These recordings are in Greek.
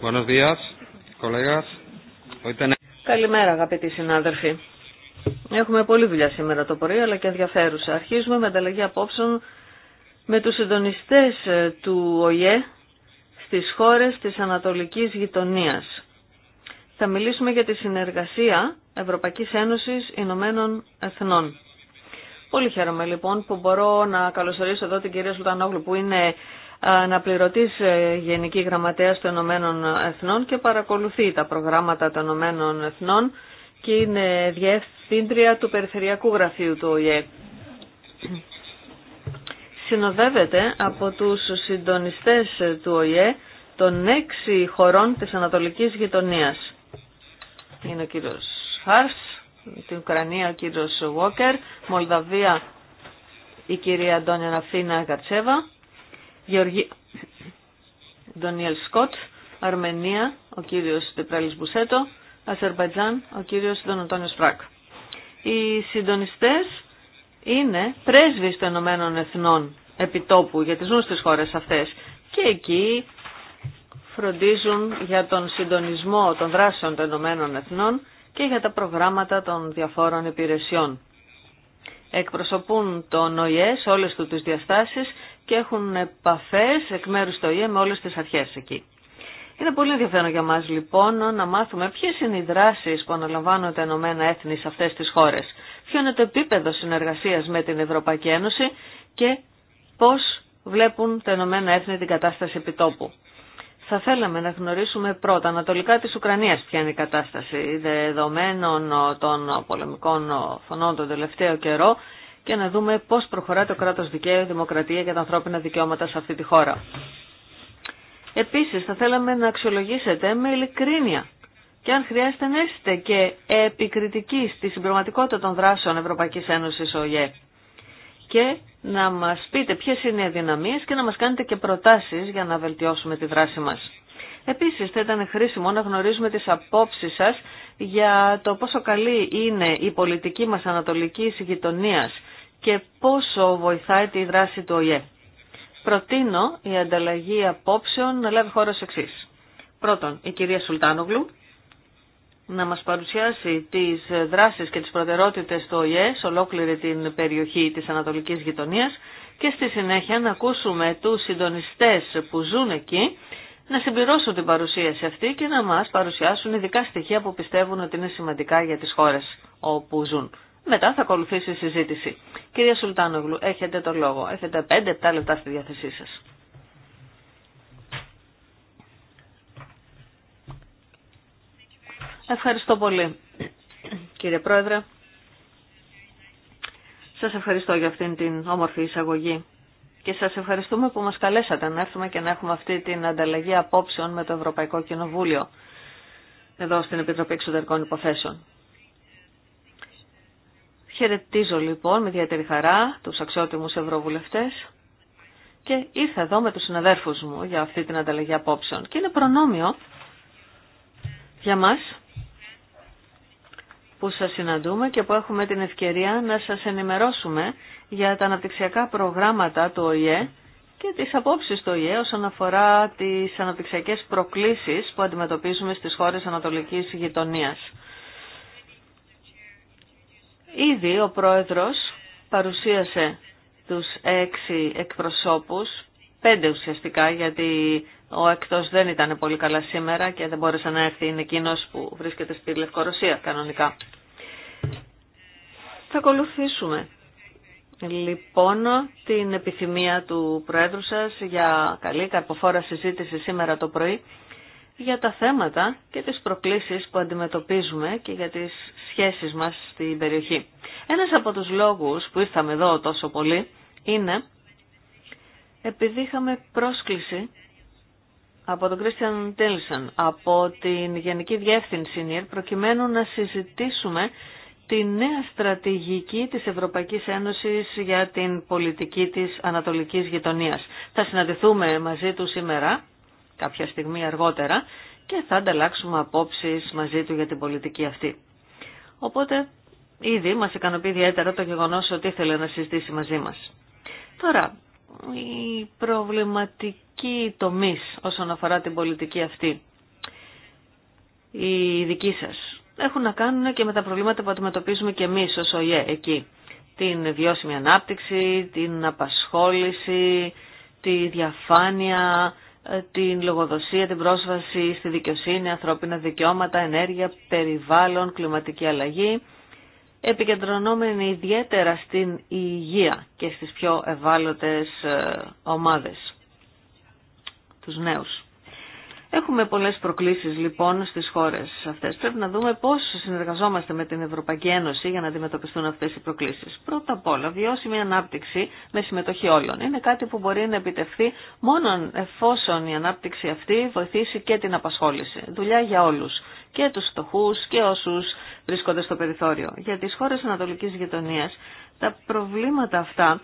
Buenos días, colegas. Καλημέρα αγαπητοί συνάδελφοι. Έχουμε πολλή δουλειά σήμερα το πρωί αλλά και ενδιαφέρουσα. Αρχίζουμε με ανταλλαγή απόψεων με τους συντονιστές ε, του ΟΙΕ στις χώρες της Ανατολικής Γειτονίας. Θα μιλήσουμε για τη συνεργασία Ευρωπαϊκής Ένωσης Ηνωμένων Εθνών. Πολύ χαίρομαι λοιπόν που μπορώ να καλωσορίσω εδώ την κυρία Σουλτανόγλου που είναι αναπληρωτής ε, Γενική Γραμματέας των Ηνωμένων Εθνών και παρακολουθεί τα προγράμματα των Ηνωμένων Εθνών και είναι διευθύντρια του Περιφερειακού Γραφείου του ΟΗΕ. Συνοδεύεται από τους συντονιστές του ΟΗΕ των έξι χωρών της Ανατολικής Γειτονίας. Είναι ο κύριος Χάρς, την Ουκρανία ο κύριος Βόκερ, Μολδαβία η κυρία Αντώνια Ναφίνα Κατσέβα, Γεωργία. Ντονιέλ Σκοτ, Αρμενία, ο κύριος Τεπράλης Μπουσέτο, Αζερβαϊτζάν, ο κύριος Δονοτόνιος Φράκ. Οι συντονιστές είναι πρέσβεις των Ηνωμένων Εθνών επιτόπου, γιατί ζουν στις χώρες αυτές. Και εκεί φροντίζουν για τον συντονισμό των δράσεων των Ηνωμένων Εθνών και για τα προγράμματα των διαφόρων υπηρεσιών. Εκπροσωπούν τον ΟΗΕ σε όλες του τις διαστάσεις και έχουν επαφές εκ μέρους του ΙΕ με όλες τις αρχές εκεί. Είναι πολύ ενδιαφέρον για μα λοιπόν να μάθουμε ποιες είναι οι δράσεις που αναλαμβάνουν τα Ηνωμένα Έθνη σε αυτές τις χώρες, ποιο είναι το επίπεδο συνεργασίας με την Ευρωπαϊκή Ένωση και πώς βλέπουν τα Ηνωμένα Έθνη την κατάσταση επιτόπου. Θα θέλαμε να γνωρίσουμε πρώτα ανατολικά της Ουκρανίας ποια είναι η κατάσταση δεδομένων των πολεμικών φωνών τον τελευταίο καιρό και να δούμε πώς προχωρά το κράτος δικαίου, η δημοκρατία και τα ανθρώπινα δικαιώματα σε αυτή τη χώρα. Επίσης θα θέλαμε να αξιολογήσετε με ειλικρίνεια και αν χρειάζεται να είστε και επικριτικοί στη συμπληρωματικότητα των δράσεων Ευρωπαϊκής Ένωσης ΟΙΕ και να μας πείτε ποιες είναι οι δυναμίες και να μας κάνετε και προτάσεις για να βελτιώσουμε τη δράση μας. Επίσης θα ήταν χρήσιμο να γνωρίζουμε τις απόψεις σας για το πόσο καλή είναι η πολιτική μας ανατολικής γειτονίας και πόσο βοηθάει τη δράση του ΟΙΕ. Προτείνω η ανταλλαγή απόψεων να λάβει χώρο εξή. Πρώτον, η κυρία Σουλτάνογλου να μας παρουσιάσει τις δράσεις και τις προτερότητες του ΟΙΕ σε ολόκληρη την περιοχή της Ανατολικής Γειτονίας και στη συνέχεια να ακούσουμε τους συντονιστές που ζουν εκεί να συμπληρώσουν την παρουσίαση αυτή και να μας παρουσιάσουν ειδικά στοιχεία που πιστεύουν ότι είναι σημαντικά για τις χώρες όπου ζουν. Μετά θα ακολουθήσει η συζήτηση. Κυρία Σουλτάνογλου, έχετε το λόγο. Έχετε 5-7 λεπτά στη διάθεσή σας. Ευχαριστώ πολύ, κύριε Πρόεδρε. Σας ευχαριστώ για αυτήν την όμορφη εισαγωγή και σας ευχαριστούμε που μας καλέσατε να έρθουμε και να έχουμε αυτή την ανταλλαγή απόψεων με το Ευρωπαϊκό Κοινοβούλιο εδώ στην Επιτροπή Εξωτερικών Υποθέσεων. Χαιρετίζω λοιπόν με ιδιαίτερη χαρά τους αξιότιμους ευρωβουλευτές και ήρθα εδώ με τους συναδέρφους μου για αυτή την ανταλλαγή απόψεων. Και είναι προνόμιο για μας που σας συναντούμε και που έχουμε την ευκαιρία να σας ενημερώσουμε για τα αναπτυξιακά προγράμματα του ΟΗΕ και τις απόψεις του ΟΗΕ όσον αφορά τις αναπτυξιακές προκλήσεις που αντιμετωπίζουμε στις χώρες Ανατολικής Γειτονίας. Ήδη ο πρόεδρος παρουσίασε τους έξι εκπροσώπους, πέντε ουσιαστικά, γιατί ο εκτός δεν ήταν πολύ καλά σήμερα και δεν μπόρεσε να έρθει, είναι εκείνο που βρίσκεται στη Λευκορωσία κανονικά. Θα ακολουθήσουμε λοιπόν την επιθυμία του Πρόεδρου σας για καλή καρποφόρα συζήτηση σήμερα το πρωί για τα θέματα και τις προκλήσεις που αντιμετωπίζουμε και για τις σχέσεις μας στην περιοχή. Ένας από τους λόγους που ήρθαμε εδώ τόσο πολύ είναι επειδή είχαμε πρόσκληση από τον Κρίστιαν Τέλσαν, από την Γενική Διεύθυνση ΝΙΡ, προκειμένου να συζητήσουμε τη νέα στρατηγική της Ευρωπαϊκής Ένωσης για την πολιτική της Ανατολικής Γειτονίας. Θα συναντηθούμε μαζί του σήμερα κάποια στιγμή αργότερα και θα ανταλλάξουμε απόψεις μαζί του για την πολιτική αυτή. Οπότε ήδη μας ικανοποιεί ιδιαίτερα το γεγονός ότι ήθελε να συζητήσει μαζί μας. Τώρα, η προβληματική τομεί όσον αφορά την πολιτική αυτή, οι δικοί σας, έχουν να κάνουν και με τα προβλήματα που αντιμετωπίζουμε και εμείς ως ΟΙΕ εκεί. Την βιώσιμη ανάπτυξη, την απασχόληση, τη διαφάνεια, την λογοδοσία, την πρόσβαση στη δικαιοσύνη, ανθρώπινα δικαιώματα, ενέργεια, περιβάλλον, κλιματική αλλαγή, επικεντρωνόμενη ιδιαίτερα στην υγεία και στις πιο ευάλωτες ε, ομάδες, τους νέους. Έχουμε πολλές προκλήσεις λοιπόν στις χώρες αυτές. Πρέπει να δούμε πώς συνεργαζόμαστε με την Ευρωπαϊκή Ένωση για να αντιμετωπιστούν αυτές οι προκλήσεις. Πρώτα απ' όλα, βιώσιμη ανάπτυξη με συμμετοχή όλων. Είναι κάτι που μπορεί να επιτευχθεί μόνο εφόσον η ανάπτυξη αυτή βοηθήσει και την απασχόληση. Δουλειά για όλους. Και τους φτωχού και όσους βρίσκονται στο περιθώριο. Για τις χώρες ανατολικής γειτονίας τα προβλήματα αυτά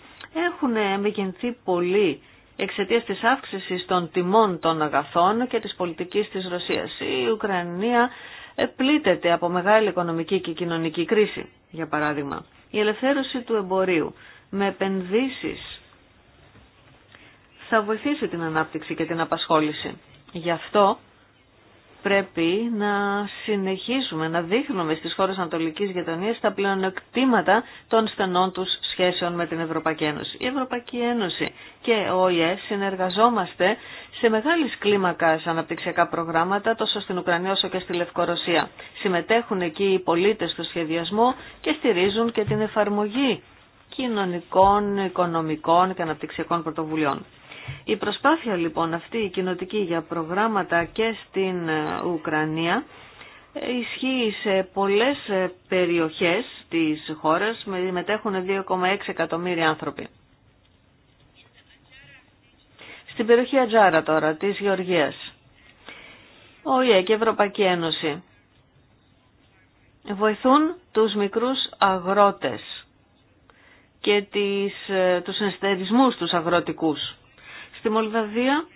έχουν μεγενθεί πολύ εξαιτίας της αύξησης των τιμών των αγαθών και της πολιτικής της Ρωσίας. Η Ουκρανία πλήττεται από μεγάλη οικονομική και κοινωνική κρίση, για παράδειγμα. Η ελευθέρωση του εμπορίου με επενδύσεις θα βοηθήσει την ανάπτυξη και την απασχόληση. Γι' αυτό πρέπει να συνεχίσουμε να δείχνουμε στις χώρες Ανατολικής Γετωνίας τα πλεονεκτήματα των στενών τους σχέσεων με την Ευρωπαϊκή Ένωση. Η Ευρωπαϊκή Ένωση και ο ΟΗΕ συνεργαζόμαστε σε μεγάλης κλίμακας αναπτυξιακά προγράμματα τόσο στην Ουκρανία όσο και στη Λευκορωσία. Συμμετέχουν εκεί οι πολίτες στο σχεδιασμό και στηρίζουν και την εφαρμογή κοινωνικών, οικονομικών και αναπτυξιακών πρωτοβουλειών. Η προσπάθεια λοιπόν αυτή η κοινοτική για προγράμματα και στην ε, Ουκρανία ισχύει σε πολλές ε, περιοχές της χώρας, μετέχουν 2,6 εκατομμύρια άνθρωποι. Στην περιοχή Ατζάρα τώρα, της Γεωργίας. Ο ΙΕ και η Ευρωπαϊκή Ένωση βοηθούν τους μικρούς αγρότες και τις, ε, τους του τους αγροτικούς. Στη Μολδαβία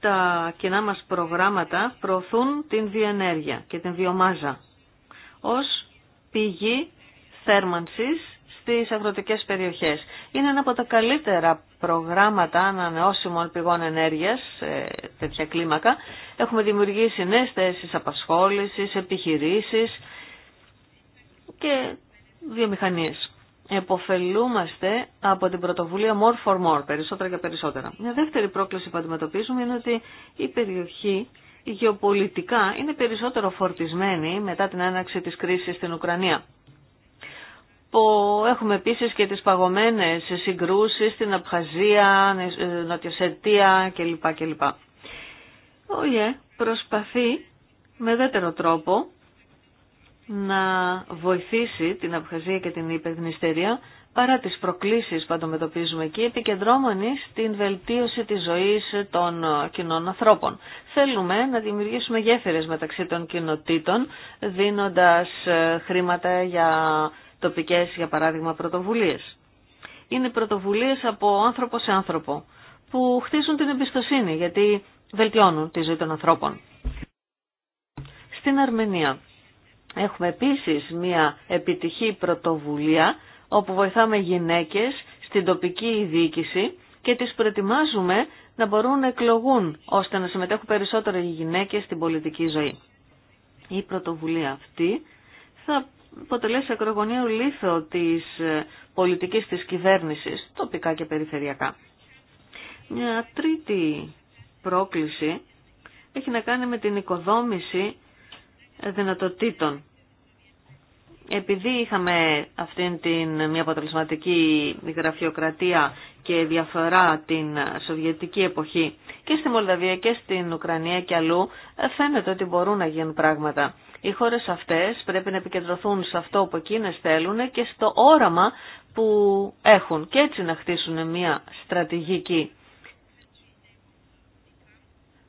τα κοινά μας προγράμματα προωθούν την βιοενέργεια και την βιομάζα ως πηγή θέρμανσης στις αγροτικές περιοχές. Είναι ένα από τα καλύτερα προγράμματα ανανεώσιμων πηγών ενέργειας σε τέτοια κλίμακα. Έχουμε δημιουργήσει νέες θέσεις απασχόλησης, επιχειρήσεις και βιομηχανίες εποφελούμαστε από την πρωτοβουλία More for More, περισσότερα και περισσότερα. Μια δεύτερη πρόκληση που αντιμετωπίζουμε είναι ότι η περιοχή γεωπολιτικά είναι περισσότερο φορτισμένη μετά την έναρξη της κρίσης στην Ουκρανία. Που έχουμε επίσης και τις παγωμένες συγκρούσεις στην Απχαζία, Νοτιοσετία κλπ. κλπ. Ο ΙΕ προσπαθεί με δεύτερο τρόπο να βοηθήσει την Απχαζία και την Υπερδνηστερία παρά τις προκλήσεις που αντιμετωπίζουμε εκεί επικεντρώμενοι στην βελτίωση της ζωής των κοινών ανθρώπων. Θέλουμε να δημιουργήσουμε γέφυρες μεταξύ των κοινοτήτων δίνοντας ε, χρήματα για τοπικές για παράδειγμα πρωτοβουλίες. Είναι πρωτοβουλίες από άνθρωπο σε άνθρωπο που χτίζουν την εμπιστοσύνη γιατί βελτιώνουν τη ζωή των ανθρώπων. Στην Αρμενία Έχουμε επίσης μια επιτυχή πρωτοβουλία όπου βοηθάμε γυναίκες στην τοπική διοίκηση και τις προετοιμάζουμε να μπορούν να εκλογούν ώστε να συμμετέχουν περισσότερο οι γυναίκες στην πολιτική ζωή. Η πρωτοβουλία αυτή θα αποτελέσει ακρογωνίο λίθο της ε, πολιτικής της κυβέρνησης, τοπικά και περιφερειακά. Μια τρίτη πρόκληση έχει να κάνει με την οικοδόμηση δυνατοτήτων. Επειδή είχαμε αυτήν την μια αποτελεσματική γραφειοκρατία και διαφορά την σοβιετική εποχή και στη Μολδαβία και στην Ουκρανία και αλλού, φαίνεται ότι μπορούν να γίνουν πράγματα. Οι χώρες αυτές πρέπει να επικεντρωθούν σε αυτό που εκείνες θέλουν και στο όραμα που έχουν και έτσι να χτίσουν μια στρατηγική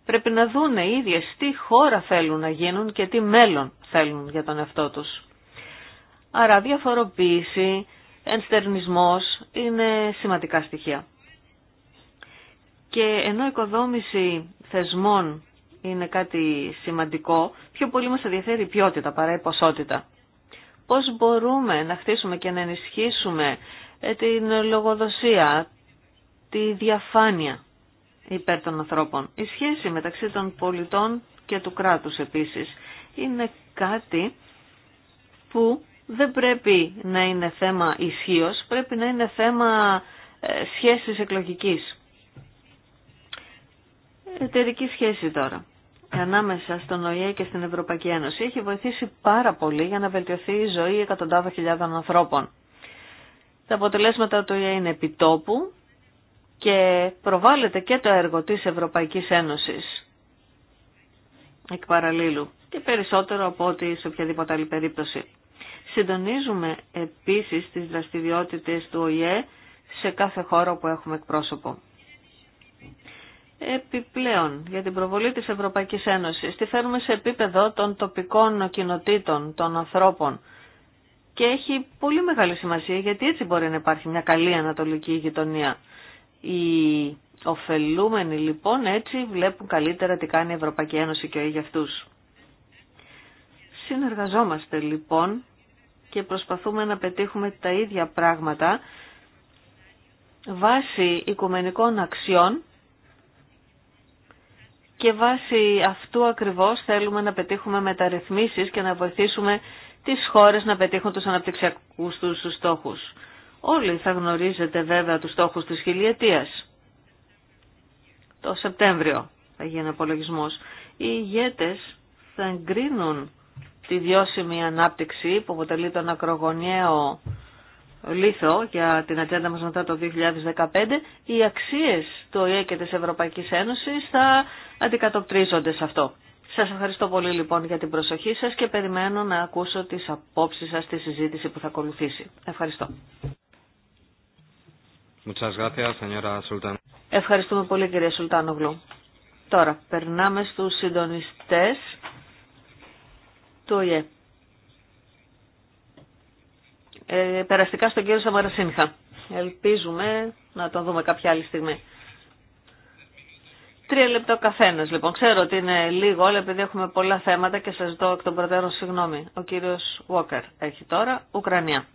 πρέπει να δούνε οι ίδιες τι χώρα θέλουν να γίνουν και τι μέλλον θέλουν για τον εαυτό τους. Άρα διαφοροποίηση, ενστερνισμός είναι σημαντικά στοιχεία. Και ενώ η οικοδόμηση θεσμών είναι κάτι σημαντικό, πιο πολύ μας ενδιαφέρει η ποιότητα παρά η ποσότητα. Πώς μπορούμε να χτίσουμε και να ενισχύσουμε ε, την λογοδοσία, τη διαφάνεια υπέρ των ανθρώπων. Η σχέση μεταξύ των πολιτών και του κράτους επίσης είναι κάτι που δεν πρέπει να είναι θέμα ισχύω, πρέπει να είναι θέμα ε, σχέσης εκλογικής. Εταιρική σχέση τώρα ανάμεσα στον ΟΗΕ και στην Ευρωπαϊκή Ένωση έχει βοηθήσει πάρα πολύ για να βελτιωθεί η ζωή εκατοντάδων χιλιάδων ανθρώπων. Τα αποτελέσματα του ΟΗΕ είναι επιτόπου και προβάλλεται και το έργο της Ευρωπαϊκής Ένωσης εκ παραλίλου και περισσότερο από ό,τι σε οποιαδήποτε άλλη περίπτωση. Συντονίζουμε επίσης τις δραστηριότητες του ΟΗΕ σε κάθε χώρο που έχουμε πρόσωπο. Επιπλέον, για την προβολή της Ευρωπαϊκής Ένωσης, τη φέρουμε σε επίπεδο των τοπικών κοινοτήτων, των ανθρώπων και έχει πολύ μεγάλη σημασία γιατί έτσι μπορεί να υπάρχει μια καλή ανατολική γειτονία. Οι ωφελούμενοι λοιπόν έτσι βλέπουν καλύτερα τι κάνει η Ευρωπαϊκή Ένωση και για αυτούς. Συνεργαζόμαστε λοιπόν και προσπαθούμε να πετύχουμε τα ίδια πράγματα βάσει οικουμενικών αξιών και βάσει αυτού ακριβώς θέλουμε να πετύχουμε μεταρρυθμίσεις και να βοηθήσουμε τις χώρες να πετύχουν τους αναπτυξιακούς τους στόχους. Όλοι θα γνωρίζετε βέβαια τους στόχους της χιλιετίας. Το Σεπτέμβριο θα γίνει ο απολογισμό. Οι ηγέτες θα εγκρίνουν τη διώσιμη ανάπτυξη που αποτελεί τον ακρογωνιαίο λίθο για την ατζέντα μας μετά το 2015, οι αξίες του ΟΗΕ και της Ευρωπαϊκής Ένωσης θα αντικατοπτρίζονται σε αυτό. Σας ευχαριστώ πολύ λοιπόν για την προσοχή σας και περιμένω να ακούσω τις απόψεις σας στη συζήτηση που θα ακολουθήσει. Ευχαριστώ. Ευχαριστούμε πολύ κυρία Σουλτάνογλου. Τώρα, περνάμε στους συντονιστές του ΟΗΕ. Ε, περαστικά στον κύριο Σαμαρασίνχα. Ελπίζουμε να τον δούμε κάποια άλλη στιγμή. Τρία λεπτά ο καθένας λοιπόν. Ξέρω ότι είναι λίγο, αλλά επειδή έχουμε πολλά θέματα και σας δω εκ των προτέρων συγγνώμη. Ο κύριος Βόκερ έχει τώρα Ουκρανία.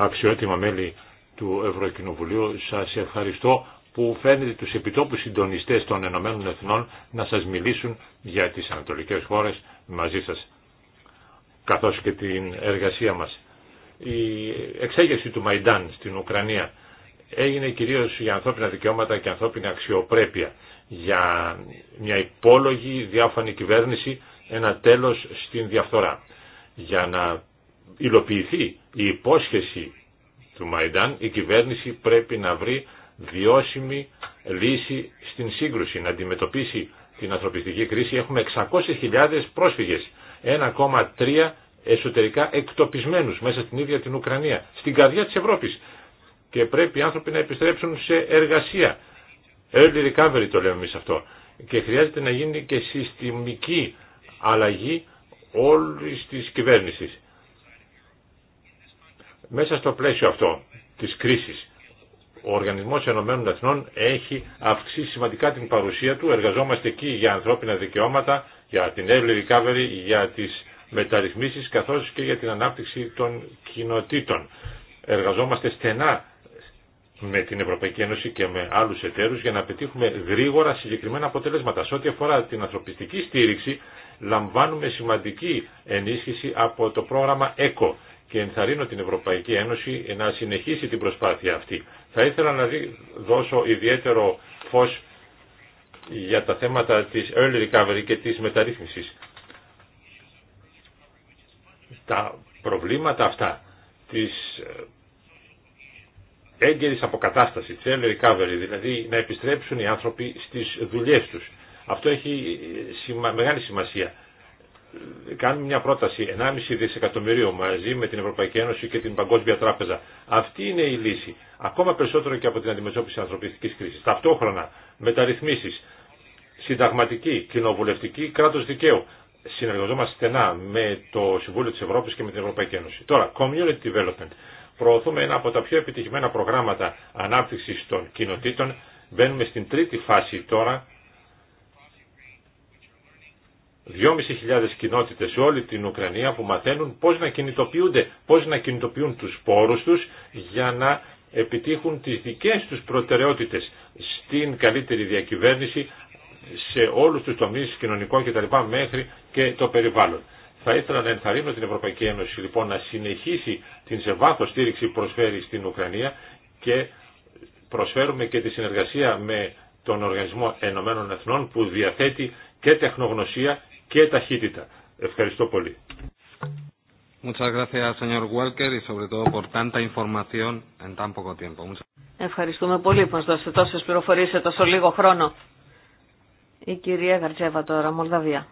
αξιότιμα μέλη του Ευρωκοινοβουλίου, σας ευχαριστώ που φαίνεται τους επιτόπους συντονιστές των Ενωμένων Εθνών να σας μιλήσουν για τις ανατολικές χώρες μαζί σας, καθώς και την εργασία μας. Η εξέγερση του Μαϊντάν στην Ουκρανία έγινε κυρίως για ανθρώπινα δικαιώματα και ανθρώπινη αξιοπρέπεια, για μια υπόλογη διάφανη κυβέρνηση, ένα τέλος στην διαφθορά, για να υλοποιηθεί η υπόσχεση του Μαϊντάν, η κυβέρνηση πρέπει να βρει βιώσιμη λύση στην σύγκρουση, να αντιμετωπίσει την ανθρωπιστική κρίση. Έχουμε 600.000 πρόσφυγες, 1,3 εσωτερικά εκτοπισμένους μέσα στην ίδια την Ουκρανία, στην καρδιά της Ευρώπης. Και πρέπει οι άνθρωποι να επιστρέψουν σε εργασία. Early recovery το λέμε εμείς αυτό. Και χρειάζεται να γίνει και συστημική αλλαγή όλης της κυβέρνησης. Μέσα στο πλαίσιο αυτό της κρίσης, ο Οργανισμός Ενωμένων Εθνών έχει αυξήσει σημαντικά την παρουσία του. Εργαζόμαστε εκεί για ανθρώπινα δικαιώματα, για την early recovery, για τις μεταρρυθμίσεις καθώς και για την ανάπτυξη των κοινοτήτων. Εργαζόμαστε στενά με την Ευρωπαϊκή Ένωση και με άλλους εταίρους για να πετύχουμε γρήγορα συγκεκριμένα αποτελέσματα. Σε ό,τι αφορά την ανθρωπιστική στήριξη λαμβάνουμε σημαντική ενίσχυση από το πρόγραμμα ECO και ενθαρρύνω την Ευρωπαϊκή Ένωση να συνεχίσει την προσπάθεια αυτή. Θα ήθελα να δώσω ιδιαίτερο φως για τα θέματα της early recovery και της μεταρρύθμισης. Τα προβλήματα αυτά της ε, έγκαιρης αποκατάστασης, της early recovery, δηλαδή να επιστρέψουν οι άνθρωποι στις δουλειές τους. Αυτό έχει ε, μεγάλη σημασία κάνουμε μια πρόταση 1,5 δισεκατομμυρίου μαζί με την Ευρωπαϊκή Ένωση και την Παγκόσμια Τράπεζα. Αυτή είναι η λύση. Ακόμα περισσότερο και από την αντιμετώπιση ανθρωπιστικής κρίσης. Ταυτόχρονα μεταρρυθμίσεις, συνταγματική, κοινοβουλευτική, κράτος δικαίου. Συνεργαζόμαστε στενά με το Συμβούλιο της Ευρώπης και με την Ευρωπαϊκή Ένωση. Τώρα, community development. Προωθούμε ένα από τα πιο επιτυχημένα προγράμματα ανάπτυξης των κοινοτήτων. Μπαίνουμε στην τρίτη φάση τώρα 2.500 κοινότητε σε όλη την Ουκρανία που μαθαίνουν πώ να κινητοποιούνται, πώ να κινητοποιούν του πόρου του για να επιτύχουν τι δικέ του προτεραιότητε στην καλύτερη διακυβέρνηση σε όλου του τομεί κοινωνικών κτλ. μέχρι και το περιβάλλον. Θα ήθελα να ενθαρρύνω την Ευρωπαϊκή Ένωση λοιπόν να συνεχίσει την σε βάθο στήριξη που προσφέρει στην Ουκρανία και προσφέρουμε και τη συνεργασία με τον Οργανισμό Ενωμένων Εθνών που διαθέτει και τεχνογνωσία και ταχύτητα. Ευχαριστώ πολύ. Ευχαριστούμε πολύ που μας δώσετε τόσες πληροφορίες σε τόσο λίγο χρόνο. Η κυρία Γαρτζέβα τώρα, Μολδαβία.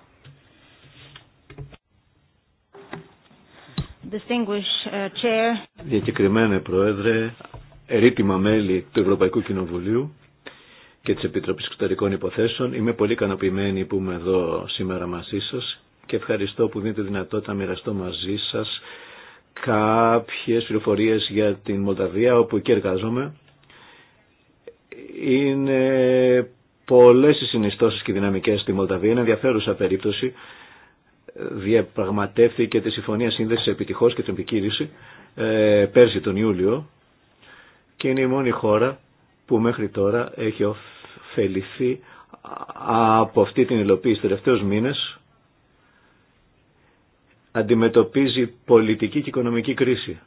Uh, Διακεκριμένε Πρόεδρε, ερήτημα μέλη του Ευρωπαϊκού Κοινοβουλίου, και της Επιτροπής Εξωτερικών Υποθέσεων. Είμαι πολύ ικανοποιημένη που είμαι εδώ σήμερα μαζί σας και ευχαριστώ που δίνετε δυνατότητα να μοιραστώ μαζί σας κάποιες πληροφορίες για την Μολδαβία όπου εκεί εργαζόμαι. Είναι πολλές οι συνιστώσεις και οι δυναμικές στη Μολδαβία. Είναι ενδιαφέρουσα περίπτωση. Διαπραγματεύθηκε τη Συμφωνία Σύνδεσης επιτυχώς και την ε, πέρσι τον Ιούλιο και είναι η μόνη χώρα που μέχρι τώρα έχει ωφεληθεί από αυτή την υλοποίηση του τελευταίους μήνες αντιμετωπίζει πολιτική και οικονομική κρίση.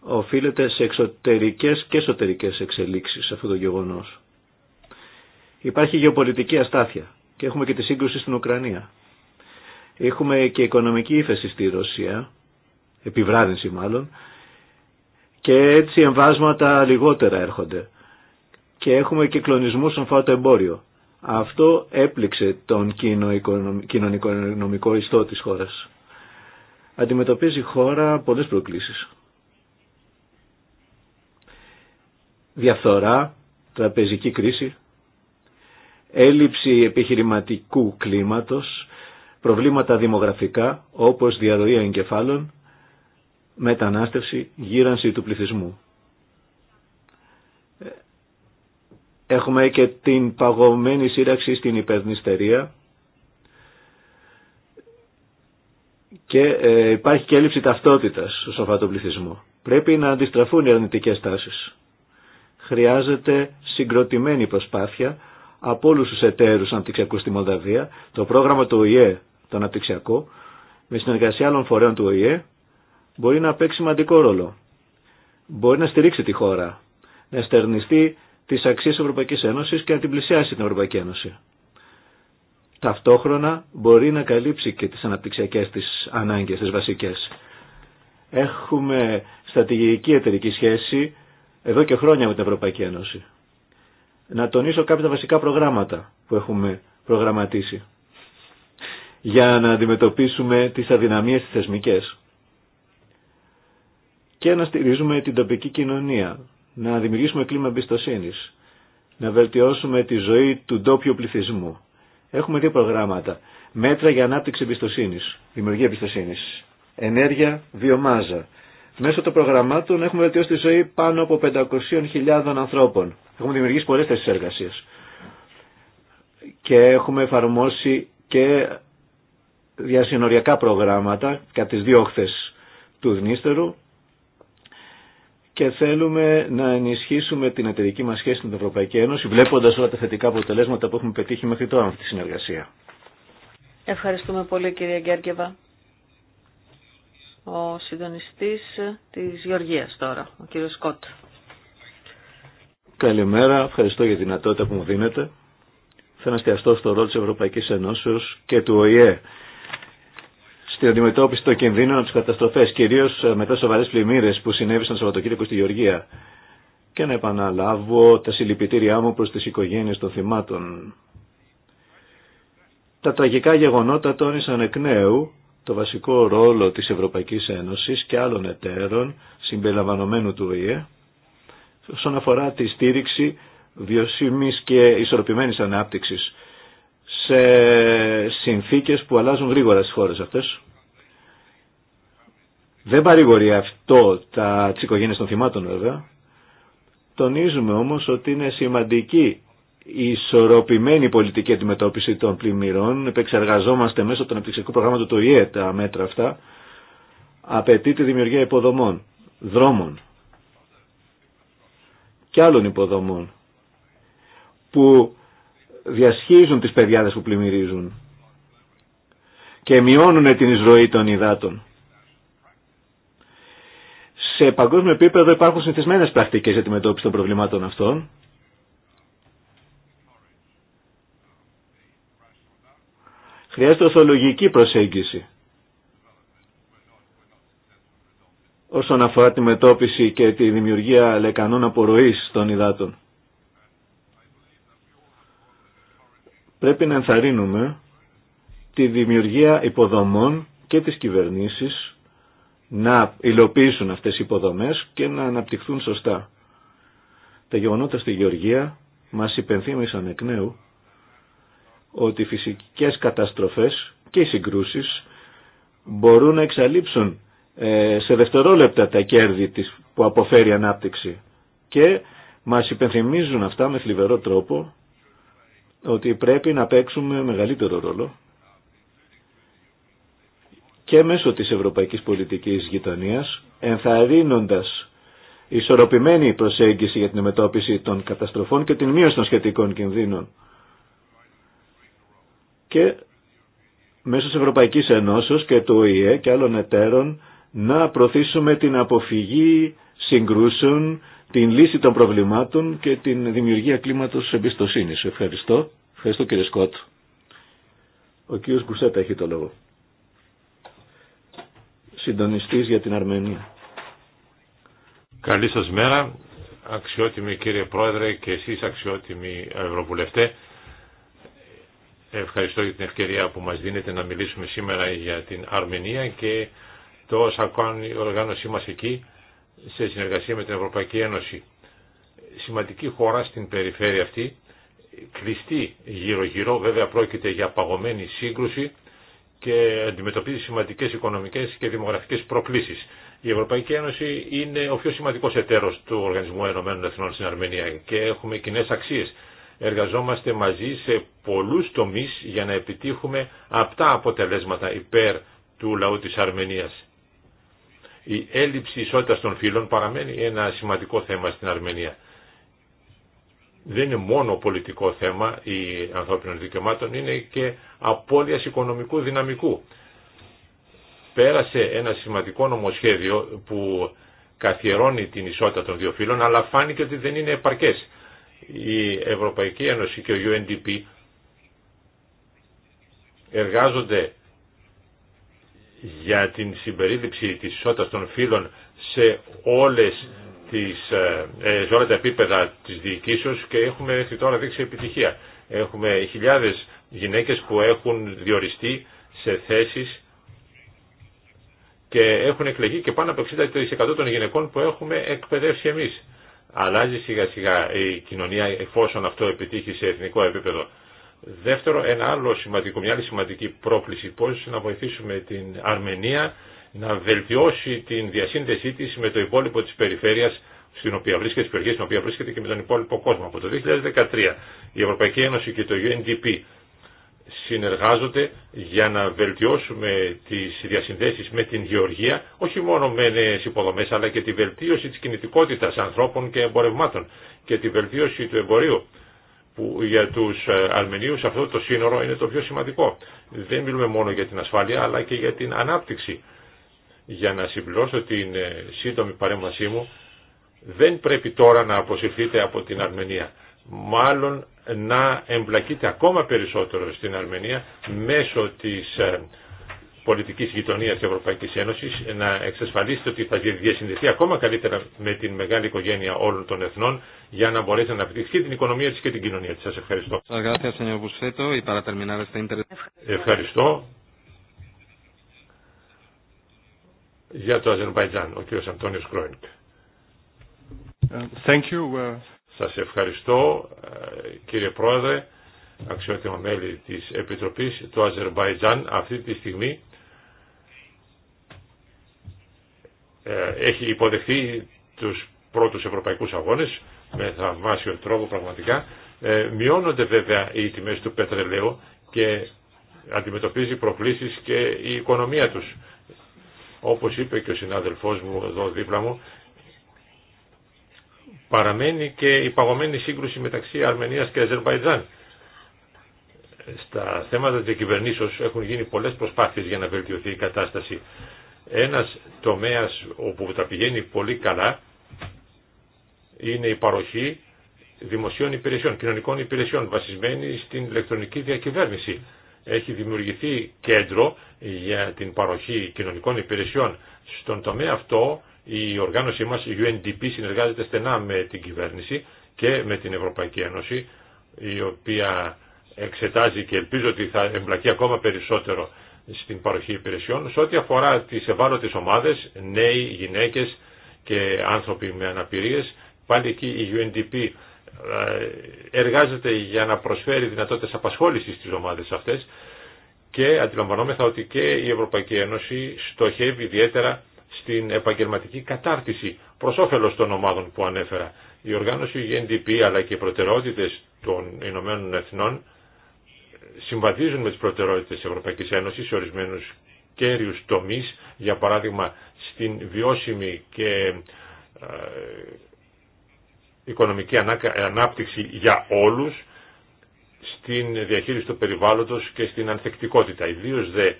Οφείλεται σε εξωτερικές και εσωτερικές εξελίξεις αυτό το γεγονός. Υπάρχει γεωπολιτική αστάθεια και έχουμε και τη σύγκρουση στην Ουκρανία. Έχουμε και οικονομική ύφεση στη Ρωσία, επιβράδυνση μάλλον, και έτσι εμβάσματα λιγότερα έρχονται και έχουμε και κλονισμούς στον φάτο εμπόριο. Αυτό έπληξε τον κοινωνικο ιστό της χώρας. Αντιμετωπίζει η χώρα πολλές προκλήσεις. Διαφθορά, τραπεζική κρίση, έλλειψη επιχειρηματικού κλίματος, προβλήματα δημογραφικά όπως διαρροή εγκεφάλων, μετανάστευση, γύρανση του πληθυσμού. Έχουμε και την παγωμένη σύραξη στην υπερνηστερία και ε, υπάρχει και έλλειψη ταυτότητας στον σοφατό Πρέπει να αντιστραφούν οι αρνητικές τάσεις. Χρειάζεται συγκροτημένη προσπάθεια από όλου του εταίρου αναπτυξιακού στη Μολδαβία, το πρόγραμμα του ΟΗΕ, το αναπτυξιακό, με συνεργασία άλλων φορέων του ΟΗΕ, μπορεί να παίξει σημαντικό ρόλο. Μπορεί να στηρίξει τη χώρα, να στερνιστεί τις αξίες της Ευρωπαϊκής Ένωσης και να την πλησιάσει την Ευρωπαϊκή Ένωση. Ταυτόχρονα μπορεί να καλύψει και τις αναπτυξιακές τη ανάγκες, τι βασικές. Έχουμε στρατηγική εταιρική σχέση εδώ και χρόνια με την Ευρωπαϊκή Ένωση. Να τονίσω κάποια βασικά προγράμματα που έχουμε προγραμματίσει για να αντιμετωπίσουμε τις αδυναμίες τις θεσμικές και να στηρίζουμε την τοπική κοινωνία, να δημιουργήσουμε κλίμα εμπιστοσύνη, να βελτιώσουμε τη ζωή του ντόπιου πληθυσμού. Έχουμε δύο προγράμματα. Μέτρα για ανάπτυξη εμπιστοσύνη, δημιουργία εμπιστοσύνη. Ενέργεια, βιομάζα. Μέσω των προγραμμάτων έχουμε βελτιώσει τη ζωή πάνω από 500.000 ανθρώπων. Έχουμε δημιουργήσει πολλέ θέσει εργασία. Και έχουμε εφαρμόσει και διασυνοριακά προγράμματα κατά τις δύο όχθες του Δνίστερου και θέλουμε να ενισχύσουμε την εταιρική μας σχέση με την Ευρωπαϊκή Ένωση βλέποντας όλα τα θετικά αποτελέσματα που έχουμε πετύχει μέχρι τώρα με αυτή τη συνεργασία. Ευχαριστούμε πολύ κυρία Γκέρκεβα. Ο συντονιστής της Γεωργίας τώρα, ο κύριος Σκότ. Καλημέρα, ευχαριστώ για τη δυνατότητα που μου δίνετε. Θα εστιαστώ στο ρόλο της Ευρωπαϊκής Ενώσεως και του ΟΗΕ στην αντιμετώπιση των κινδύνων από τι καταστροφέ, κυρίω ε, μετά σοβαρέ πλημμύρε που συνέβησαν το Σαββατοκύριακο στη Γεωργία. Και να επαναλάβω τα συλληπιτήριά μου προ τι οικογένειε των θυμάτων. Τα τραγικά γεγονότα τόνισαν εκ νέου το βασικό ρόλο τη Ευρωπαϊκή Ένωση και άλλων εταίρων συμπεριλαμβανομένου του ΟΗΕ όσον αφορά τη στήριξη βιωσιμής και ισορροπημένης ανάπτυξη. σε συνθήκες που αλλάζουν γρήγορα στις χώρες αυτές. Δεν παρηγορεί αυτό τα οικογένειε των θυμάτων βέβαια. Τονίζουμε όμως ότι είναι σημαντική η ισορροπημένη πολιτική αντιμετώπιση των πλημμυρών. Επεξεργαζόμαστε μέσω των αναπτυξιακού προγράμματο του ΙΕ τα μέτρα αυτά. Απαιτεί τη δημιουργία υποδομών, δρόμων και άλλων υποδομών που διασχίζουν τις παιδιάδες που πλημμυρίζουν και μειώνουν την εισρωή των υδάτων. Σε παγκόσμιο επίπεδο υπάρχουν συνηθισμένε πρακτικέ για τη μετώπιση των προβλημάτων αυτών. Χρειάζεται ορθολογική προσέγγιση όσον αφορά τη μετώπιση και τη δημιουργία λεκανών απορροής των υδάτων. Πρέπει να ενθαρρύνουμε τη δημιουργία υποδομών και της κυβερνήσεις να υλοποιήσουν αυτές οι υποδομές και να αναπτυχθούν σωστά. Τα γεγονότα στη Γεωργία μας υπενθύμισαν εκ νέου ότι οι φυσικές καταστροφές και οι συγκρούσεις μπορούν να εξαλείψουν ε, σε δευτερόλεπτα τα κέρδη της που αποφέρει η ανάπτυξη και μας υπενθυμίζουν αυτά με θλιβερό τρόπο ότι πρέπει να παίξουμε μεγαλύτερο ρόλο και μέσω της ευρωπαϊκής πολιτικής γειτονίας, ενθαρρύνοντας ισορροπημένη προσέγγιση για την μετώπιση των καταστροφών και την μείωση των σχετικών κινδύνων. Και μέσω της Ευρωπαϊκής Ενώσεως και του ΟΗΕ και άλλων εταίρων να προωθήσουμε την αποφυγή συγκρούσεων, την λύση των προβλημάτων και την δημιουργία κλίματος εμπιστοσύνης. Ευχαριστώ. Ευχαριστώ κύριε Σκότ. Ο κύριος Κουσέτα έχει το λόγο συντονιστής για την Αρμενία. Καλή σας μέρα, αξιότιμη κύριε Πρόεδρε και εσείς αξιότιμοι Ευρωβουλευτέ. Ευχαριστώ για την ευκαιρία που μας δίνετε να μιλήσουμε σήμερα για την Αρμενία και το όσα κάνει η οργάνωσή μας εκεί σε συνεργασία με την Ευρωπαϊκή Ένωση. Σημαντική χώρα στην περιφέρεια αυτή, κλειστή γύρω-γύρω, βέβαια πρόκειται για παγωμένη σύγκρουση και αντιμετωπίζει σημαντικές οικονομικές και δημογραφικές προκλήσει. Η Ευρωπαϊκή Ένωση είναι ο πιο σημαντικό εταίρος του Οργανισμού Ενωμένων Εθνών στην Αρμενία και έχουμε κοινέ αξίες. Εργαζόμαστε μαζί σε πολλούς τομείς για να επιτύχουμε απτά αποτελέσματα υπέρ του λαού της Αρμενία. Η έλλειψη ισότητα των φύλων παραμένει ένα σημαντικό θέμα στην Αρμενία δεν είναι μόνο πολιτικό θέμα η ανθρώπινων δικαιωμάτων, είναι και απώλειας οικονομικού δυναμικού. Πέρασε ένα σημαντικό νομοσχέδιο που καθιερώνει την ισότητα των δύο φύλων, αλλά φάνηκε ότι δεν είναι επαρκές. Η Ευρωπαϊκή Ένωση και ο UNDP εργάζονται για την συμπερίληψη της ισότητας των φύλων σε όλες τις, ε, ε, σε όλα τα επίπεδα της διοικήσεως και έχουμε μέχρι τώρα δείξει επιτυχία. Έχουμε χιλιάδες γυναίκες που έχουν διοριστεί σε θέσεις και έχουν εκλεγεί και πάνω από 60% των γυναικών που έχουμε εκπαιδεύσει εμείς. Αλλάζει σιγά σιγά η κοινωνία εφόσον αυτό επιτύχει σε εθνικό επίπεδο. Δεύτερο, ένα άλλο σημαντικό, μια άλλη σημαντική πρόκληση, πώς να βοηθήσουμε την Αρμενία να βελτιώσει την διασύνδεσή της με το υπόλοιπο της περιφέρειας στην οποία βρίσκεται, της περιοχή στην οποία βρίσκεται και με τον υπόλοιπο κόσμο. Από το 2013 η Ευρωπαϊκή Ένωση και το UNDP συνεργάζονται για να βελτιώσουμε τις διασυνδέσεις με την γεωργία, όχι μόνο με νέες υποδομές, αλλά και τη βελτίωση της κινητικότητας ανθρώπων και εμπορευμάτων και τη βελτίωση του εμπορίου που για τους ε, Αρμενίους αυτό το σύνορο είναι το πιο σημαντικό. Δεν μιλούμε μόνο για την ασφάλεια αλλά και για την ανάπτυξη για να συμπληρώσω την ε, σύντομη παρέμβασή μου, δεν πρέπει τώρα να αποσυρθείτε από την Αρμενία. Μάλλον να εμπλακείτε ακόμα περισσότερο στην Αρμενία μέσω της ε, πολιτικής γειτονίας της Ευρωπαϊκής Ένωσης, να εξασφαλίσετε ότι θα διασυνδεθεί ακόμα καλύτερα με την μεγάλη οικογένεια όλων των εθνών για να μπορέσει να αναπτυχθεί την οικονομία της και την κοινωνία της. Σας ευχαριστώ. Ευχαριστώ. για το Αζερμπαϊτζάν, ο κ. Αντώνιος Κρόινκ. Thank uh, Σας ευχαριστώ ε, κύριε Πρόεδρε, αξιότιμα μέλη της Επιτροπής. Το Αζερμπαϊτζάν αυτή τη στιγμή ε, έχει υποδεχθεί τους πρώτους ευρωπαϊκούς αγώνες με θαυμάσιο τρόπο πραγματικά. Ε, μειώνονται βέβαια οι τιμές του πετρελαίου και αντιμετωπίζει προκλήσεις και η οικονομία τους όπως είπε και ο συνάδελφός μου εδώ δίπλα μου, παραμένει και η παγωμένη σύγκρουση μεταξύ Αρμενίας και Αζερβαϊτζάν. Στα θέματα της κυβερνήσεως έχουν γίνει πολλές προσπάθειες για να βελτιωθεί η κατάσταση. Ένας τομέας όπου τα πηγαίνει πολύ καλά είναι η παροχή δημοσίων υπηρεσιών, κοινωνικών υπηρεσιών βασισμένη στην ηλεκτρονική διακυβέρνηση έχει δημιουργηθεί κέντρο για την παροχή κοινωνικών υπηρεσιών. Στον τομέα αυτό η οργάνωσή μας, η UNDP, συνεργάζεται στενά με την κυβέρνηση και με την Ευρωπαϊκή Ένωση, η οποία εξετάζει και ελπίζω ότι θα εμπλακεί ακόμα περισσότερο στην παροχή υπηρεσιών. Σε ό,τι αφορά τις ευάλωτες ομάδες, νέοι, γυναίκες και άνθρωποι με αναπηρίες, πάλι εκεί η UNDP ε, εργάζεται για να προσφέρει δυνατότητες απασχόλησης στις ομάδες αυτές και αντιλαμβανόμεθα ότι και η Ευρωπαϊκή Ένωση στοχεύει ιδιαίτερα στην επαγγελματική κατάρτιση προς όφελος των ομάδων που ανέφερα. Η οργάνωση UNDP αλλά και οι προτεραιότητες των Ηνωμένων Εθνών συμβαδίζουν με τις προτεραιότητες της Ευρωπαϊκής Ένωσης σε ορισμένους κέριους τομείς, για παράδειγμα στην βιώσιμη και ε, οικονομική ανάπτυξη για όλους στην διαχείριση του περιβάλλοντος και στην ανθεκτικότητα. Ιδίως δε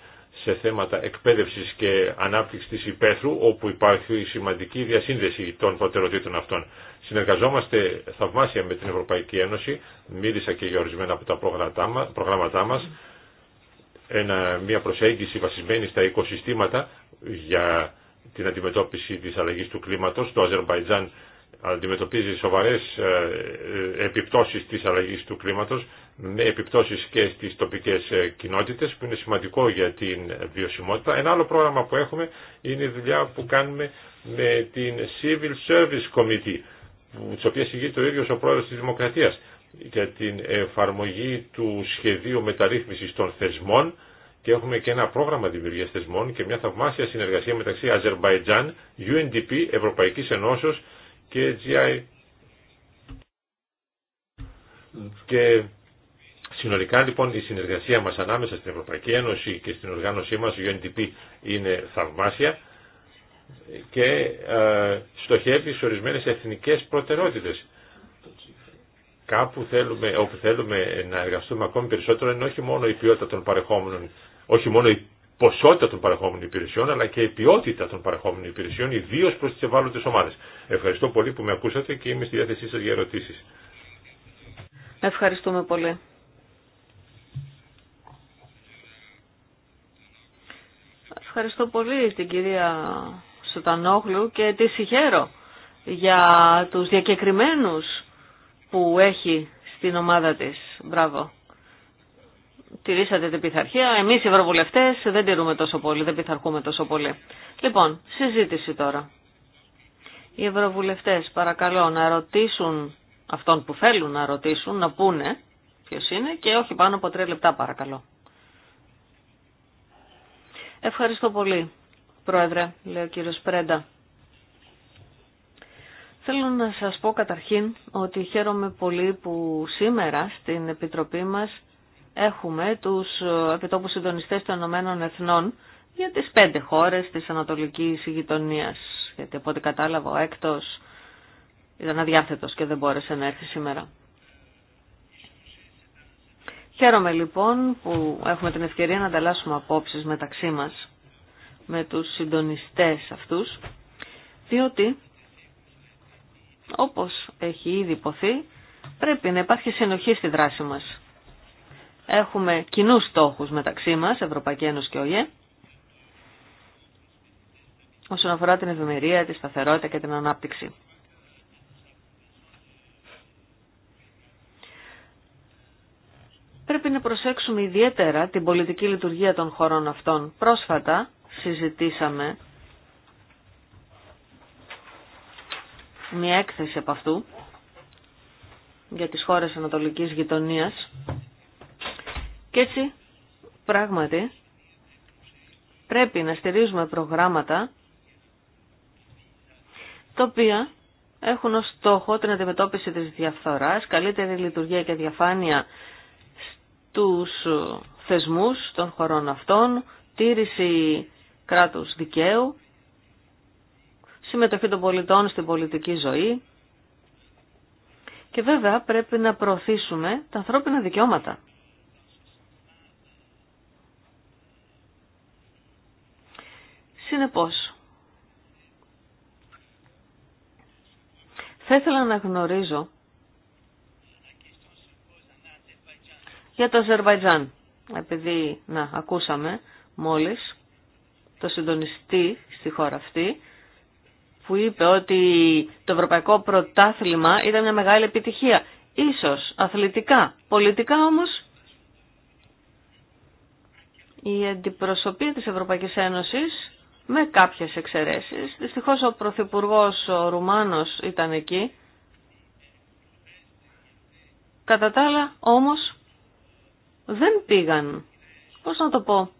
σε θέματα εκπαίδευσης και ανάπτυξης της υπαίθρου όπου υπάρχει σημαντική διασύνδεση των προτεραιοτήτων αυτών. Συνεργαζόμαστε θαυμάσια με την Ευρωπαϊκή Ένωση, μίλησα και για ορισμένα από τα προγράμματά μας, Ένα, μια προσέγγιση βασισμένη στα οικοσυστήματα για την αντιμετώπιση της αλλαγής του κλίματος. Το Αζερμπαϊτζάν αντιμετωπίζει σοβαρές ε, ε, επιπτώσεις της αλλαγής του κλίματος με επιπτώσεις και στις τοπικές ε, κοινότητες που είναι σημαντικό για την βιωσιμότητα. Ένα άλλο πρόγραμμα που έχουμε είναι η δουλειά που κάνουμε με την Civil Service Committee της οποίας ηγείται ο ίδιο ο πρόεδρος της Δημοκρατίας για την εφαρμογή του σχεδίου μεταρρύθμισης των θεσμών και έχουμε και ένα πρόγραμμα δημιουργία θεσμών και μια θαυμάσια συνεργασία μεταξύ Αζερβαϊτζάν, UNDP, Ευρωπαϊκής Ενώσεω και και συνολικά λοιπόν η συνεργασία μας ανάμεσα στην Ευρωπαϊκή Ένωση και στην οργάνωσή μας, η UNDP, είναι θαυμάσια και ε, στοχεύει σε ορισμένες εθνικές προτεραιότητες. Κάπου θέλουμε, όπου θέλουμε να εργαστούμε ακόμη περισσότερο είναι όχι μόνο η ποιότητα των παρεχόμενων, όχι μόνο η ποσότητα των παρεχόμενων υπηρεσιών αλλά και η ποιότητα των παρεχόμενων υπηρεσιών, ιδίω προ τι ευάλωτε ομάδε. Ευχαριστώ πολύ που με ακούσατε και είμαι στη διάθεσή σα για ερωτήσει. Ευχαριστούμε πολύ. Ευχαριστώ πολύ την κυρία Σουτανόγλου και τη συγχαίρω για τους διακεκριμένους που έχει στην ομάδα της. Μπράβο τηρήσατε την πειθαρχία. Εμείς οι ευρωβουλευτές δεν τηρούμε τόσο πολύ, δεν πειθαρχούμε τόσο πολύ. Λοιπόν, συζήτηση τώρα. Οι ευρωβουλευτές παρακαλώ να ρωτήσουν αυτόν που θέλουν να ρωτήσουν, να πούνε ποιος είναι και όχι πάνω από τρία λεπτά παρακαλώ. Ευχαριστώ πολύ, Πρόεδρε, λέει ο κύριος Πρέντα. Θέλω να σας πω καταρχήν ότι χαίρομαι πολύ που σήμερα στην Επιτροπή μας έχουμε τους ε, επιτόπους συντονιστές των Ηνωμένων Εθνών για τις πέντε χώρες της Ανατολικής γειτονίας. Γιατί από ό,τι κατάλαβα ο έκτος ήταν αδιάθετος και δεν μπόρεσε να έρθει σήμερα. Χαίρομαι λοιπόν που έχουμε την ευκαιρία να ανταλλάσσουμε απόψεις μεταξύ μας με τους συντονιστές αυτούς, διότι όπως έχει ήδη υποθεί πρέπει να υπάρχει συνοχή στη δράση μας. Έχουμε κοινούς στόχους μεταξύ μας, Ευρωπαϊκή Ένωση και ΟΙΕ, όσον αφορά την ευημερία, τη σταθερότητα και την ανάπτυξη. Πρέπει να προσέξουμε ιδιαίτερα την πολιτική λειτουργία των χωρών αυτών. Πρόσφατα συζητήσαμε μια έκθεση από αυτού για τις χώρες ανατολικής γειτονίας και έτσι, πράγματι, πρέπει να στηρίζουμε προγράμματα τα οποία έχουν ως στόχο την αντιμετώπιση της διαφθοράς, καλύτερη λειτουργία και διαφάνεια στους θεσμούς των χωρών αυτών, τήρηση κράτους δικαίου, συμμετοχή των πολιτών στην πολιτική ζωή και βέβαια πρέπει να προωθήσουμε τα ανθρώπινα δικαιώματα. Συνεπώς, θα ήθελα να γνωρίζω για το Αζερβαϊτζάν, επειδή να, ακούσαμε μόλις το συντονιστή στη χώρα αυτή, που είπε ότι το Ευρωπαϊκό Πρωτάθλημα ήταν μια μεγάλη επιτυχία. Ίσως αθλητικά, πολιτικά όμως, η αντιπροσωπή της Ευρωπαϊκής Ένωσης με κάποιες εξαιρέσεις. Δυστυχώς ο Πρωθυπουργός ο Ρουμάνος ήταν εκεί. Κατά τα άλλα όμως δεν πήγαν, πώς να το πω,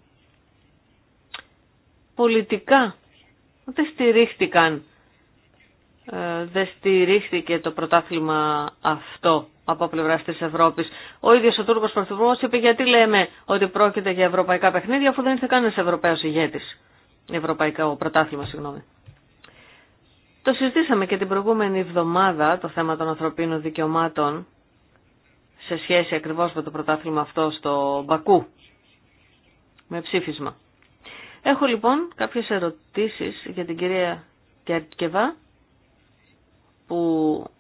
πολιτικά. Δεν στηρίχτηκαν, ε, δεν στηρίχτηκε το πρωτάθλημα αυτό από πλευρά τη Ευρώπη. Ο ίδιο ο Τούρκο Πρωθυπουργό είπε γιατί λέμε ότι πρόκειται για ευρωπαϊκά παιχνίδια αφού δεν ήρθε κανένα Ευρωπαίο ηγέτη ευρωπαϊκό πρωτάθλημα, συγγνώμη. Το συζητήσαμε και την προηγούμενη εβδομάδα το θέμα των ανθρωπίνων δικαιωμάτων σε σχέση ακριβώς με το πρωτάθλημα αυτό στο Μπακού, με ψήφισμα. Έχω λοιπόν κάποιες ερωτήσεις για την κυρία Κερκεβά που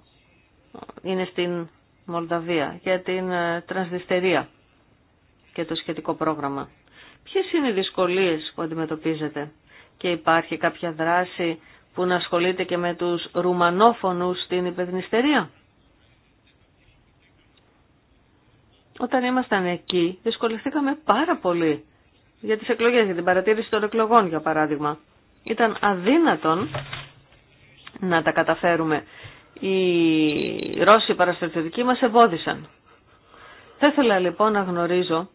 είναι στην Μολδαβία για την ε, τρανσδιστερία και το σχετικό πρόγραμμα. Ποιες είναι οι δυσκολίες που αντιμετωπίζετε και υπάρχει κάποια δράση που να ασχολείται και με τους ρουμανόφωνους στην υπεδνηστερία. Όταν ήμασταν εκεί δυσκολευτήκαμε πάρα πολύ για τις εκλογές, για την παρατήρηση των εκλογών για παράδειγμα. Ήταν αδύνατον να τα καταφέρουμε. Οι Ρώσοι παραστρατιωτικοί μας εμπόδισαν. Θα ήθελα λοιπόν να γνωρίζω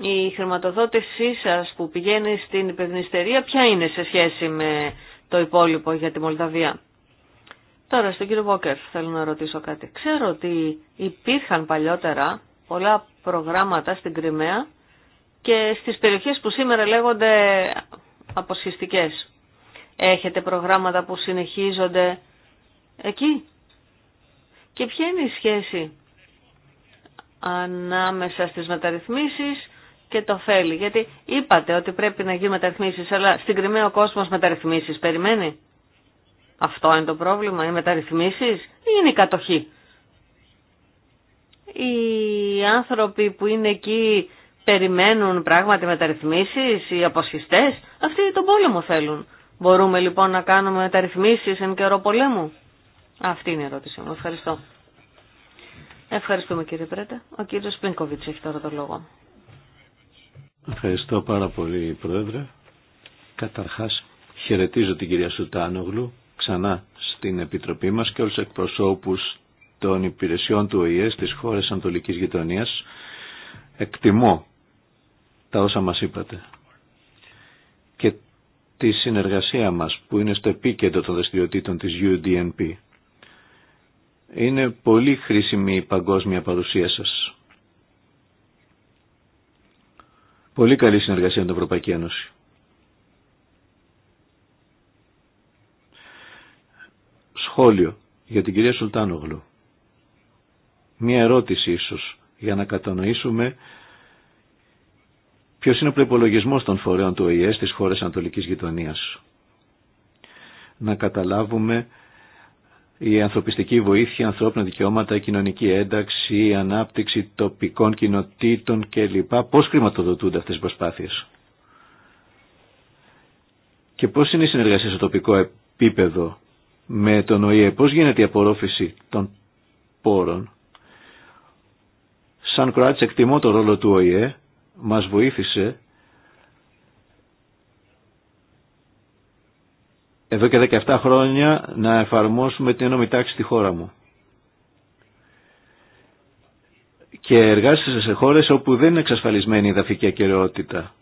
η χρηματοδότησή σας που πηγαίνει στην υπευνηστερία ποια είναι σε σχέση με το υπόλοιπο για τη Μολδαβία. Τώρα στον κύριο Βόκερ θέλω να ρωτήσω κάτι. Ξέρω ότι υπήρχαν παλιότερα πολλά προγράμματα στην Κρυμαία και στις περιοχές που σήμερα λέγονται αποσχιστικές. Έχετε προγράμματα που συνεχίζονται εκεί. Και ποια είναι η σχέση ανάμεσα στις μεταρρυθμίσεις και το θέλει. Γιατί είπατε ότι πρέπει να γίνουν μεταρρυθμίσεις, αλλά στην Κρυμαία ο κόσμος μεταρρυθμίσεις περιμένει. Αυτό είναι το πρόβλημα, οι μεταρρυθμίσεις ή είναι η κατοχή. Οι άνθρωποι που είναι εκεί περιμένουν πράγματι μεταρρυθμίσεις, οι αποσχιστές, αυτοί τον πόλεμο θέλουν. Μπορούμε λοιπόν να κάνουμε μεταρρυθμίσεις εν καιρό πολέμου. Αυτή είναι η κατοχη οι ανθρωποι που ειναι εκει περιμενουν πραγματι μεταρρυθμισεις οι αποσχιστέ, αυτοι τον πολεμο θελουν μπορουμε λοιπον να κανουμε μεταρρυθμισεις εν καιρο πολεμου αυτη ειναι η ερωτηση μου. Ευχαριστώ. Ευχαριστούμε κύριε Πρέτα. Ο κύριος Πλίνκοβιτς έχει τώρα το λόγο. Ευχαριστώ πάρα πολύ, Πρόεδρε. Καταρχάς, χαιρετίζω την κυρία Σουτάνογλου ξανά στην Επιτροπή μας και όλους εκπροσώπους των υπηρεσιών του ΟΗΕ στις χώρες Ανατολικής Γειτονίας. Εκτιμώ τα όσα μας είπατε και τη συνεργασία μας που είναι στο επίκεντρο των δραστηριοτήτων της UDNP. Είναι πολύ χρήσιμη η παγκόσμια παρουσία σας Πολύ καλή συνεργασία με την Ευρωπαϊκή Ένωση. Σχόλιο για την κυρία Σουλτάνογλου. Μία ερώτηση ίσως για να κατανοήσουμε ποιος είναι ο προπολογισμό των φορέων του ΟΗΕ στις χώρες Ανατολικής Γειτονίας. Να καταλάβουμε η ανθρωπιστική βοήθεια, ανθρώπινα δικαιώματα, η κοινωνική ένταξη, η ανάπτυξη τοπικών κοινοτήτων κλπ. Πώς χρηματοδοτούνται αυτές οι προσπάθειες. Και πώς είναι η συνεργασία στο τοπικό επίπεδο με τον ΟΗΕ, πώς γίνεται η απορρόφηση των πόρων. Σαν Κροάτης εκτιμώ το ρόλο του ΟΗΕ, μας βοήθησε εδώ και 17 χρόνια να εφαρμόσουμε την ενόμη τάξη στη χώρα μου. Και εργάζεσαι σε χώρες όπου δεν είναι εξασφαλισμένη η δαφική ακαιρεότητα.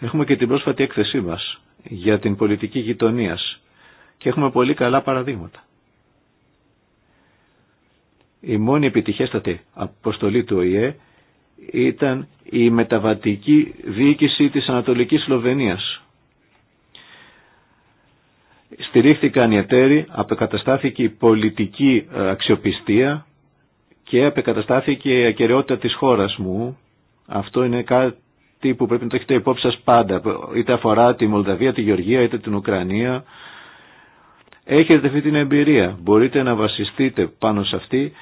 Έχουμε και την πρόσφατη έκθεσή μας για την πολιτική γειτονία και έχουμε πολύ καλά παραδείγματα. Η μόνη επιτυχέστατη αποστολή του ΟΗΕ ήταν η μεταβατική διοίκηση της Ανατολικής Σλοβενίας στηρίχθηκαν οι εταίροι, απεκαταστάθηκε η πολιτική ε, αξιοπιστία και απεκαταστάθηκε η ακεραιότητα της χώρας μου. Αυτό είναι κάτι που πρέπει να το έχετε υπόψη σας πάντα, είτε αφορά τη Μολδαβία, τη Γεωργία, είτε την Ουκρανία. Έχετε αυτή την εμπειρία, μπορείτε να βασιστείτε πάνω σε αυτή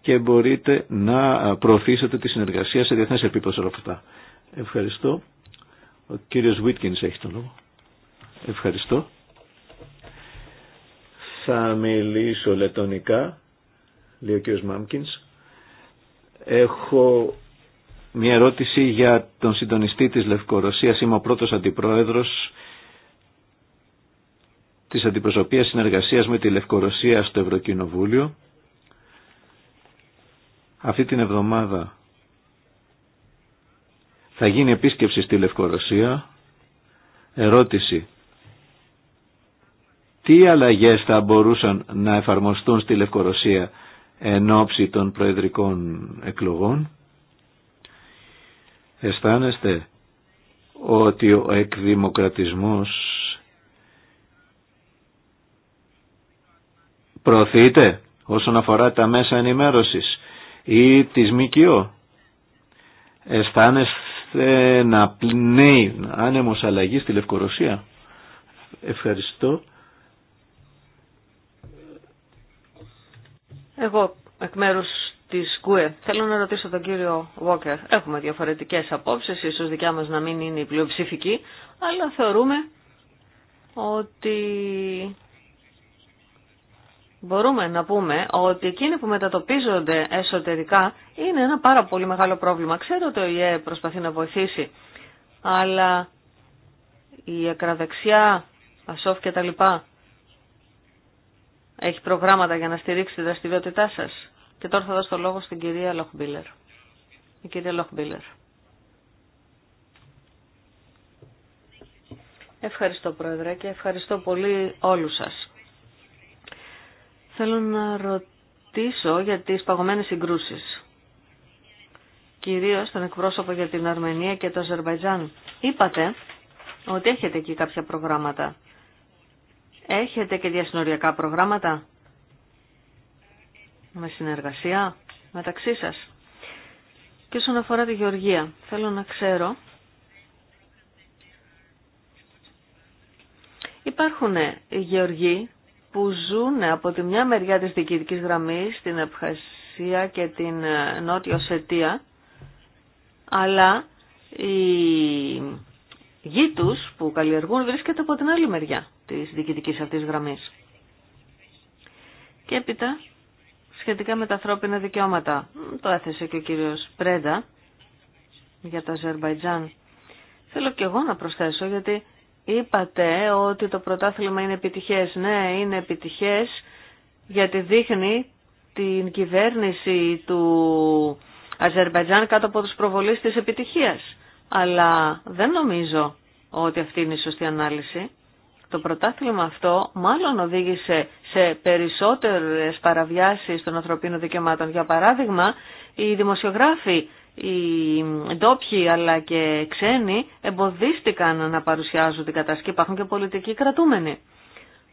και μπορείτε να ε, προωθήσετε τη συνεργασία σε διεθνές επίπεδο όλα αυτά. Ευχαριστώ. Ο κύριος Βίτκινς έχει τον λόγο. Ευχαριστώ. Θα μιλήσω λετωνικά, λέει ο κ. Μάμκινς. Έχω μια ερώτηση για τον συντονιστή της Λευκορωσίας. Είμαι ο πρώτος αντιπρόεδρος της αντιπροσωπείας συνεργασίας με τη Λευκορωσία στο Ευρωκοινοβούλιο. Αυτή την εβδομάδα θα γίνει επίσκεψη στη Λευκορωσία. Ερώτηση τι αλλαγές θα μπορούσαν να εφαρμοστούν στη Λευκορωσία εν ώψη των προεδρικών εκλογών. Αισθάνεστε ότι ο εκδημοκρατισμός προωθείται όσον αφορά τα μέσα ενημέρωσης ή της ΜΚΟ. Αισθάνεστε να πνέει άνεμος αλλαγή στη Λευκορωσία. Ευχαριστώ. Εγώ εκ μέρου τη ΚΟΕ θέλω να ρωτήσω τον κύριο Βόκερ. Έχουμε διαφορετικέ απόψει, ίσω δικιά μα να μην είναι η πλειοψηφική, αλλά θεωρούμε ότι μπορούμε να πούμε ότι εκείνοι που μετατοπίζονται εσωτερικά είναι ένα πάρα πολύ μεγάλο πρόβλημα. Ξέρω ότι ο ΙΕ προσπαθεί να βοηθήσει, αλλά η ακραδεξιά, ασόφ και έχει προγράμματα για να στηρίξει τη δραστηριότητά σα. Και τώρα θα δώσω το λόγο στην κυρία Λοχμπίλερ. Η κυρία Λοχμπίλερ. Ευχαριστώ Πρόεδρε και ευχαριστώ πολύ όλους σας. Θέλω να ρωτήσω για τις παγωμένες συγκρούσεις. Κυρίως τον εκπρόσωπο για την Αρμενία και το Αζερβαϊτζάν. Είπατε ότι έχετε εκεί κάποια προγράμματα. Έχετε και διασυνοριακά προγράμματα με συνεργασία μεταξύ σας. Και όσον αφορά τη Γεωργία, θέλω να ξέρω, υπάρχουν Γεωργοί που ζουν από τη μια μεριά της διοικητικής γραμμής, την Επχασία και την ε, Νότιο Σετία, αλλά η γη τους που καλλιεργούν βρίσκεται από την άλλη μεριά της διοικητικής αυτής γραμμής. Και έπειτα, σχετικά με τα ανθρώπινα δικαιώματα, το έθεσε και ο κύριος Πρέντα για το Αζερβαϊτζάν. Θέλω και εγώ να προσθέσω, γιατί είπατε ότι το πρωτάθλημα είναι επιτυχές. Ναι, είναι επιτυχές, γιατί δείχνει την κυβέρνηση του Αζερβαϊτζάν κάτω από τους προβολείς της επιτυχίας. Αλλά δεν νομίζω ότι αυτή είναι η σωστή ανάλυση το πρωτάθλημα αυτό μάλλον οδήγησε σε περισσότερες παραβιάσεις των ανθρωπίνων δικαιωμάτων. Για παράδειγμα, οι δημοσιογράφοι, οι ντόπιοι αλλά και ξένοι εμποδίστηκαν να παρουσιάζουν την κατασκευή. Υπάρχουν και πολιτικοί κρατούμενοι.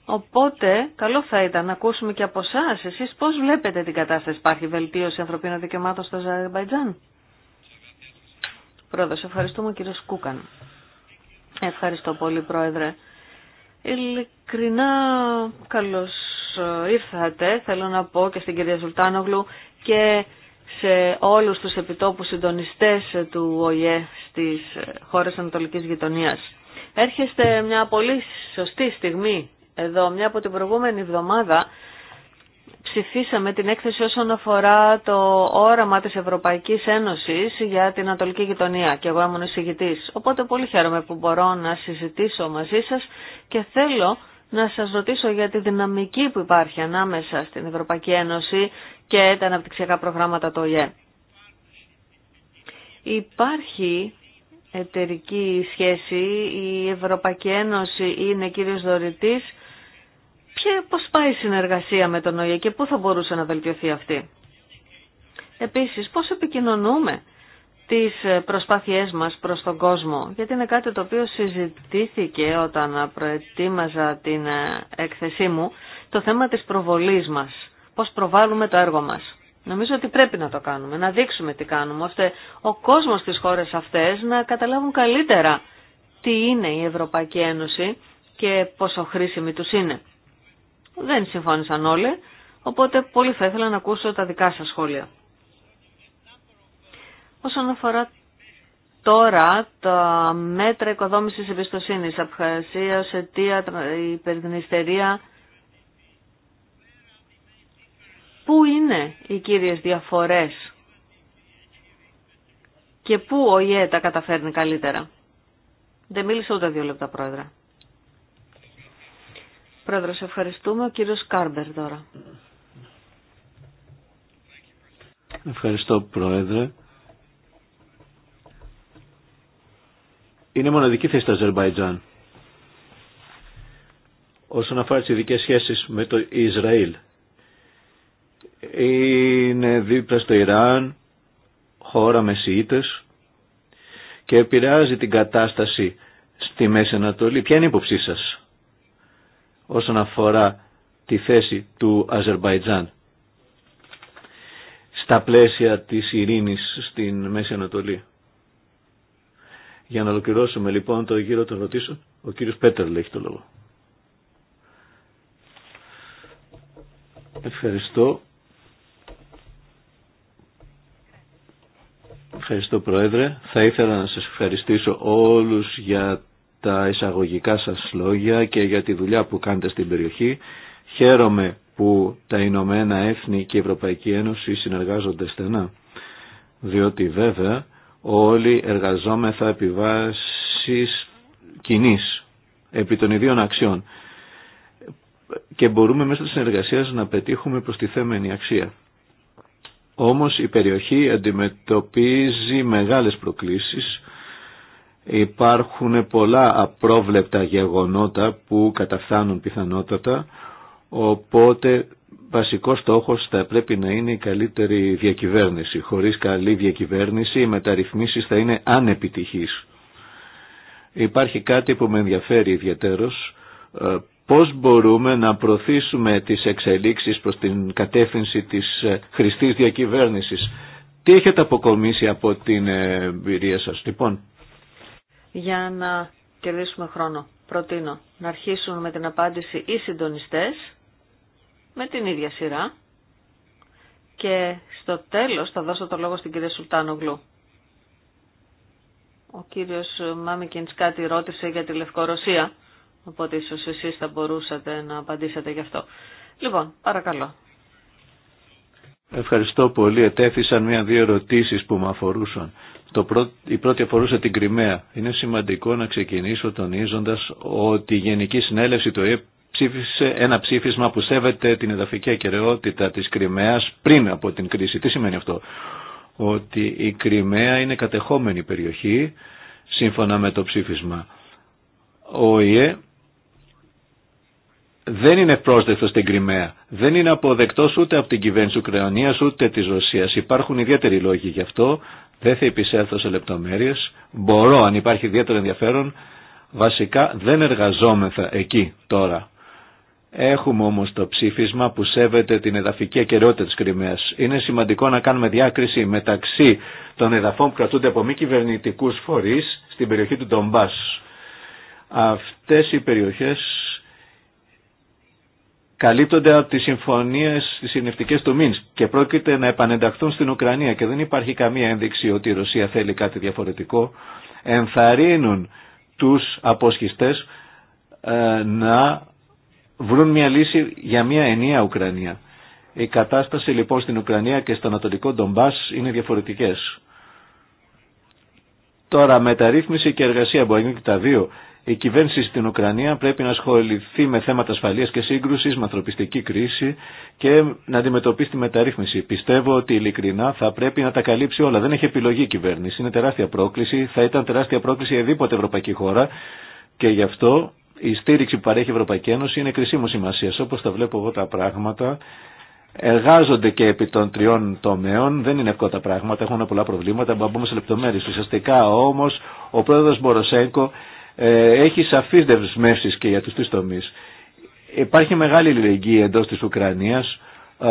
Οπότε, καλό θα ήταν να ακούσουμε και από εσά, εσείς πώς βλέπετε την κατάσταση. Υπάρχει βελτίωση ανθρωπίνων δικαιωμάτων στο Αζερβαϊτζάν. Πρόεδρος, ευχαριστούμε κύριο Σκούκαν. Ευχαριστώ πολύ, Πρόεδρε. Ειλικρινά καλώς ε, ήρθατε, θέλω να πω και στην κυρία Ζουλτάνογλου και σε όλους τους επιτόπους συντονιστές του ΟΗΕ στις ε, χώρες Ανατολικής Γειτονίας. Έρχεστε μια πολύ σωστή στιγμή εδώ, μια από την προηγούμενη εβδομάδα ψηφίσαμε την έκθεση όσον αφορά το όραμα της Ευρωπαϊκής Ένωσης για την Ανατολική Γειτονία και εγώ ήμουν εισηγητής. Οπότε πολύ χαίρομαι που μπορώ να συζητήσω μαζί σας και θέλω να σας ρωτήσω για τη δυναμική που υπάρχει ανάμεσα στην Ευρωπαϊκή Ένωση και τα αναπτυξιακά προγράμματα του ΟΙΕ. Υπάρχει εταιρική σχέση, η Ευρωπαϊκή Ένωση είναι κύριος δωρητής Ποια, πώς πάει η συνεργασία με τον ΟΗΕ και πού θα μπορούσε να βελτιωθεί αυτή. Επίσης, πώς επικοινωνούμε τις προσπάθειές μας προς τον κόσμο, γιατί είναι κάτι το οποίο συζητήθηκε όταν προετοίμαζα την έκθεσή μου, το θέμα της προβολής μας, πώς προβάλλουμε το έργο μας. Νομίζω ότι πρέπει να το κάνουμε, να δείξουμε τι κάνουμε, ώστε ο κόσμος στις χώρες αυτές να καταλάβουν καλύτερα τι είναι η Ευρωπαϊκή Ένωση και πόσο χρήσιμη τους είναι δεν συμφώνησαν όλοι, οπότε πολύ θα ήθελα να ακούσω τα δικά σας σχόλια. Όσον αφορά τώρα τα μέτρα οικοδόμησης εμπιστοσύνη, Απχασία, Σετία, Υπερδνηστερία, πού είναι οι κύριες διαφορές και πού ο ΙΕ τα καταφέρνει καλύτερα. Δεν μίλησα ούτε δύο λεπτά, Πρόεδρε ευχαριστούμε. Ο κύριος Κάρμπερ τώρα. Ευχαριστώ, Πρόεδρε. Είναι μοναδική θέση του Αζερβαϊτζάν όσον αφορά τις ειδικές σχέσεις με το Ισραήλ. Είναι δίπλα στο Ιράν, χώρα με και επηρεάζει την κατάσταση στη Μέση Ανατολή. Ποια είναι η υποψή σας? όσον αφορά τη θέση του Αζερβαϊτζάν στα πλαίσια της ειρήνης στην Μέση Ανατολή. Για να ολοκληρώσουμε λοιπόν το γύρο των ρωτήσεων, ο κύριος Πέτερ λέει το λόγο. Ευχαριστώ. Ευχαριστώ Πρόεδρε. Θα ήθελα να σας ευχαριστήσω όλους για τα εισαγωγικά σας λόγια και για τη δουλειά που κάνετε στην περιοχή. Χαίρομαι που τα Ηνωμένα Έθνη και η Ευρωπαϊκή Ένωση συνεργάζονται στενά, διότι βέβαια όλοι εργαζόμεθα επί βάσης κοινής, επί των ιδίων αξιών και μπορούμε μέσα της συνεργασίας να πετύχουμε τη θέμενη αξία. Όμως η περιοχή αντιμετωπίζει μεγάλες προκλήσεις Υπάρχουν πολλά απρόβλεπτα γεγονότα που καταφθάνουν πιθανότατα, οπότε βασικός στόχος θα πρέπει να είναι η καλύτερη διακυβέρνηση. Χωρίς καλή διακυβέρνηση οι μεταρρυθμίσεις θα είναι ανεπιτυχείς. Υπάρχει κάτι που με ενδιαφέρει ιδιαίτερος, ε, πώς μπορούμε να προωθήσουμε τις εξελίξεις προς την κατεύθυνση της ε, χρηστής διακυβέρνησης. Τι έχετε αποκομίσει από την εμπειρία σας. Λοιπόν, για να κερδίσουμε χρόνο. Προτείνω να αρχίσουν με την απάντηση οι συντονιστές με την ίδια σειρά και στο τέλος θα δώσω το λόγο στην κυρία Σουλτάνογλου. Ο κύριος Μάμικιντς κάτι ρώτησε για τη Λευκορωσία, οπότε ίσως εσείς θα μπορούσατε να απαντήσετε γι' αυτό. Λοιπόν, παρακαλώ, Ευχαριστώ πολύ. Ετέθησαν μία-δύο ερωτήσεις που με αφορούσαν. Το η πρώτη αφορούσε την Κρυμαία. Είναι σημαντικό να ξεκινήσω τονίζοντας ότι η Γενική Συνέλευση του ΕΕ ψήφισε ένα ψήφισμα που σέβεται την εδαφική ακαιρεότητα της Κρυμαίας πριν από την κρίση. Τι σημαίνει αυτό. Ότι η Κρυμαία είναι κατεχόμενη περιοχή σύμφωνα με το ψήφισμα. Ο δεν είναι πρόσδεκτος στην Κρυμαία. Δεν είναι αποδεκτό ούτε από την κυβέρνηση Ουκρανίας ούτε τη Ρωσία. Υπάρχουν ιδιαίτεροι λόγοι γι' αυτό. Δεν θα επισέλθω σε λεπτομέρειε. Μπορώ, αν υπάρχει ιδιαίτερο ενδιαφέρον, βασικά δεν εργαζόμεθα εκεί τώρα. Έχουμε όμω το ψήφισμα που σέβεται την εδαφική ακαιρεότητα τη Κρυμαίας. Είναι σημαντικό να κάνουμε διάκριση μεταξύ των εδαφών που κρατούνται από μη κυβερνητικού φορεί στην περιοχή του Ντομπά. Αυτέ οι περιοχέ καλύπτονται από τις συμφωνίες τις συνευτικές του Μίνσκ και πρόκειται να επανενταχθούν στην Ουκρανία και δεν υπάρχει καμία ένδειξη ότι η Ρωσία θέλει κάτι διαφορετικό, ενθαρρύνουν τους αποσχιστές ε, να βρουν μια λύση για μια ενιαία Ουκρανία. Η κατάσταση λοιπόν στην Ουκρανία και στο Ανατολικό Ντομπάς είναι διαφορετικές. Τώρα μεταρρύθμιση και εργασία μπορεί να και τα δύο η κυβέρνηση στην Ουκρανία πρέπει να ασχοληθεί με θέματα ασφαλείας και σύγκρουσης, με ανθρωπιστική κρίση και να αντιμετωπίσει τη μεταρρύθμιση. Πιστεύω ότι ειλικρινά θα πρέπει να τα καλύψει όλα. Δεν έχει επιλογή η κυβέρνηση. Είναι τεράστια πρόκληση. Θα ήταν τεράστια πρόκληση εδήποτε ευρωπαϊκή χώρα και γι' αυτό η στήριξη που παρέχει η Ευρωπαϊκή Ένωση είναι κρισίμου σημασία. Όπω τα βλέπω εγώ τα πράγματα, εργάζονται και επί των τριών τομέων. Δεν είναι εύκολα τα πράγματα, έχουν πολλά προβλήματα. σε λεπτομέρειε. Ουσιαστικά όμω ο πρόεδρο Μποροσέγκο ε, έχει σαφείς δεσμεύσεις και για τους τρεις τομείς. Υπάρχει μεγάλη αλληλεγγύη εντός της Ουκρανίας ε,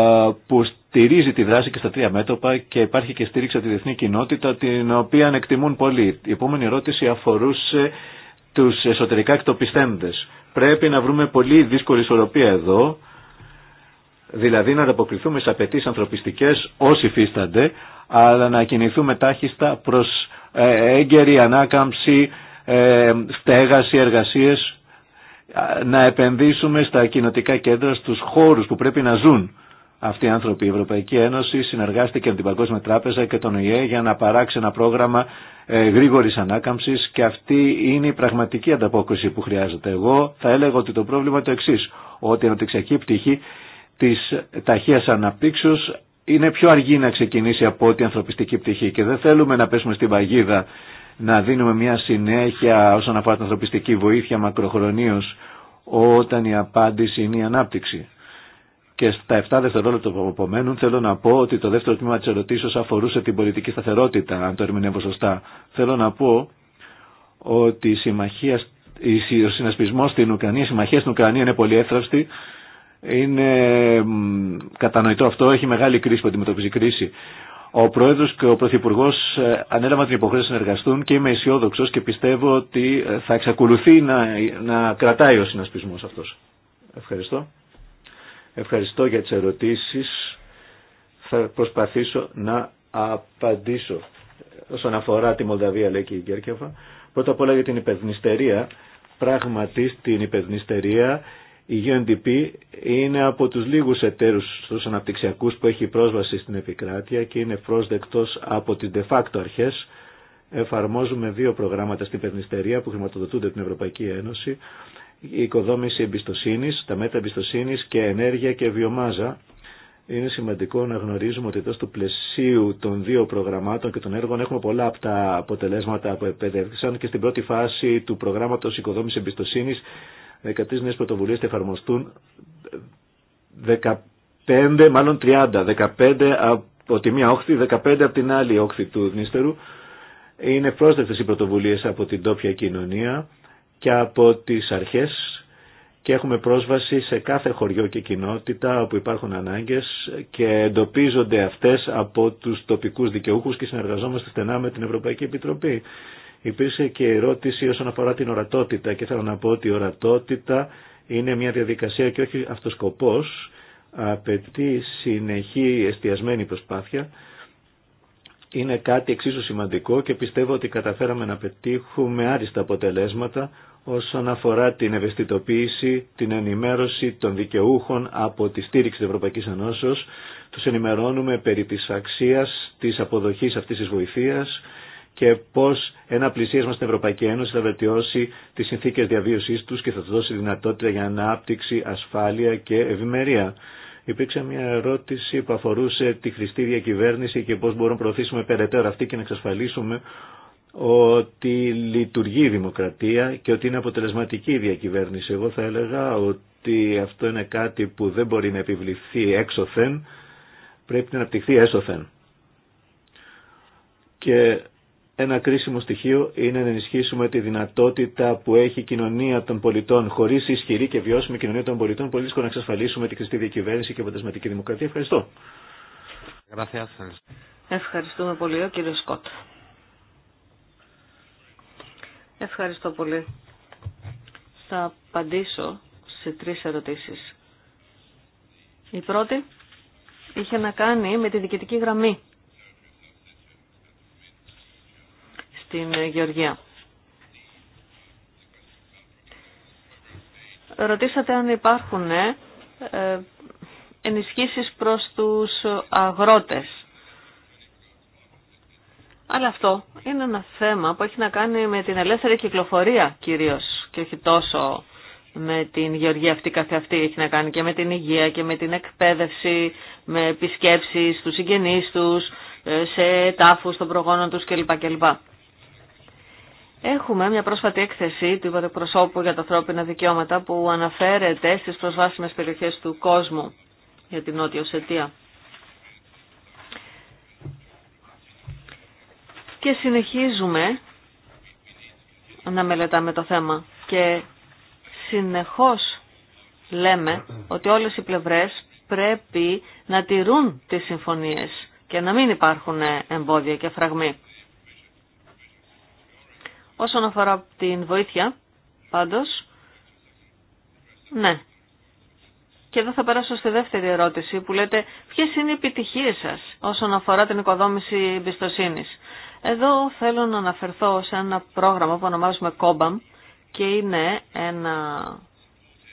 που στηρίζει τη δράση και στα τρία μέτωπα και υπάρχει και στήριξη από τη διεθνή κοινότητα την οποία ανεκτιμούν πολύ. Η επόμενη ερώτηση αφορούσε τους εσωτερικά εκτοπιστέντες. Πρέπει να βρούμε πολύ δύσκολη ισορροπία εδώ, δηλαδή να ανταποκριθούμε σε απαιτήσει ανθρωπιστικές όσοι φύστανται, αλλά να κινηθούμε τάχιστα προς ε, έγκαιρη ανάκαμψη ε, στέγαση, εργασίες, να επενδύσουμε στα κοινοτικά κέντρα, στους χώρους που πρέπει να ζουν αυτοί οι άνθρωποι. Η Ευρωπαϊκή Ένωση συνεργάστηκε με την Παγκόσμια Τράπεζα και τον ΟΗΕ για να παράξει ένα πρόγραμμα ε, γρήγορη ανάκαμψη και αυτή είναι η πραγματική ανταπόκριση που χρειάζεται. Εγώ θα έλεγα ότι το πρόβλημα είναι το εξή, ότι η αναπτυξιακή πτυχή τη ταχεία αναπτύξεω είναι πιο αργή να ξεκινήσει από ό,τι ανθρωπιστική πτυχή και δεν θέλουμε να πέσουμε στην παγίδα να δίνουμε μια συνέχεια όσον αφορά την ανθρωπιστική βοήθεια μακροχρονίως όταν η απάντηση είναι η ανάπτυξη. Και στα 7 δευτερόλεπτα που απομένουν θέλω να πω ότι το δεύτερο τμήμα της ερωτήσεως αφορούσε την πολιτική σταθερότητα, αν το ερμηνεύω σωστά. Θέλω να πω ότι η συμμαχία, ο συνασπισμός στην Ουκρανία, η συμμαχία στην Ουκρανία είναι πολύ εύθραυστη. Είναι κατανοητό αυτό, έχει μεγάλη κρίση που αντιμετωπίζει κρίση. Ο Πρόεδρος και ο Πρωθυπουργός ε, ανέλαβαν την υποχρέωση να εργαστούν και είμαι αισιόδοξο και πιστεύω ότι ε, θα εξακολουθεί να, να κρατάει ο συνασπισμός αυτός. Ευχαριστώ. Ευχαριστώ για τις ερωτήσεις. Θα προσπαθήσω να απαντήσω όσον αφορά τη Μολδαβία, λέει και η Γκέρκεφα. Πρώτα απ' όλα για την υπερδυνστερία. Πράγματι στην υπερδυνστερία... Η UNDP είναι από τους λίγους εταίρους στους αναπτυξιακούς που έχει πρόσβαση στην επικράτεια και είναι πρόσδεκτος από τις de facto αρχές. Εφαρμόζουμε δύο προγράμματα στην Περνιστερία που χρηματοδοτούνται από την Ευρωπαϊκή Ένωση. Η οικοδόμηση εμπιστοσύνη, τα μέτρα εμπιστοσύνη και ενέργεια και βιομάζα. Είναι σημαντικό να γνωρίζουμε ότι εδώ στο πλαισίου των δύο προγραμμάτων και των έργων έχουμε πολλά από τα αποτελέσματα που επέδευξαν και στην πρώτη φάση του προγράμματος οικοδόμηση εμπιστοσύνη. 13 νέες πρωτοβουλίες θα εφαρμοστούν 15, μάλλον 30, 15 από τη μία όχθη, 15 από την άλλη όχθη του Δνίστερου. Είναι πρόσδεκτες οι πρωτοβουλίες από την τόπια κοινωνία και από τις αρχές και έχουμε πρόσβαση σε κάθε χωριό και κοινότητα όπου υπάρχουν ανάγκες και εντοπίζονται αυτές από τους τοπικούς δικαιούχους και συνεργαζόμαστε στενά με την Ευρωπαϊκή Επιτροπή. Υπήρξε και ερώτηση όσον αφορά την ορατότητα και θέλω να πω ότι η ορατότητα είναι μια διαδικασία και όχι αυτοσκοπός, απαιτεί συνεχή εστιασμένη προσπάθεια. Είναι κάτι εξίσου σημαντικό και πιστεύω ότι καταφέραμε να πετύχουμε άριστα αποτελέσματα όσον αφορά την ευαισθητοποίηση, την ενημέρωση των δικαιούχων από τη στήριξη της Ευρωπαϊκής Ενώσεως. Τους ενημερώνουμε περί της αξίας της αποδοχής αυτής της βοηθείας, και πώ ένα πλησίασμα στην Ευρωπαϊκή Ένωση θα βελτιώσει τι συνθήκε διαβίωσή του και θα του δώσει δυνατότητα για ανάπτυξη, ασφάλεια και ευημερία. Υπήρξε μια ερώτηση που αφορούσε τη χρηστή διακυβέρνηση και πώ μπορούμε να προωθήσουμε περαιτέρω αυτή και να εξασφαλίσουμε ότι λειτουργεί η δημοκρατία και ότι είναι αποτελεσματική η διακυβέρνηση. Εγώ θα έλεγα ότι αυτό είναι κάτι που δεν μπορεί να επιβληθεί έξωθεν, πρέπει να αναπτυχθεί έσωθεν. Και ένα κρίσιμο στοιχείο είναι να ενισχύσουμε τη δυνατότητα που έχει η κοινωνία των πολιτών. Χωρί ισχυρή και βιώσιμη κοινωνία των πολιτών, πολύ δύσκολο να εξασφαλίσουμε τη χρηστή διακυβέρνηση και αποτελεσματική δημοκρατία. Ευχαριστώ. Ευχαριστούμε πολύ, ο κύριο Σκότ. Ευχαριστώ πολύ. Θα απαντήσω σε τρεις ερωτήσεις. Η πρώτη είχε να κάνει με τη διοικητική γραμμή την Γεωργία. Ρωτήσατε αν υπάρχουν ε, ενισχύσεις προς τους αγρότες. Αλλά αυτό είναι ένα θέμα που έχει να κάνει με την ελεύθερη κυκλοφορία κυρίως και όχι τόσο με την γεωργία αυτή καθεαυτή έχει να κάνει και με την υγεία και με την εκπαίδευση, με επισκέψεις στους συγγενείς τους, ε, σε τάφους των προγόνων τους κλπ. κλπ. Έχουμε μια πρόσφατη έκθεση του Προσώπου για τα ανθρώπινα δικαιώματα που αναφέρεται στις προσβάσιμες περιοχές του κόσμου για την Νότια Οσετία. Και συνεχίζουμε να μελετάμε το θέμα και συνεχώς λέμε ότι όλες οι πλευρές πρέπει να τηρούν τις συμφωνίες και να μην υπάρχουν εμπόδια και φραγμοί. Όσον αφορά την βοήθεια, πάντως, ναι. Και εδώ θα περάσω στη δεύτερη ερώτηση που λέτε ποιες είναι οι επιτυχίες σας όσον αφορά την οικοδόμηση εμπιστοσύνη. Εδώ θέλω να αναφερθώ σε ένα πρόγραμμα που ονομάζουμε COBAM και είναι ένα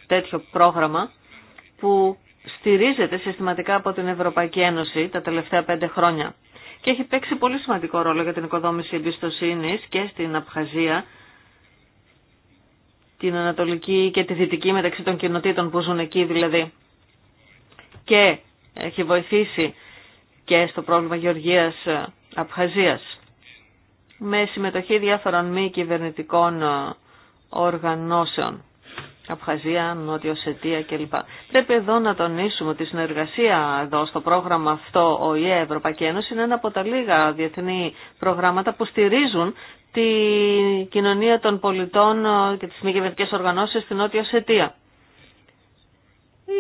τέτοιο πρόγραμμα που στηρίζεται συστηματικά από την Ευρωπαϊκή Ένωση τα τελευταία πέντε χρόνια και έχει παίξει πολύ σημαντικό ρόλο για την οικοδόμηση εμπιστοσύνη και στην Απχαζία, την Ανατολική και τη Δυτική μεταξύ των κοινοτήτων που ζουν εκεί δηλαδή. Και έχει βοηθήσει και στο πρόβλημα Γεωργίας ε, Απχαζίας. Με συμμετοχή διάφορων μη κυβερνητικών ε, οργανώσεων. Απχαζία, Νότιο Σετία κλπ. Πρέπει εδώ να τονίσουμε ότι η συνεργασία εδώ στο πρόγραμμα αυτό, ο ΙΕ, Ευρωπαϊκή Ένωση, είναι ένα από τα λίγα διεθνή προγράμματα που στηρίζουν τη κοινωνία των πολιτών ε, και τις μη κυβερνητικές οργανώσεις στην Νότια Σετία.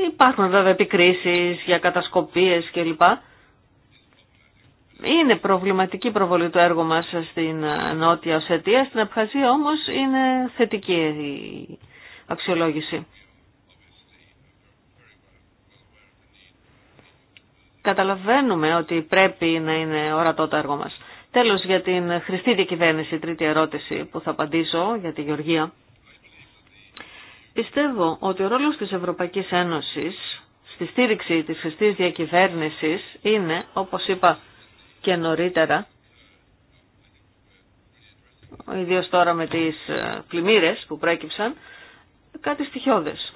Υπάρχουν βέβαια επικρίσεις για κατασκοπίες κλπ. Είναι προβληματική προβολή του έργου μας στην ε, Νότια Σετία. στην Απχαζία όμως είναι θετική αξιολόγηση. Καταλαβαίνουμε ότι πρέπει να είναι ορατό το έργο μας. Τέλος για την χρηστή διακυβέρνηση, τρίτη ερώτηση που θα απαντήσω για τη Γεωργία. Πιστεύω ότι ο ρόλος της Ευρωπαϊκής Ένωσης στη στήριξη της χρηστής διακυβέρνησης είναι, όπως είπα και νωρίτερα, ιδίως τώρα με τις πλημμύρες που προέκυψαν, κάτι στοιχειώδες.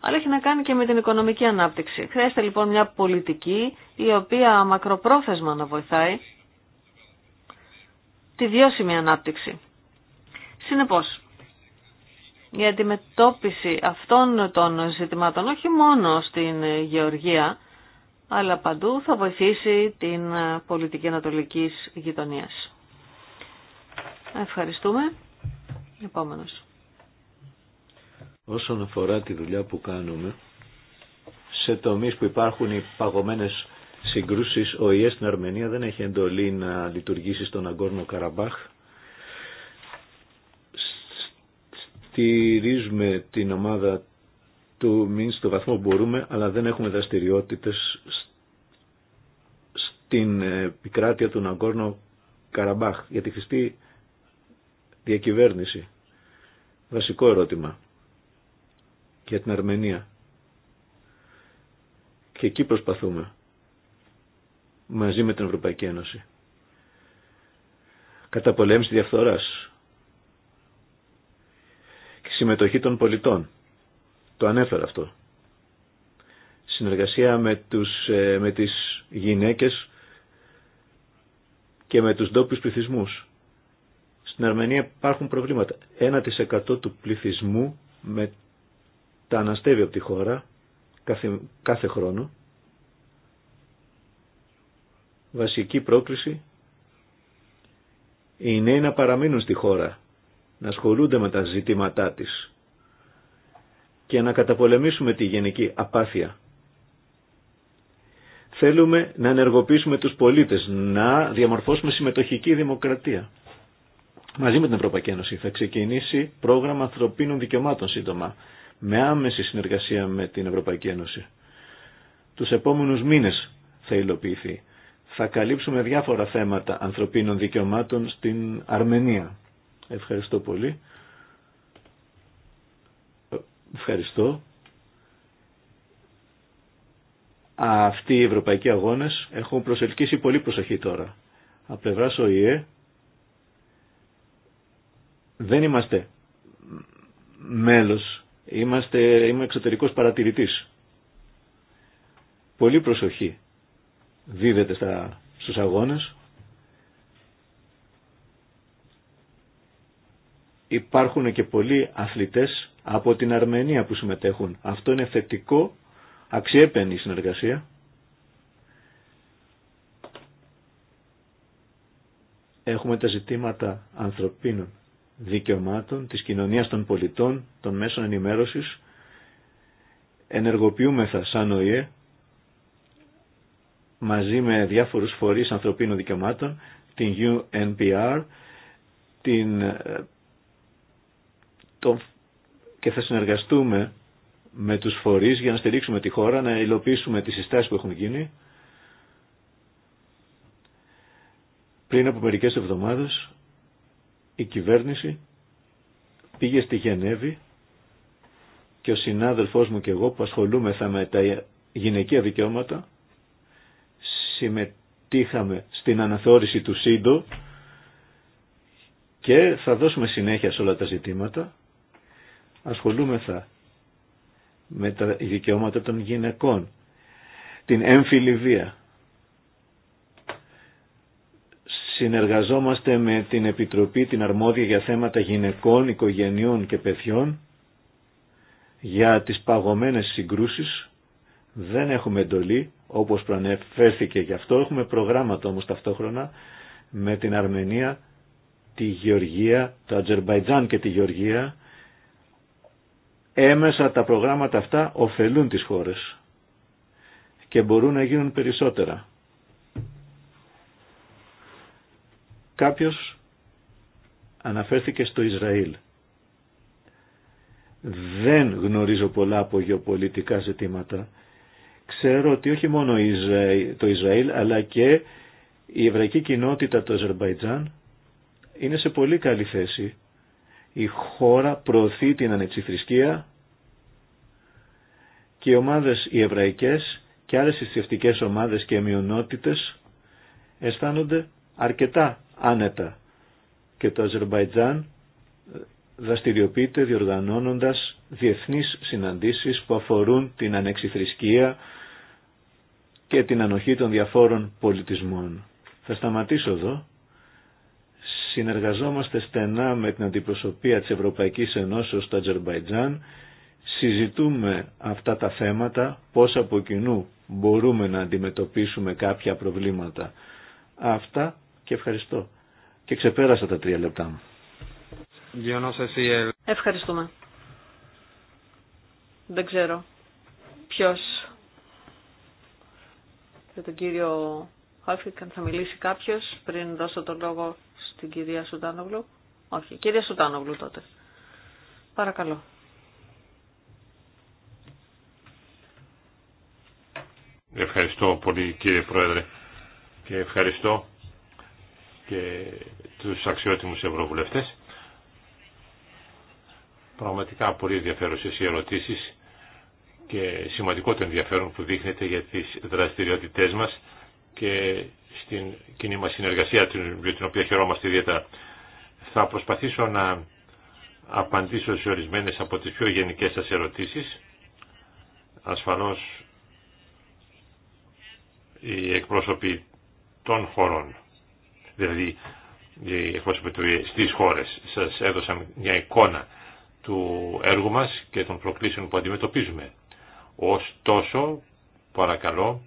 Αλλά έχει να κάνει και με την οικονομική ανάπτυξη. Χρειάζεται λοιπόν μια πολιτική η οποία μακροπρόθεσμα να βοηθάει τη βιώσιμη ανάπτυξη. Συνεπώς, η αντιμετώπιση αυτών των ζητημάτων όχι μόνο στην γεωργία, αλλά παντού θα βοηθήσει την πολιτική ανατολικής γειτονίας. Ευχαριστούμε. Επόμενος. Όσον αφορά τη δουλειά που κάνουμε, σε τομείς που υπάρχουν οι παγωμένες συγκρούσεις, ο ΙΕ στην Αρμενία δεν έχει εντολή να λειτουργήσει στον Αγκόρνο Καραμπάχ. Στηρίζουμε την ομάδα του Μιν στο βαθμό που μπορούμε, αλλά δεν έχουμε δραστηριότητες στην επικράτεια του Ναγκόρνο Καραμπάχ για τη χρηστή διακυβέρνηση. Βασικό ερώτημα. Για την Αρμενία. Και εκεί προσπαθούμε μαζί με την Ευρωπαϊκή Ένωση. Καταπολέμηση διαφθοράς και συμμετοχή των πολιτών. Το ανέφερα αυτό. Συνεργασία με, τους, ε, με τις γυναίκες και με τους ντόπιου πληθυσμού. Στην Αρμενία υπάρχουν προβλήματα. 1% του πληθυσμού με τα αναστεύει από τη χώρα κάθε, κάθε χρόνο. Βασική πρόκληση οι νέοι να παραμείνουν στη χώρα, να ασχολούνται με τα ζητήματά της και να καταπολεμήσουμε τη γενική απάθεια. Θέλουμε να ενεργοποιήσουμε τους πολίτες, να διαμορφώσουμε συμμετοχική δημοκρατία. Μαζί με την Ευρωπαϊκή Ένωση θα ξεκινήσει πρόγραμμα ανθρωπίνων δικαιωμάτων σύντομα με άμεση συνεργασία με την Ευρωπαϊκή Ένωση. Τους επόμενους μήνες θα υλοποιηθεί. Θα καλύψουμε διάφορα θέματα ανθρωπίνων δικαιωμάτων στην Αρμενία. Ευχαριστώ πολύ. Ευχαριστώ. Αυτοί οι ευρωπαϊκοί αγώνες έχουν προσελκύσει πολύ προσοχή τώρα. Από πλευράς ΟΗΕ δεν είμαστε μέλος Είμαστε, είμαι εξωτερικός παρατηρητής. Πολύ προσοχή δίδεται στα, στους αγώνες. Υπάρχουν και πολλοί αθλητές από την Αρμενία που συμμετέχουν. Αυτό είναι θετικό, αξιέπαινη συνεργασία. Έχουμε τα ζητήματα ανθρωπίνων δικαιωμάτων, της κοινωνίας των πολιτών, των μέσων ενημέρωσης. Ενεργοποιούμεθα σαν ΟΗΕ μαζί με διάφορους φορείς ανθρωπίνων δικαιωμάτων, την UNPR, την, ε, το, και θα συνεργαστούμε με τους φορείς για να στηρίξουμε τη χώρα, να υλοποιήσουμε τις συστάσεις που έχουν γίνει. Πριν από μερικές εβδομάδες η κυβέρνηση πήγε στη Γενέβη και ο συνάδελφός μου και εγώ που ασχολούμεθα με τα γυναικεία δικαιώματα συμμετείχαμε στην αναθεώρηση του ΣΥΝΤΟ και θα δώσουμε συνέχεια σε όλα τα ζητήματα. Ασχολούμεθα με τα δικαιώματα των γυναικών, την έμφυλη βία, συνεργαζόμαστε με την Επιτροπή την Αρμόδια για θέματα γυναικών, οικογενειών και παιδιών για τις παγωμένες συγκρούσεις. Δεν έχουμε εντολή, όπως προανεφέρθηκε γι' αυτό. Έχουμε προγράμματα όμως ταυτόχρονα με την Αρμενία, τη Γεωργία, το Ατζερμπαϊτζάν και τη Γεωργία. Έμεσα τα προγράμματα αυτά ωφελούν τις χώρες και μπορούν να γίνουν περισσότερα Κάποιος αναφέρθηκε στο Ισραήλ. Δεν γνωρίζω πολλά από γεωπολιτικά ζητήματα. Ξέρω ότι όχι μόνο το Ισραήλ αλλά και η εβραϊκή κοινότητα του Αζερμπαϊτζάν είναι σε πολύ καλή θέση. Η χώρα προωθεί την ανεξιθρησκεία και οι ομάδες οι εβραϊκές και άλλες θρησκευτικέ ομάδες και μειονότητες αισθάνονται αρκετά άνετα και το Αζερβαϊτζάν ε, δραστηριοποιείται διοργανώνοντας διεθνείς συναντήσεις που αφορούν την ανεξιθρησκεία και την ανοχή των διαφόρων πολιτισμών. Θα σταματήσω εδώ. Συνεργαζόμαστε στενά με την αντιπροσωπεία της Ευρωπαϊκής Ενώσεως στο Αζερβαϊτζάν. Συζητούμε αυτά τα θέματα, πώς από κοινού μπορούμε να αντιμετωπίσουμε κάποια προβλήματα. Αυτά και ευχαριστώ. Και ξεπέρασα τα τρία λεπτά μου. Ευχαριστούμε. Δεν ξέρω ποιος για τον κύριο Χάφικ, αν θα μιλήσει κάποιος πριν δώσω τον λόγο στην κυρία Σουτάνογλου. Όχι, κυρία Σουτάνογλου τότε. Παρακαλώ. Ευχαριστώ πολύ κύριε Πρόεδρε και ευχαριστώ και τους αξιότιμους ευρωβουλευτές. Πραγματικά πολύ ενδιαφέρουσες οι ερωτήσεις και σημαντικό το ενδιαφέρον που δείχνεται για τις δραστηριότητές μας και στην κοινή μας συνεργασία την οποία χαιρόμαστε ιδιαίτερα. Θα προσπαθήσω να απαντήσω σε ορισμένες από τις πιο γενικές σας ερωτήσεις. Ασφαλώς οι εκπρόσωποι των χωρών δηλαδή οι εκπρόσωποι του στις χώρες. Σας έδωσα μια εικόνα του έργου μας και των προκλήσεων που αντιμετωπίζουμε. Ωστόσο, παρακαλώ,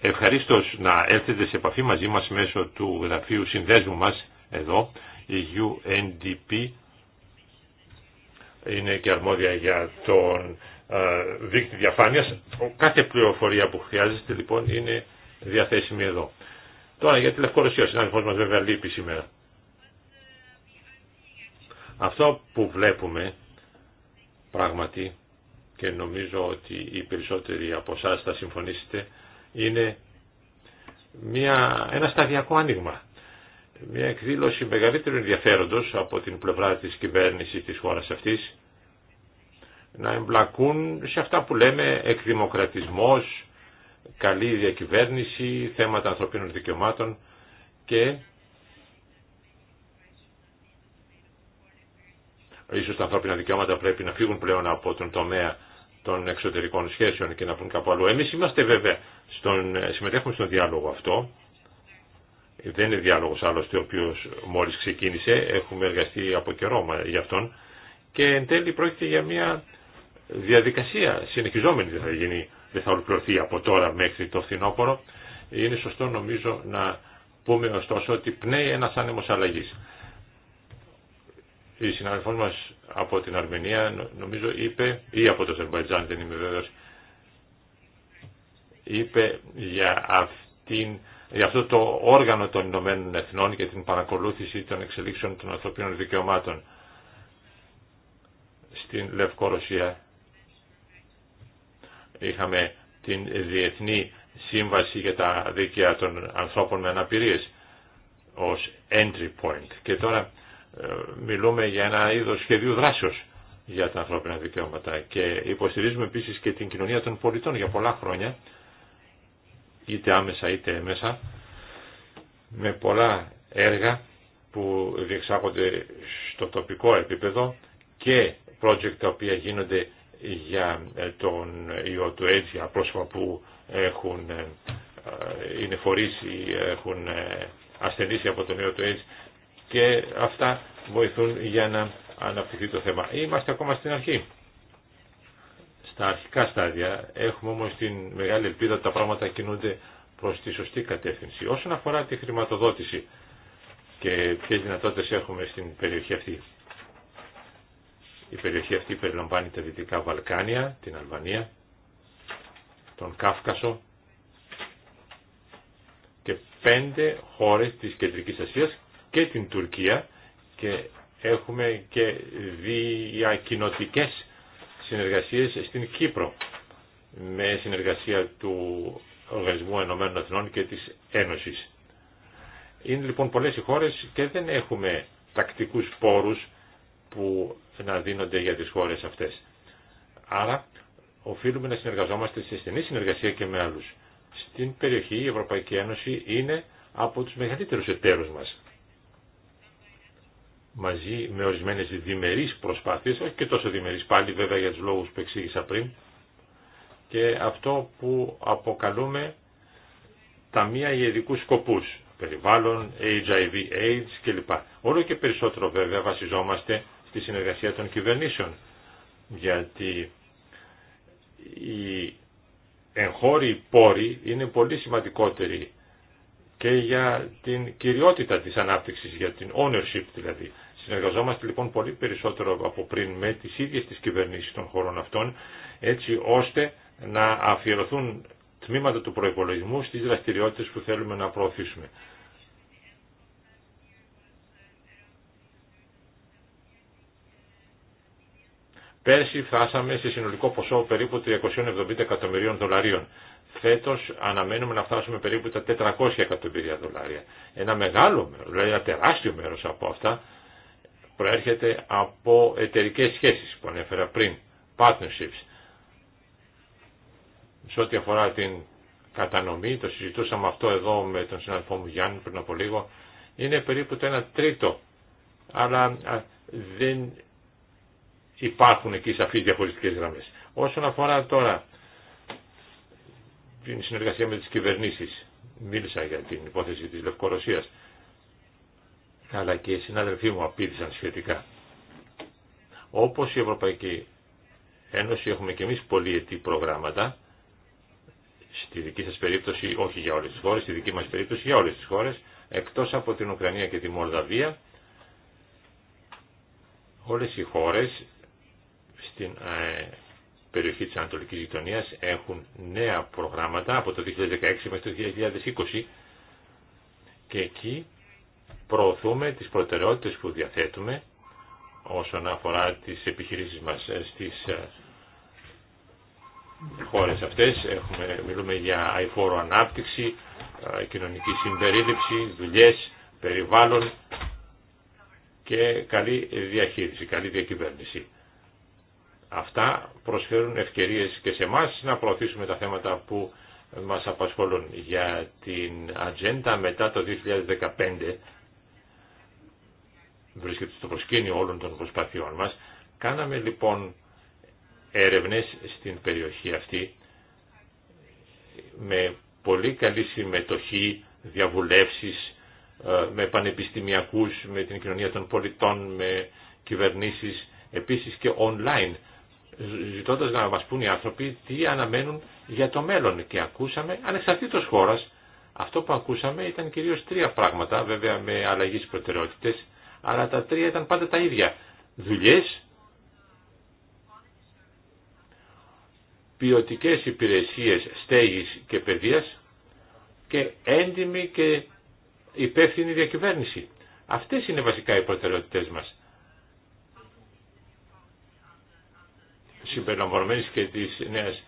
ευχαρίστως να έρθετε σε επαφή μαζί μας μέσω του γραφείου συνδέσμου μας εδώ, η UNDP είναι και αρμόδια για τον ε, δίκτυο διαφάνειας. Κάθε πληροφορία που χρειάζεστε λοιπόν είναι διαθέσιμη εδώ. Τώρα για τη Λευκορωσία, ο συνάδελφός μας βέβαια λείπει σήμερα. Αυτό που βλέπουμε πράγματι και νομίζω ότι οι περισσότεροι από εσά θα συμφωνήσετε είναι μια, ένα σταδιακό άνοιγμα. Μια εκδήλωση μεγαλύτερου ενδιαφέροντος από την πλευρά της κυβέρνησης της χώρας αυτής να εμπλακούν σε αυτά που λέμε εκδημοκρατισμός, καλή διακυβέρνηση, θέματα ανθρωπίνων δικαιωμάτων και ίσως τα ανθρώπινα δικαιώματα πρέπει να φύγουν πλέον από τον τομέα των εξωτερικών σχέσεων και να πούν κάπου αλλού. Εμείς είμαστε βέβαια, στον, συμμετέχουμε στον διάλογο αυτό, δεν είναι διάλογος άλλωστε ο οποίος μόλις ξεκίνησε, έχουμε εργαστεί από καιρό για αυτόν και εν τέλει πρόκειται για μια διαδικασία συνεχιζόμενη δηλαδή θα γίνει δεν θα ολοκληρωθεί από τώρα μέχρι το φθινόπωρο. Είναι σωστό νομίζω να πούμε ωστόσο ότι πνέει ένα άνεμος αλλαγής. Η συναδελφό μα από την Αρμενία νομίζω είπε, ή από το Αζερβαϊτζάν δεν είμαι βέβαιος, είπε για, αυτήν, για αυτό το όργανο των Ηνωμένων Εθνών και την παρακολούθηση των εξελίξεων των ανθρωπίνων δικαιωμάτων στην Λευκορωσία Είχαμε την Διεθνή Σύμβαση για τα Δίκαια των Ανθρώπων με Αναπηρίες ως entry point. Και τώρα ε, μιλούμε για ένα είδος σχεδίου δράσεως για τα ανθρώπινα δικαιώματα και υποστηρίζουμε επίσης και την κοινωνία των πολιτών για πολλά χρόνια είτε άμεσα είτε έμεσα με πολλά έργα που διεξάγονται στο τοπικό επίπεδο και project τα οποία γίνονται για ε, τον ιό του AIDS, για πρόσωπα που έχουν, ε, είναι φορείς ή έχουν ε, ασθενήσει από τον ιό του AIDS και αυτά βοηθούν για να αναπτυχθεί το θέμα. Είμαστε ακόμα στην αρχή. Στα αρχικά στάδια έχουμε όμως την μεγάλη ελπίδα ότι τα πράγματα κινούνται προς τη σωστή κατεύθυνση. Όσον αφορά τη χρηματοδότηση και ποιες δυνατότητες έχουμε στην περιοχή αυτή. Η περιοχή αυτή περιλαμβάνει τα Δυτικά Βαλκάνια, την Αλβανία, τον Κάφκασο και πέντε χώρες της Κεντρικής Ασίας και την Τουρκία και έχουμε και διακοινωτικές συνεργασίες στην Κύπρο με συνεργασία του Οργανισμού Ενωμένων Αθηνών και της Ένωσης. Είναι λοιπόν πολλές οι χώρες και δεν έχουμε τακτικούς πόρους που να δίνονται για τις χώρες αυτές. Άρα οφείλουμε να συνεργαζόμαστε σε στενή συνεργασία και με άλλους. Στην περιοχή η Ευρωπαϊκή Ένωση είναι από τους μεγαλύτερους εταίρους μας. Μαζί με ορισμένες διμερείς προσπάθειες, όχι και τόσο διμερείς πάλι βέβαια για τους λόγους που εξήγησα πριν, και αυτό που αποκαλούμε ταμεία για ειδικού σκοπούς, περιβάλλον, HIV, AIDS κλπ. Όλο και περισσότερο βέβαια βασιζόμαστε στη συνεργασία των κυβερνήσεων. Γιατί οι εγχώροι πόροι είναι πολύ σημαντικότεροι και για την κυριότητα της ανάπτυξης, για την ownership δηλαδή. Συνεργαζόμαστε λοιπόν πολύ περισσότερο από πριν με τις ίδιες τις κυβερνήσεις των χωρών αυτών, έτσι ώστε να αφιερωθούν τμήματα του προϋπολογισμού στις δραστηριότητες που θέλουμε να προωθήσουμε. Πέρσι φτάσαμε σε συνολικό ποσό περίπου 370 εκατομμυρίων δολαρίων. Φέτο αναμένουμε να φτάσουμε περίπου τα 400 εκατομμύρια δολάρια. Ένα μεγάλο μέρο, δηλαδή ένα τεράστιο μέρο από αυτά προέρχεται από εταιρικέ σχέσει που ανέφερα πριν, partnerships. Σε ό,τι αφορά την κατανομή, το συζητούσαμε αυτό εδώ με τον συναδελφό μου Γιάννη πριν από λίγο, είναι περίπου το 1 τρίτο. Αλλά δεν υπάρχουν εκεί τις διαχωριστικές γραμμές. Όσον αφορά τώρα την συνεργασία με τις κυβερνήσεις, μίλησα για την υπόθεση της Λευκορωσίας, αλλά και οι συνάδελφοί μου απείδησαν σχετικά. Όπως η Ευρωπαϊκή Ένωση έχουμε και εμείς πολυετή προγράμματα, στη δική σας περίπτωση όχι για όλες τις χώρες, στη δική μας περίπτωση για όλες τις χώρες, εκτός από την Ουκρανία και τη Μολδαβία, όλες οι χώρες στην ε, περιοχή της Ανατολικής Γειτονίας έχουν νέα προγράμματα από το 2016 μέχρι το 2020 και εκεί προωθούμε τις προτεραιότητες που διαθέτουμε όσον αφορά τις επιχειρήσεις μας ε, στις ε, χώρες αυτές. Έχουμε, μιλούμε για αηφόρο ανάπτυξη, κοινωνική συμπερίληψη, δουλειές, περιβάλλον και καλή διαχείριση, καλή διακυβέρνηση. Αυτά προσφέρουν ευκαιρίες και σε εμά να προωθήσουμε τα θέματα που μας απασχολούν για την ατζέντα μετά το 2015 βρίσκεται στο προσκήνιο όλων των προσπαθειών μας. Κάναμε λοιπόν έρευνες στην περιοχή αυτή με πολύ καλή συμμετοχή, διαβουλεύσεις ε, με πανεπιστημιακούς, με την κοινωνία των πολιτών, με κυβερνήσεις, επίσης και online ζητώντα να μα πούν οι άνθρωποι τι αναμένουν για το μέλλον. Και ακούσαμε, ανεξαρτήτως χώρας, αυτό που ακούσαμε ήταν κυρίως τρία πράγματα, βέβαια με αλλαγή προτεραιότητε, προτεραιότητες, αλλά τα τρία ήταν πάντα τα ίδια. Δουλειέ, ποιοτικέ υπηρεσίες στέγη και παιδεία και έντιμη και υπεύθυνη διακυβέρνηση. Αυτές είναι βασικά οι προτεραιότητες μας. συμπεριλαμβανομένης και της νέας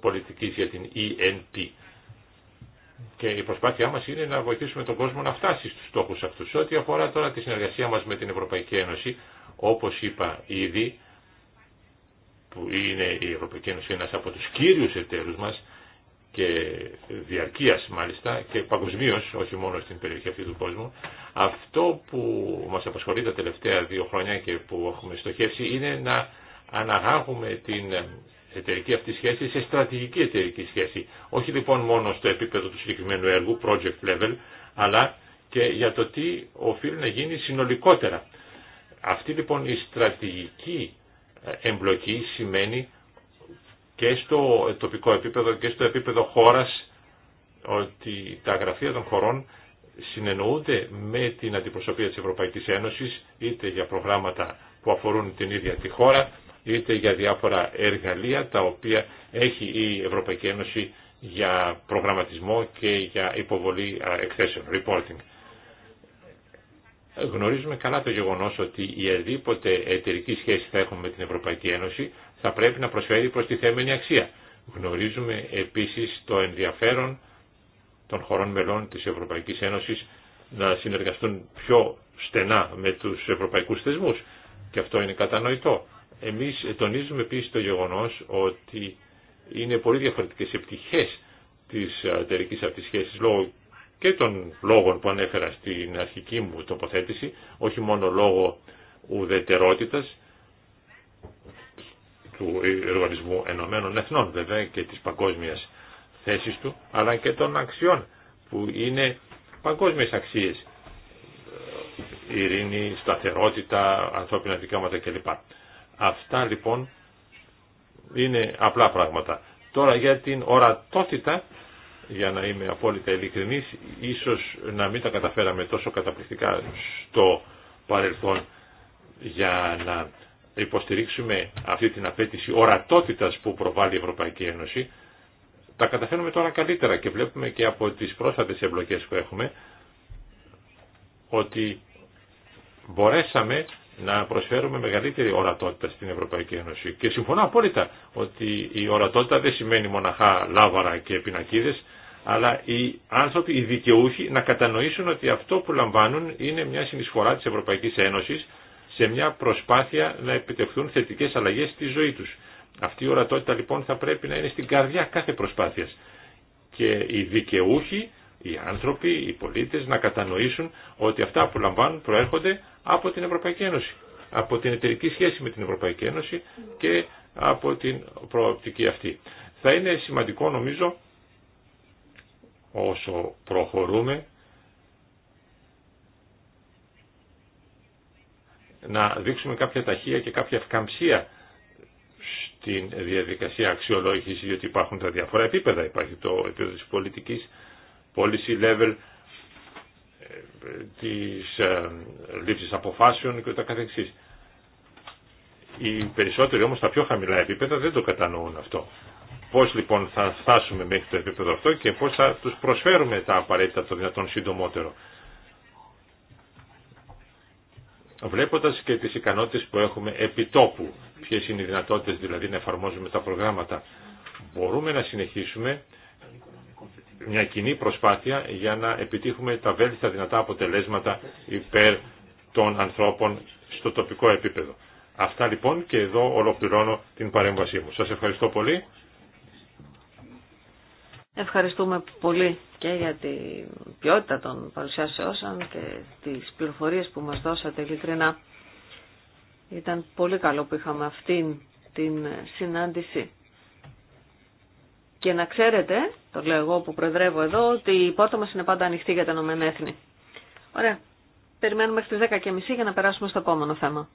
πολιτικής για την ENP. Και η προσπάθειά μας είναι να βοηθήσουμε τον κόσμο να φτάσει στους στόχους αυτούς. Ό,τι αφορά τώρα τη συνεργασία μας με την Ευρωπαϊκή Ένωση, όπως είπα ήδη, που είναι η Ευρωπαϊκή Ένωση ένας από τους κύριους εταίρους μας και διαρκείας μάλιστα και παγκοσμίω, όχι μόνο στην περιοχή αυτή του κόσμου. Αυτό που μας απασχολεί τα τελευταία δύο χρόνια και που έχουμε στοχεύσει είναι να αναγάγουμε την εταιρική αυτή σχέση σε στρατηγική εταιρική σχέση. Όχι λοιπόν μόνο στο επίπεδο του συγκεκριμένου έργου, project level, αλλά και για το τι οφείλει να γίνει συνολικότερα. Αυτή λοιπόν η στρατηγική ε, εμπλοκή σημαίνει και στο τοπικό επίπεδο και στο επίπεδο χώρας ότι τα γραφεία των χωρών συνεννοούνται με την αντιπροσωπεία της Ευρωπαϊκής Ένωσης είτε για προγράμματα που αφορούν την ίδια τη χώρα είτε για διάφορα εργαλεία τα οποία έχει η Ευρωπαϊκή Ένωση για προγραμματισμό και για υποβολή εκθέσεων, reporting. Γνωρίζουμε καλά το γεγονός ότι η εδίποτε εταιρική σχέση θα έχουμε με την Ευρωπαϊκή Ένωση θα πρέπει να προσφέρει προς τη θέμενη αξία. Γνωρίζουμε επίσης το ενδιαφέρον των χωρών μελών της Ευρωπαϊκής Ένωσης να συνεργαστούν πιο στενά με τους ευρωπαϊκούς θεσμούς και αυτό είναι κατανοητό. Εμείς τονίζουμε επίσης το γεγονός ότι είναι πολύ διαφορετικές οι πτυχές της εταιρικής αυτής σχέσης λόγω και των λόγων που ανέφερα στην αρχική μου τοποθέτηση, όχι μόνο λόγω ουδετερότητας του Οργανισμού Ενωμένων Εθνών βέβαια και της παγκόσμιας θέσης του, αλλά και των αξιών που είναι παγκόσμιες αξίες, ειρήνη, σταθερότητα, ανθρώπινα δικαιώματα κλπ. Αυτά λοιπόν είναι απλά πράγματα. Τώρα για την ορατότητα, για να είμαι απόλυτα ειλικρινής, ίσως να μην τα καταφέραμε τόσο καταπληκτικά στο παρελθόν για να υποστηρίξουμε αυτή την απέτηση ορατότητας που προβάλλει η Ευρωπαϊκή Ένωση. Τα καταφέρνουμε τώρα καλύτερα και βλέπουμε και από τις πρόσφατες εμπλοκές που έχουμε ότι μπορέσαμε να προσφέρουμε μεγαλύτερη ορατότητα στην Ευρωπαϊκή Ένωση. Και συμφωνώ απόλυτα ότι η ορατότητα δεν σημαίνει μοναχά λάβαρα και πινακίδες, αλλά οι άνθρωποι, οι δικαιούχοι να κατανοήσουν ότι αυτό που λαμβάνουν είναι μια συνεισφορά της Ευρωπαϊκής Ένωσης σε μια προσπάθεια να επιτευχθούν θετικές αλλαγές στη ζωή τους. Αυτή η ορατότητα λοιπόν θα πρέπει να είναι στην καρδιά κάθε προσπάθειας. Και οι δικαιούχοι οι άνθρωποι, οι πολίτες να κατανοήσουν ότι αυτά που λαμβάνουν προέρχονται από την Ευρωπαϊκή Ένωση, από την εταιρική σχέση με την Ευρωπαϊκή Ένωση και από την προοπτική αυτή. Θα είναι σημαντικό νομίζω όσο προχωρούμε να δείξουμε κάποια ταχεία και κάποια ευκαμψία στην διαδικασία αξιολόγηση, διότι υπάρχουν τα διάφορα επίπεδα. Υπάρχει το επίπεδο της πολιτικής policy level, ε, της ε, λήψης αποφάσεων και τα καθεξής. Οι περισσότεροι όμως στα πιο χαμηλά επίπεδα δεν το κατανοούν αυτό. Πώς λοιπόν θα φτάσουμε μέχρι το επίπεδο αυτό και πώς θα τους προσφέρουμε τα απαραίτητα το δυνατόν συντομότερο. Βλέποντας και τις ικανότητες που έχουμε επιτόπου, ποιες είναι οι δυνατότητες δηλαδή να εφαρμόζουμε τα προγράμματα, μπορούμε να συνεχίσουμε μια κοινή προσπάθεια για να επιτύχουμε τα βέλτιστα δυνατά αποτελέσματα υπέρ των ανθρώπων στο τοπικό επίπεδο. Αυτά λοιπόν και εδώ ολοκληρώνω την παρέμβασή μου. Σας ευχαριστώ πολύ. Ευχαριστούμε πολύ και για την ποιότητα των παρουσιάσεών σας και τις πληροφορίες που μας δώσατε ειλικρινά. Ήταν πολύ καλό που είχαμε αυτήν την συνάντηση. Και να ξέρετε, το λέω εγώ που προεδρεύω εδώ, ότι η πόρτα μας είναι πάντα ανοιχτή για τα Ηνωμένα Ωραία. Περιμένουμε μέχρι 10.30 για να περάσουμε στο επόμενο θέμα.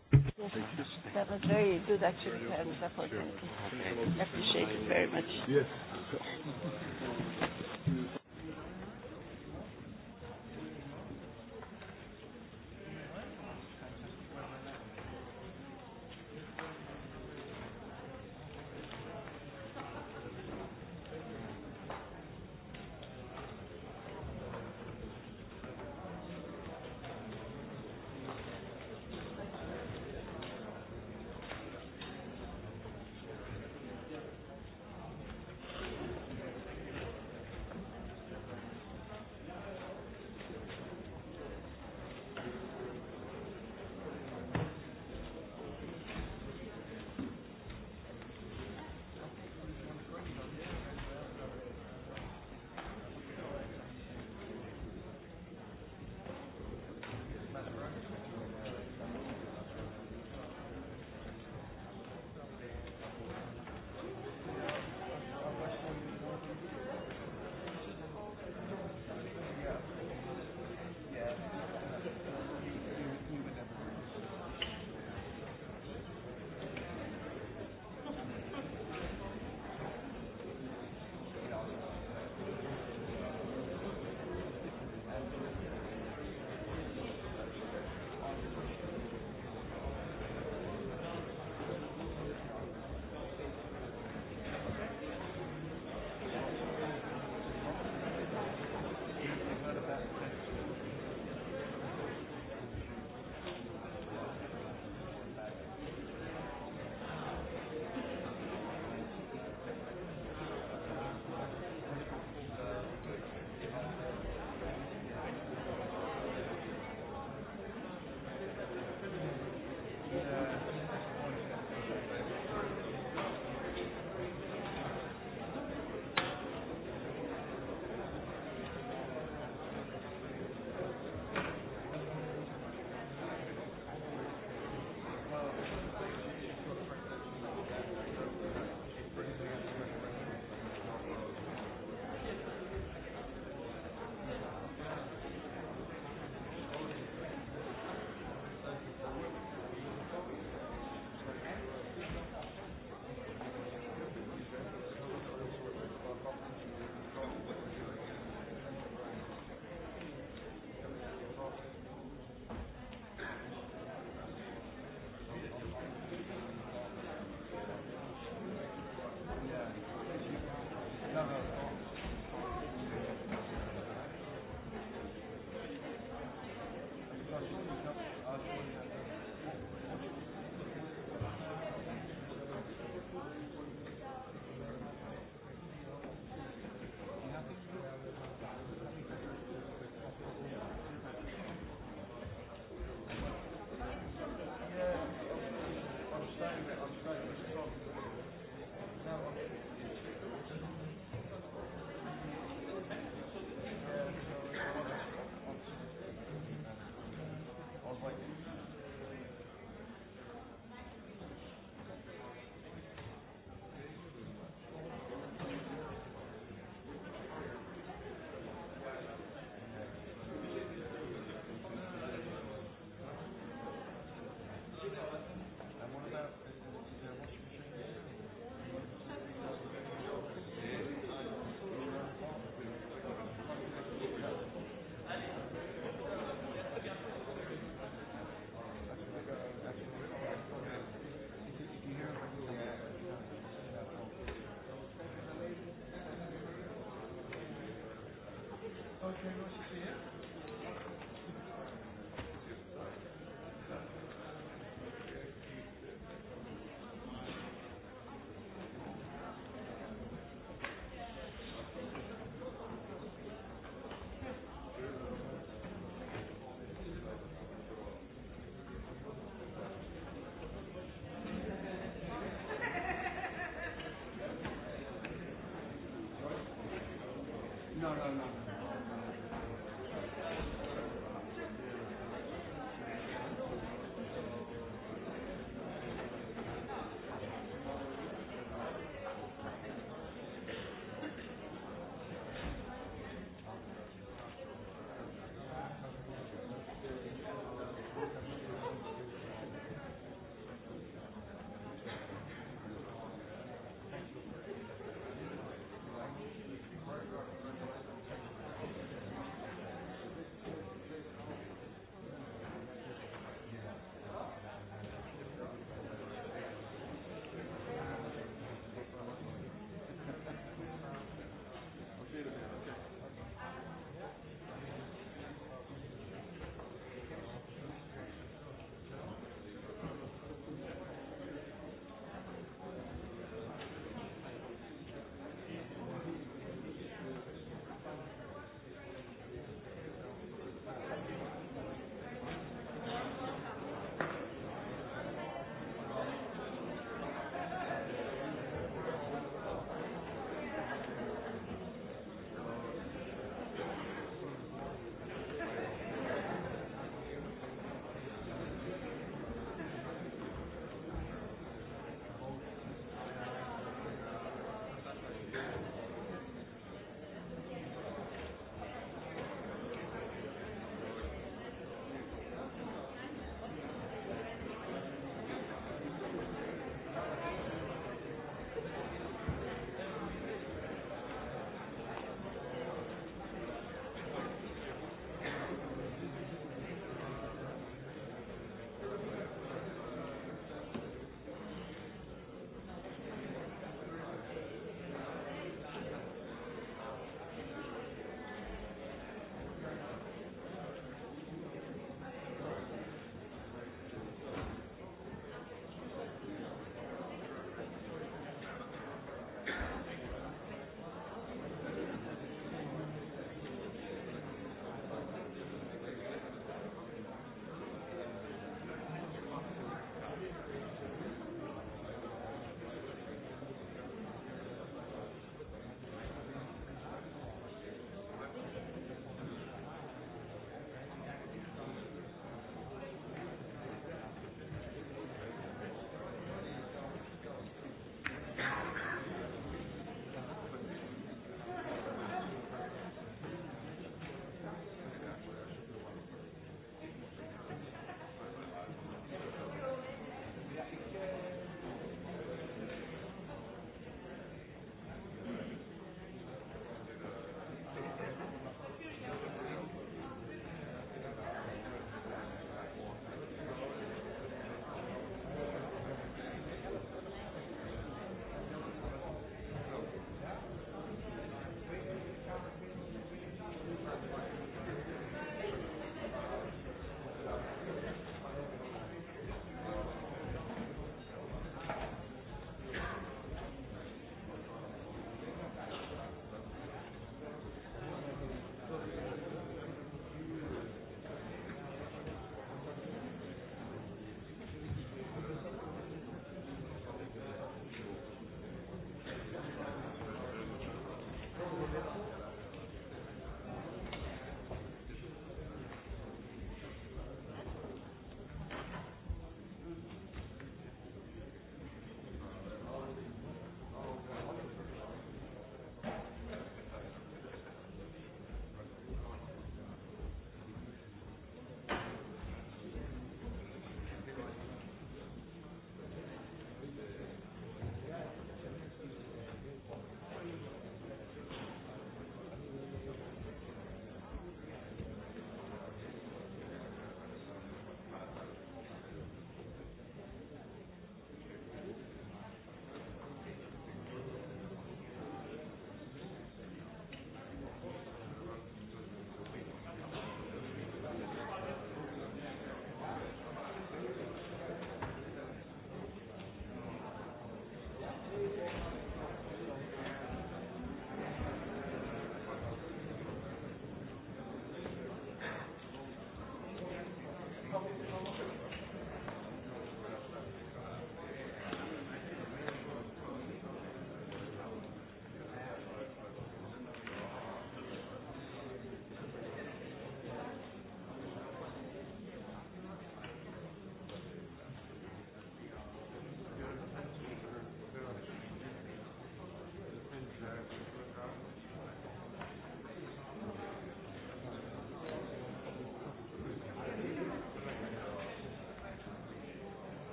no, no, no.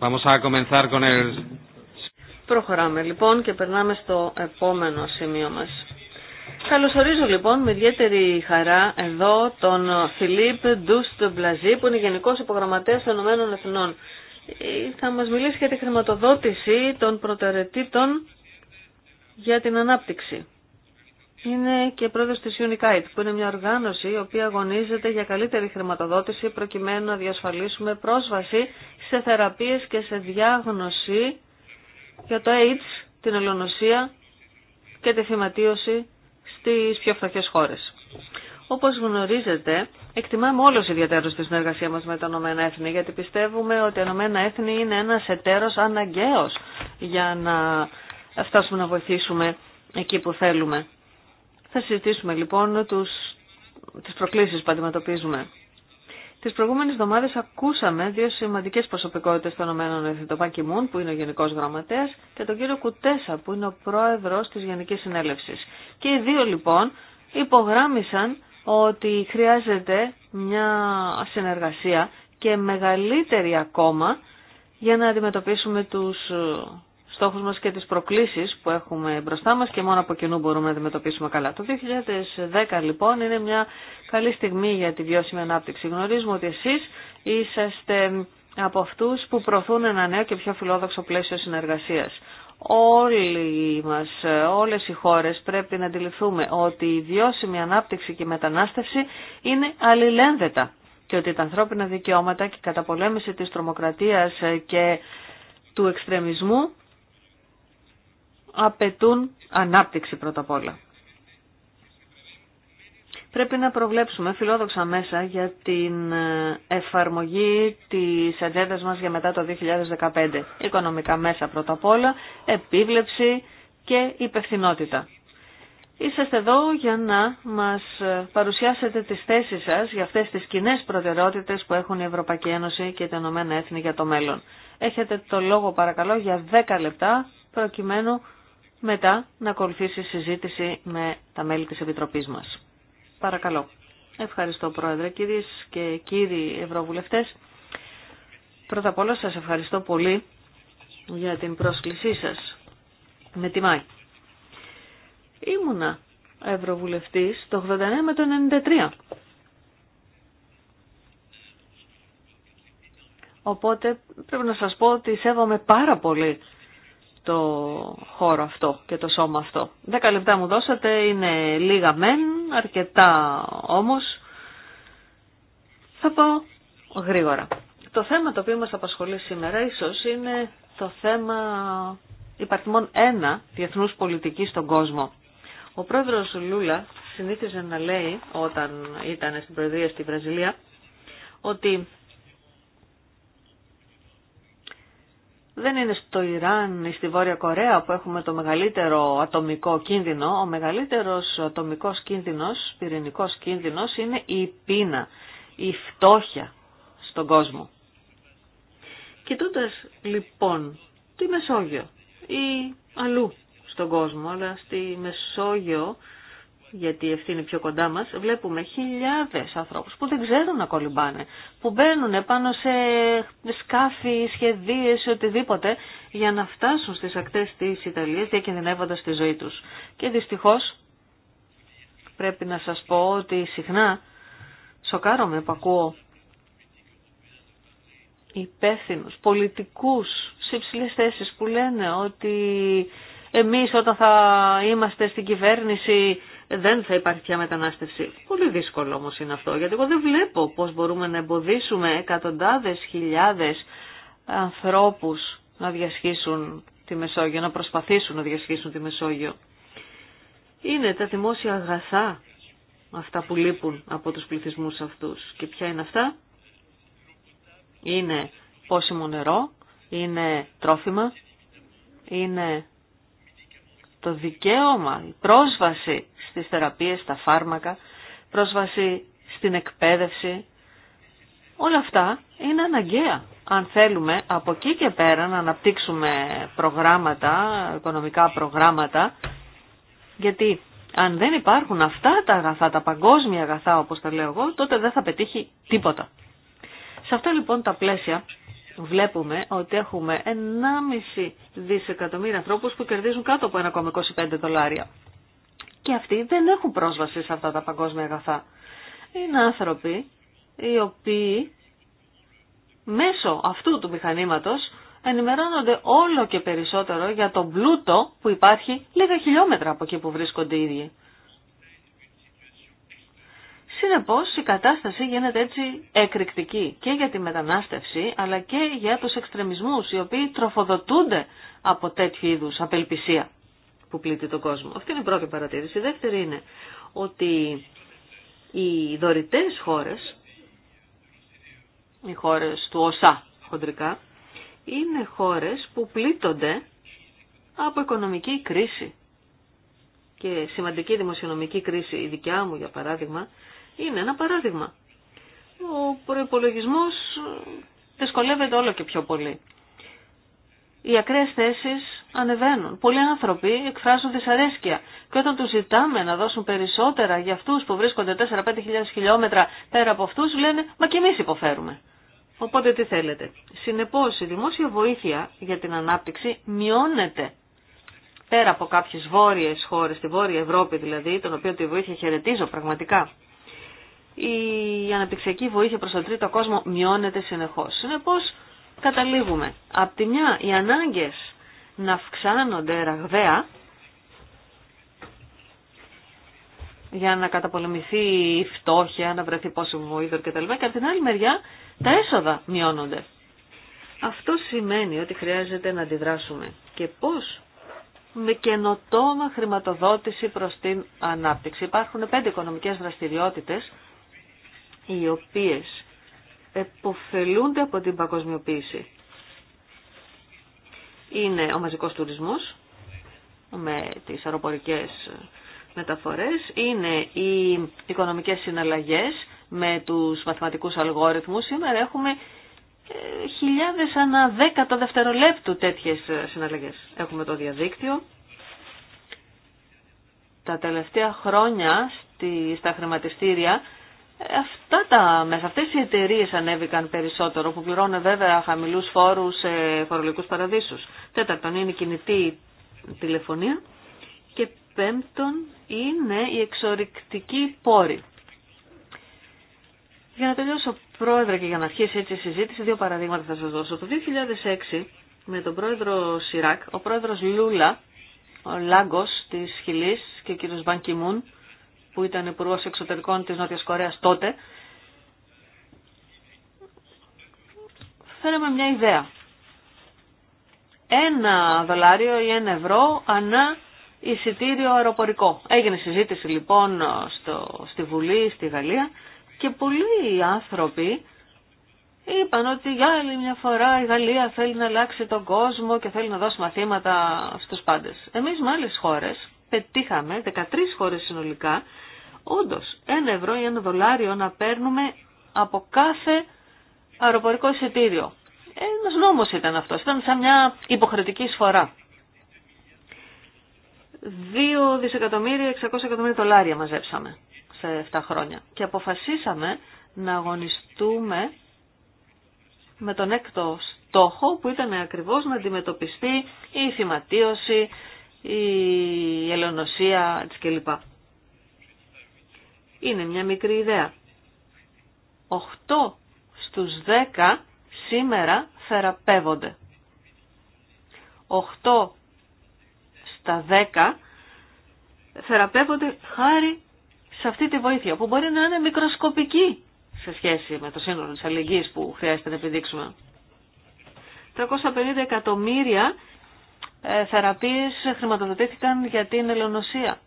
Vamos a comenzar con el... Προχωράμε λοιπόν και περνάμε στο επόμενο σημείο μας. Καλωσορίζω λοιπόν με ιδιαίτερη χαρά εδώ τον Φιλίπ Ντούστ Μπλαζή που είναι Γενικός Υπογραμματέας των Ηνωμένων Εθνών. Θα μας μιλήσει για τη χρηματοδότηση των προτεραιτήτων για την ανάπτυξη. Είναι και πρόεδρος της Unicite που είναι μια οργάνωση η οποία αγωνίζεται για καλύτερη χρηματοδότηση προκειμένου να διασφαλίσουμε πρόσβαση σε θεραπείες και σε διάγνωση για το AIDS, την ολονοσία και τη θυματίωση στις πιο φτωχές χώρες. Όπως γνωρίζετε, εκτιμάμε όλος ιδιαίτερο τη συνεργασία μας με τα Ηνωμένα Έθνη, γιατί πιστεύουμε ότι η Ηνωμένα Έθνη είναι ένας εταίρος αναγκαίος για να φτάσουμε να βοηθήσουμε εκεί που θέλουμε. Θα συζητήσουμε λοιπόν τους, τις προκλήσεις που αντιμετωπίζουμε. Τις προηγούμενες εβδομάδες ακούσαμε δύο σημαντικές προσωπικότητες των ΗΠΑ, τον που είναι ο Γενικός Γραμματέας, και τον κύριο Κουτέσα, που είναι ο Πρόεδρος της Γενικής Συνέλευσης. Και οι δύο λοιπόν υπογράμμισαν ότι χρειάζεται μια συνεργασία και μεγαλύτερη ακόμα για να αντιμετωπίσουμε τους στόχους μας και τις προκλήσεις που έχουμε μπροστά μας και μόνο από κοινού μπορούμε να αντιμετωπίσουμε καλά. Το 2010 λοιπόν είναι μια καλή στιγμή για τη βιώσιμη ανάπτυξη. Γνωρίζουμε ότι εσείς είσαστε από αυτούς που προωθούν ένα νέο και πιο φιλόδοξο πλαίσιο συνεργασίας. Όλοι μας, όλες οι χώρες πρέπει να αντιληφθούμε ότι η βιώσιμη ανάπτυξη και η μετανάστευση είναι αλληλένδετα και ότι τα ανθρώπινα δικαιώματα και η καταπολέμηση της τρομοκρατίας και του εξτρεμισμού απαιτούν ανάπτυξη πρώτα απ' όλα. Πρέπει να προβλέψουμε φιλόδοξα μέσα για την ε, εφαρμογή της ατζέντα μας για μετά το 2015. Οικονομικά μέσα πρώτα απ' όλα, επίβλεψη και υπευθυνότητα. Είσαστε εδώ για να μας ε, παρουσιάσετε τις θέσεις σας για αυτές τις κοινέ προτεραιότητες που έχουν η Ευρωπαϊκή Ένωση και τα Ηνωμένα Έθνη για το μέλλον. Έχετε το λόγο παρακαλώ για 10 λεπτά προκειμένου μετά να ακολουθήσει συζήτηση με τα μέλη της Επιτροπής μας. Παρακαλώ. Ευχαριστώ Πρόεδρε κύριες και κύριοι Ευρωβουλευτές. Πρώτα απ' όλα σας ευχαριστώ πολύ για την πρόσκλησή σας. Με τιμάει. Ήμουνα Ευρωβουλευτής το 89 με το 93. Οπότε πρέπει να σας πω ότι σέβομαι πάρα πολύ το χώρο αυτό και το σώμα αυτό. Δέκα λεπτά μου δώσατε, είναι λίγα μεν, αρκετά όμως. Θα πω γρήγορα. Το θέμα το οποίο μας απασχολεί σήμερα ίσως είναι το θέμα υπαρτιμών ένα διεθνούς πολιτική στον κόσμο. Ο πρόεδρος Λούλα συνήθιζε να λέει όταν ήταν στην Προεδρία στη Βραζιλία ότι Δεν είναι στο Ιράν ή στη Βόρεια Κορέα που έχουμε το μεγαλύτερο ατομικό κίνδυνο. Ο μεγαλύτερος ατομικός κίνδυνος, πυρηνικός κίνδυνος, είναι η πείνα, η φτώχεια στον κόσμο. Κοιτώντα λοιπόν τη Μεσόγειο ή αλλού στον κόσμο, αλλά στη Μεσόγειο γιατί ευθύνη πιο κοντά μας, βλέπουμε χιλιάδες ανθρώπους που δεν ξέρουν να κολυμπάνε, που μπαίνουν πάνω σε σκάφη, σχεδίες, οτιδήποτε, για να φτάσουν στις ακτές της Ιταλίας, διακινδυνεύοντας τη ζωή τους. Και δυστυχώς πρέπει να σας πω ότι συχνά σοκάρομαι που ακούω υπεύθυνους, πολιτικούς, σε υψηλές θέσεις που λένε ότι εμείς όταν θα είμαστε στην κυβέρνηση δεν θα υπάρχει πια μετανάστευση. Πολύ δύσκολο όμως είναι αυτό, γιατί εγώ δεν βλέπω πώς μπορούμε να εμποδίσουμε εκατοντάδες χιλιάδες ανθρώπους να διασχίσουν τη Μεσόγειο, να προσπαθήσουν να διασχίσουν τη Μεσόγειο. Είναι τα δημόσια αγαθά αυτά που λείπουν από τους πληθυσμούς αυτούς. Και ποια είναι αυτά? Είναι πόσιμο νερό, είναι τρόφιμα, είναι το δικαίωμα, η πρόσβαση στις θεραπείες, στα φάρμακα, πρόσβαση στην εκπαίδευση. Όλα αυτά είναι αναγκαία. Αν θέλουμε από εκεί και πέρα να αναπτύξουμε προγράμματα, οικονομικά προγράμματα, γιατί αν δεν υπάρχουν αυτά τα αγαθά, τα παγκόσμια αγαθά όπως τα λέω εγώ, τότε δεν θα πετύχει τίποτα. Σε αυτά λοιπόν τα πλαίσια βλέπουμε ότι έχουμε 1,5 δισεκατομμύρια ανθρώπους που κερδίζουν κάτω από 1,25 δολάρια. Και αυτοί δεν έχουν πρόσβαση σε αυτά τα παγκόσμια αγαθά. Είναι άνθρωποι οι οποίοι μέσω αυτού του μηχανήματος ενημερώνονται όλο και περισσότερο για τον πλούτο που υπάρχει λίγα χιλιόμετρα από εκεί που βρίσκονται οι ίδιοι. Συνεπώς η κατάσταση γίνεται έτσι εκρηκτική και για τη μετανάστευση αλλά και για τους εξτρεμισμούς οι οποίοι τροφοδοτούνται από τέτοιου είδους απελπισία που πλήττει τον κόσμο. Αυτή είναι η πρώτη παρατήρηση. Η δεύτερη είναι ότι οι δωρητές χώρες, οι χώρες του ΟΣΑ χοντρικά, είναι χώρες που πλήττονται από οικονομική κρίση και σημαντική δημοσιονομική κρίση. Η δικιά μου, για παράδειγμα, είναι ένα παράδειγμα. Ο προπολογισμό δυσκολεύεται όλο και πιο πολύ. Οι ακραίε θέσει ανεβαίνουν. Πολλοί άνθρωποι εκφράζουν δυσαρέσκεια. Και όταν του ζητάμε να δώσουν περισσότερα για αυτού που βρίσκονται 4-5 χιλιόμετρα πέρα από αυτού, λένε Μα και εμεί υποφέρουμε. Οπότε τι θέλετε. Συνεπώ, η δημόσια βοήθεια για την ανάπτυξη μειώνεται. Πέρα από κάποιε βόρειε χώρε, τη Βόρεια Ευρώπη δηλαδή, τον οποίο τη βοήθεια χαιρετίζω πραγματικά η αναπτυξιακή βοήθεια προς τον τρίτο κόσμο μειώνεται συνεχώς. Συνεπώς καταλήγουμε. Απ' τη μια οι ανάγκες να αυξάνονται ραγδαία για να καταπολεμηθεί η φτώχεια, να βρεθεί πόσο βοήθεια κτλ. Και απ' την άλλη μεριά τα έσοδα μειώνονται. Αυτό σημαίνει ότι χρειάζεται να αντιδράσουμε. Και πώς με καινοτόμα χρηματοδότηση προς την ανάπτυξη. Υπάρχουν πέντε οικονομικές δραστηριότητες οι οποίες εποφελούνται από την παγκοσμιοποίηση. Είναι ο μαζικός τουρισμός με τις αεροπορικές μεταφορές, είναι οι οικονομικές συναλλαγές με τους μαθηματικούς αλγόριθμους. Σήμερα έχουμε ε, χιλιάδες ανά δέκατο δευτερολέπτου τέτοιες συναλλαγές. Έχουμε το διαδίκτυο. Τα τελευταία χρόνια στα χρηματιστήρια Αυτά τα αυτές οι εταιρείε ανέβηκαν περισσότερο, που πληρώνουν βέβαια χαμηλούς φόρους σε φορολογικούς παραδείσους. Τέταρτον είναι η κινητή τηλεφωνία και πέμπτον είναι η εξορρυκτική πόρη. Για να τελειώσω πρόεδρε και για να αρχίσει έτσι η συζήτηση, δύο παραδείγματα θα σας δώσω. Το 2006 με τον πρόεδρο Σιράκ, ο πρόεδρος Λούλα, ο Λάγκος της Χιλής και ο κύριο Μπανκιμούν, που ήταν υπουργό εξωτερικών της Νότιας Κορέας τότε, φέραμε μια ιδέα. Ένα δολάριο ή ένα ευρώ ανά εισιτήριο αεροπορικό. Έγινε συζήτηση λοιπόν στο, στη Βουλή, στη Γαλλία και πολλοί άνθρωποι είπαν ότι για άλλη μια φορά η Γαλλία θέλει να αλλάξει τον κόσμο και θέλει να δώσει μαθήματα στους πάντες. Εμείς με άλλες χώρες πετύχαμε, 13 χώρες συνολικά, όντως ένα ευρώ ή ένα δολάριο να παίρνουμε από κάθε αεροπορικό εισιτήριο. Ένας νόμος ήταν αυτός, ήταν σαν μια υποχρεωτική εισφορά. 2 δισεκατομμύρια, 600 εκατομμύρια δολάρια μαζέψαμε σε 7 χρόνια. Και αποφασίσαμε να αγωνιστούμε με τον έκτο στόχο που ήταν ακριβώς να αντιμετωπιστεί η θυματίωση, η ελαιονοσία κλπ είναι μια μικρή ιδέα. 8 στους 10 σήμερα θεραπεύονται. 8 στα 10 θεραπεύονται χάρη σε αυτή τη βοήθεια που μπορεί να είναι μικροσκοπική σε σχέση με το σύνολο της αλληλεγγύης που χρειάζεται να επιδείξουμε. 350 εκατομμύρια ε, θεραπείες χρηματοδοτήθηκαν για την ελαιονοσία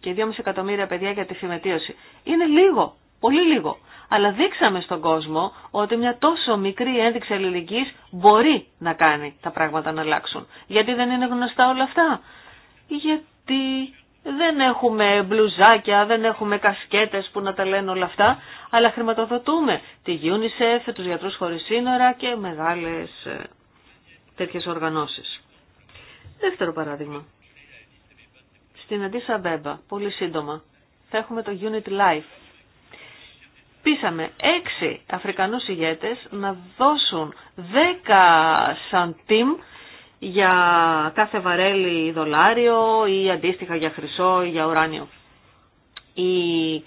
και 2,5 εκατομμύρια παιδιά για τη φημετίωση. Είναι λίγο, πολύ λίγο. Αλλά δείξαμε στον κόσμο ότι μια τόσο μικρή ένδειξη αλληλεγγύης μπορεί να κάνει τα πράγματα να αλλάξουν. Γιατί δεν είναι γνωστά όλα αυτά. Γιατί δεν έχουμε μπλουζάκια, δεν έχουμε κασκέτες που να τα λένε όλα αυτά, αλλά χρηματοδοτούμε τη UNICEF, τους Γιατρούς Χωρίς Σύνορα και μεγάλες ε, τέτοιες οργανώσεις. Δεύτερο παράδειγμα στην Αντίσα Μπέμπα, πολύ σύντομα. Θα έχουμε το Unit Life. Πείσαμε έξι Αφρικανούς ηγέτες να δώσουν δέκα σαντίμ για κάθε βαρέλι δολάριο ή αντίστοιχα για χρυσό ή για ουράνιο. Οι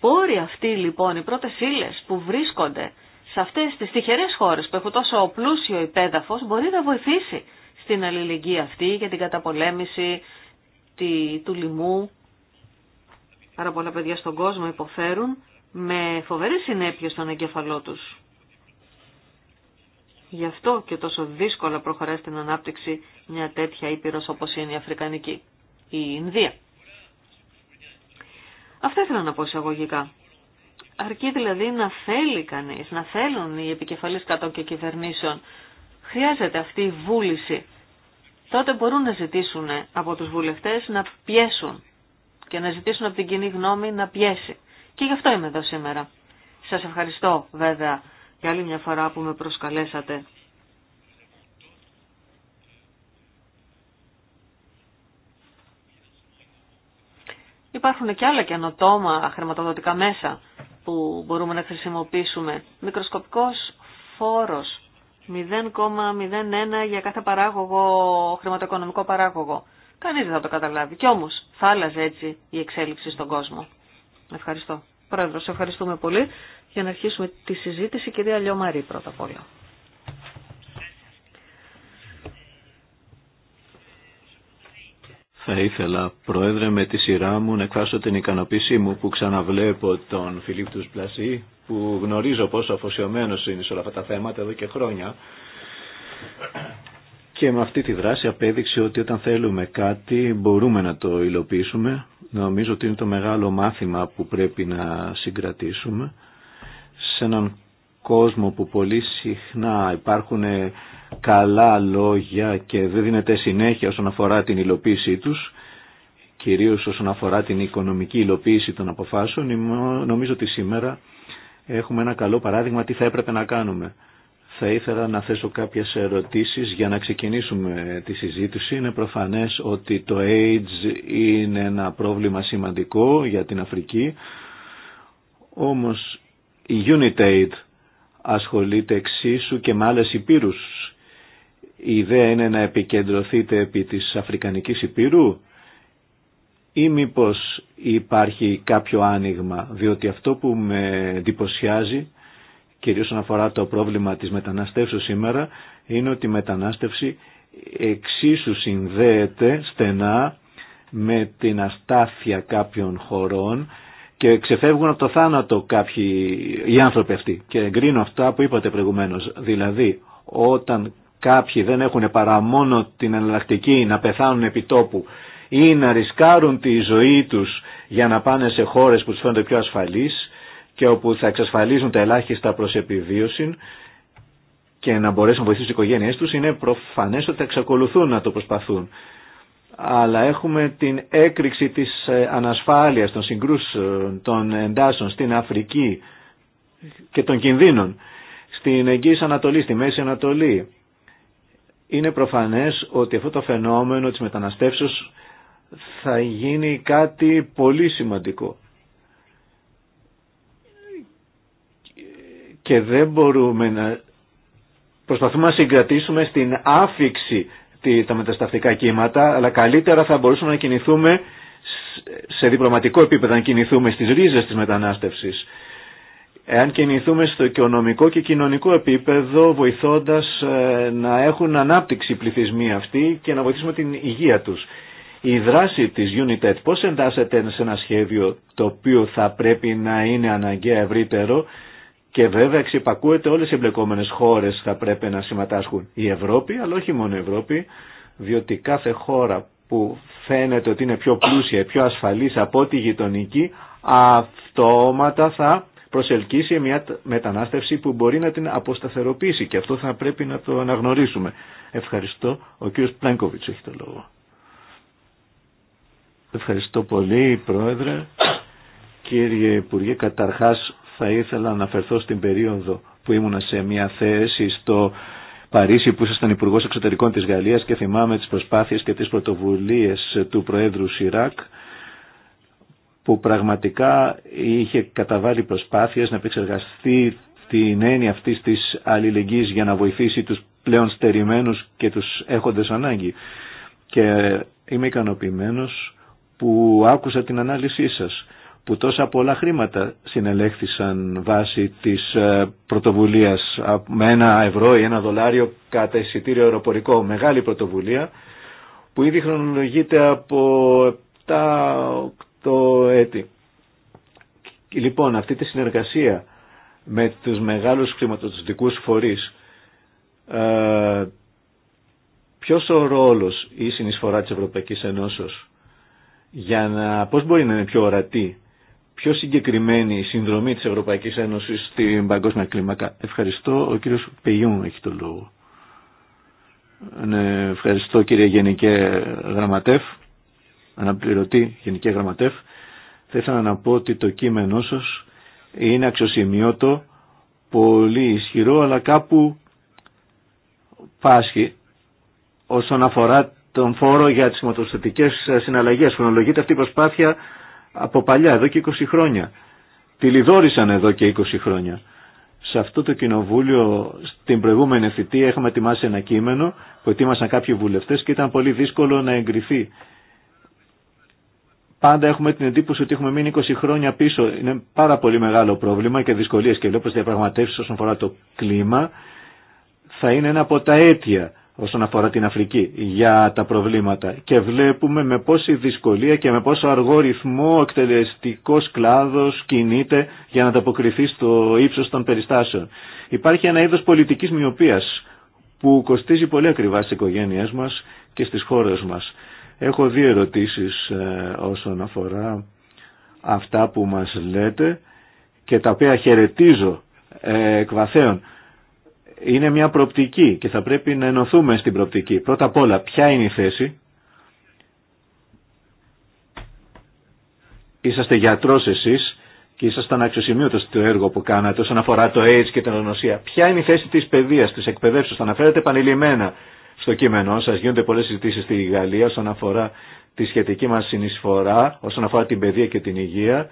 πόροι αυτοί λοιπόν, οι πρώτες ύλε που βρίσκονται σε αυτές τις τυχερές χώρες που έχουν τόσο πλούσιο υπέδαφος μπορεί να βοηθήσει στην αλληλεγγύη αυτή για την καταπολέμηση τη, του λοιμού. Πάρα πολλά παιδιά στον κόσμο υποφέρουν με φοβερές συνέπειες στον εγκέφαλό τους. Γι' αυτό και τόσο δύσκολα προχωράει στην ανάπτυξη μια τέτοια ήπειρος όπως είναι η Αφρικανική, η Ινδία. Αυτά ήθελα να πω εισαγωγικά. Αρκεί δηλαδή να θέλει κανείς, να θέλουν οι επικεφαλής κατών και κυβερνήσεων. Χρειάζεται αυτή η βούληση τότε μπορούν να ζητήσουν από τους βουλευτές να πιέσουν και να ζητήσουν από την κοινή γνώμη να πιέσει. Και γι' αυτό είμαι εδώ σήμερα. Σας ευχαριστώ βέβαια για άλλη μια φορά που με προσκαλέσατε. Υπάρχουν και άλλα καινοτόμα χρηματοδοτικά μέσα που μπορούμε να χρησιμοποιήσουμε. Μικροσκοπικός φόρος 0,01 για κάθε παράγωγο, χρηματοοικονομικό παράγωγο. Κανεί δεν θα το καταλάβει. Κι όμως θα άλλαζε έτσι η εξέλιξη στον κόσμο. Ευχαριστώ. Πρόεδρος, ευχαριστούμε πολύ. Για να αρχίσουμε τη συζήτηση, κυρία Λιωμαρή πρώτα απ' όλα. Θα ήθελα, Πρόεδρε, με τη σειρά μου να εκφράσω την ικανοποίησή μου που ξαναβλέπω τον Φιλίπ του Πλασί, που γνωρίζω πόσο αφοσιωμένος είναι σε όλα αυτά τα θέματα εδώ και χρόνια. Και με αυτή τη δράση απέδειξε ότι όταν θέλουμε κάτι μπορούμε να το υλοποιήσουμε. Νομίζω ότι είναι το μεγάλο μάθημα που πρέπει να συγκρατήσουμε σε έναν κόσμο που πολύ συχνά υπάρχουν καλά λόγια και δεν δίνεται συνέχεια όσον αφορά την υλοποίησή τους, κυρίως όσον αφορά την οικονομική υλοποίηση των αποφάσεων, νομίζω ότι σήμερα έχουμε ένα καλό παράδειγμα τι θα έπρεπε να κάνουμε. Θα ήθελα να θέσω κάποιες ερωτήσεις για να ξεκινήσουμε τη συζήτηση. Είναι προφανές ότι το AIDS είναι ένα πρόβλημα σημαντικό για την Αφρική, όμως η UNITAID ασχολείται εξίσου και με άλλες υπήρους η ιδέα είναι να επικεντρωθείτε επί της Αφρικανικής Υπήρου ή μήπω υπάρχει κάποιο άνοιγμα, διότι αυτό που με εντυπωσιάζει, κυρίως όσον αφορά το πρόβλημα της μετανάστευσης σήμερα, είναι ότι η μετανάστευση εξίσου συνδέεται στενά με την αστάθεια κάποιων χωρών και ξεφεύγουν από το θάνατο κάποιοι οι άνθρωποι αυτοί. Και εγκρίνω αυτά που είπατε προηγουμένως, δηλαδή όταν κάποιοι δεν έχουν παρά μόνο την εναλλακτική να πεθάνουν επί τόπου ή να ρισκάρουν τη ζωή τους για να πάνε σε χώρες που τους φαίνονται πιο ασφαλείς και όπου θα εξασφαλίζουν τα ελάχιστα προς επιβίωση και να μπορέσουν να βοηθήσουν τις οικογένειές τους, είναι προφανές ότι θα εξακολουθούν να το προσπαθούν. Αλλά έχουμε την έκρηξη της ε, ανασφάλειας, των συγκρούσεων, των εντάσσεων στην Αφρική και των κινδύνων, στην Εγγύης Ανατολή, στη Μέση Ανατολή, είναι προφανές ότι αυτό το φαινόμενο της μεταναστεύσεως θα γίνει κάτι πολύ σημαντικό. Και δεν μπορούμε να προσπαθούμε να συγκρατήσουμε στην άφηξη τα μετασταυτικά κύματα, αλλά καλύτερα θα μπορούσαμε να κινηθούμε σε διπλωματικό επίπεδο, να κινηθούμε στις ρίζες της μετανάστευσης εάν κινηθούμε στο οικονομικό και κοινωνικό επίπεδο βοηθώντας ε, να έχουν ανάπτυξη οι πληθυσμοί αυτοί και να βοηθήσουμε την υγεία τους. Η δράση της UNITED πώς εντάσσεται σε ένα σχέδιο το οποίο θα πρέπει να είναι αναγκαία ευρύτερο και βέβαια εξυπακούεται όλες οι εμπλεκόμενες χώρες θα πρέπει να συμμετάσχουν. Η Ευρώπη, αλλά όχι μόνο η Ευρώπη, διότι κάθε χώρα που φαίνεται ότι είναι πιο πλούσια, πιο ασφαλής από ό,τι γειτονική, αυτόματα θα προσελκύσει μια μετανάστευση που μπορεί να την αποσταθεροποιήσει και αυτό θα πρέπει να το αναγνωρίσουμε. Ευχαριστώ. Ο κύριος Πλάνκοβιτς έχει το λόγο. Ευχαριστώ πολύ Πρόεδρε. Κύριε Υπουργέ, καταρχάς θα ήθελα να αναφερθώ στην περίοδο που ήμουνα σε μια θέση στο Παρίσι που ήσασταν Υπουργός Εξωτερικών της Γαλλίας και θυμάμαι τις προσπάθειες και τις πρωτοβουλίες του Προέδρου Σιράκ που πραγματικά είχε καταβάλει προσπάθειες να επεξεργαστεί την έννοια αυτή της αλληλεγγύη για να βοηθήσει τους πλέον στερημένου και τους έχοντες ανάγκη. Και είμαι ικανοποιημένο που άκουσα την ανάλυση σας, που τόσα πολλά χρήματα συνελέχθησαν βάσει της ε, πρωτοβουλίας με ένα ευρώ ή ένα δολάριο κατά εισιτήριο αεροπορικό. Μεγάλη πρωτοβουλία που ήδη χρονολογείται το έτη. Λοιπόν, αυτή τη συνεργασία με τους μεγάλους χρηματοδοτικούς φορείς, ε, ποιος ο ρόλος ή η συνεισφορα της Ευρωπαϊκής Ενώσεως για να, πώς μπορεί να είναι πιο ορατή, πιο συγκεκριμένη η συνδρομή της Ευρωπαϊκής Ένωσης στην παγκόσμια κλίμακα. Ευχαριστώ, ο κύριος Πεγιούν έχει το λόγο. Ναι, ευχαριστώ κύριε Γενικέ Γραμματεύ αναπληρωτή Γενική Γραμματεύ, θα ήθελα να πω ότι το κείμενό σα είναι αξιοσημείωτο, πολύ ισχυρό, αλλά κάπου πάσχει όσον αφορά τον φόρο για τις μοτοστατικές συναλλαγές. Χρονολογείται αυτή η προσπάθεια από παλιά, εδώ και 20 χρόνια. Τη λιδόρισαν εδώ και 20 χρόνια. Σε αυτό το κοινοβούλιο, στην προηγούμενη θητεία, είχαμε ετοιμάσει ένα κείμενο που ετοίμασαν κάποιοι βουλευτές και ήταν πολύ δύσκολο να εγκριθεί πάντα έχουμε την εντύπωση ότι έχουμε μείνει 20 χρόνια πίσω. Είναι πάρα πολύ μεγάλο πρόβλημα και δυσκολίε και βλέπω διαπραγματεύσει όσον αφορά το κλίμα θα είναι ένα από τα αίτια όσον αφορά την Αφρική για τα προβλήματα και βλέπουμε με πόση δυσκολία και με πόσο αργό ρυθμό ο εκτελεστικός κλάδος κινείται για να ανταποκριθεί στο ύψο των περιστάσεων. Υπάρχει ένα είδο πολιτική μοιοπίας που κοστίζει πολύ ακριβά στις οικογένειε μα και στι χώρε μα. Έχω δύο ερωτήσεις ε, όσον αφορά αυτά που μας λέτε και τα οποία χαιρετίζω ε, εκ βαθέων. Είναι μια προπτική και θα πρέπει να ενωθούμε στην προπτική. Πρώτα απ' όλα, ποια είναι η θέση. Είσαστε γιατρός εσείς και ήσασταν αξιοσημείωτος στο έργο που κάνατε όσον αφορά το AIDS και την ονοσία. Ποια είναι η θέση της παιδείας, της εκπαιδεύσεως, θα αναφέρετε επανειλημμένα στο κείμενό σας. Γίνονται πολλές συζητήσεις στη Γαλλία όσον αφορά τη σχετική μας συνεισφορά, όσον αφορά την παιδεία και την υγεία.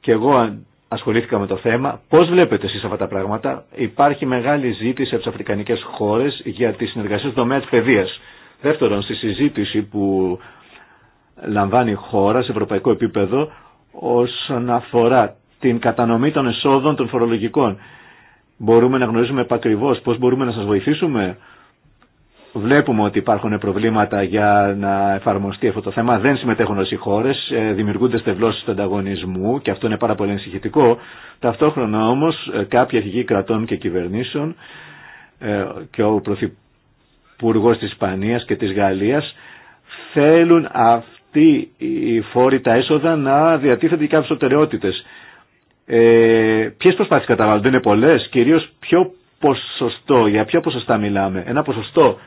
Και εγώ ασχολήθηκα με το θέμα. Πώς βλέπετε εσείς αυτά τα πράγματα. Υπάρχει μεγάλη ζήτηση από τις αφρικανικές χώρες για τη συνεργασία στον τομέα τη παιδείας. Δεύτερον, στη συζήτηση που λαμβάνει η χώρα σε ευρωπαϊκό επίπεδο όσον αφορά την κατανομή των εσόδων των φορολογικών. Μπορούμε να γνωρίζουμε επακριβώς πώς μπορούμε να σας βοηθήσουμε Βλέπουμε ότι υπάρχουν προβλήματα για να εφαρμοστεί αυτό το θέμα. Δεν συμμετέχουν οι χώρε. Ε, δημιουργούνται στευλώσει του ανταγωνισμού και αυτό είναι πάρα πολύ ενσυχητικό. Ταυτόχρονα όμω ε, κάποιοι αρχηγοί κρατών και κυβερνήσεων ε, και ο Πρωθυπουργό τη Ισπανία και τη Γαλλία θέλουν αυτή η φόρη τα έσοδα να διατίθενται και κάποιε οτεραιότητε. Ε, Ποιε προσπάθειε καταβάλλονται, είναι πολλέ, κυρίω ποιο ποσοστό, για ποιο ποσοστά μιλάμε. Ένα ποσοστό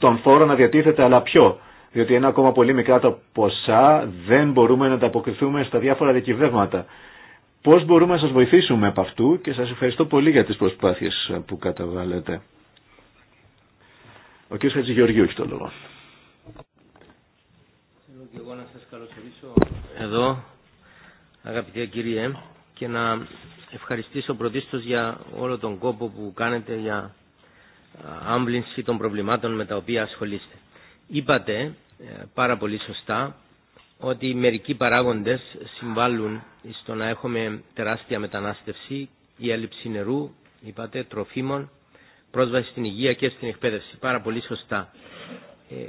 τον φόρο να διατίθεται, αλλά ποιο. Διότι είναι ακόμα πολύ μικρά τα ποσά, δεν μπορούμε να ανταποκριθούμε στα διάφορα δικηβεύματα. Πώς μπορούμε να σας βοηθήσουμε από αυτού και σας ευχαριστώ πολύ για τις προσπάθειες που καταβάλλετε. Ο κ. Χατζηγεωργίου έχει το λόγο. Θέλω και εγώ να σα καλωσορίσω εδώ, αγαπητέ κύριε, και να ευχαριστήσω πρωτίστω για όλο τον κόπο που κάνετε για άμβλυνση των προβλημάτων με τα οποία ασχολείστε. Είπατε ε, πάρα πολύ σωστά ότι μερικοί παράγοντες συμβάλλουν στο να έχουμε τεράστια μετανάστευση, η έλλειψη νερού, είπατε, τροφίμων, πρόσβαση στην υγεία και στην εκπαίδευση. Πάρα πολύ σωστά. Ε,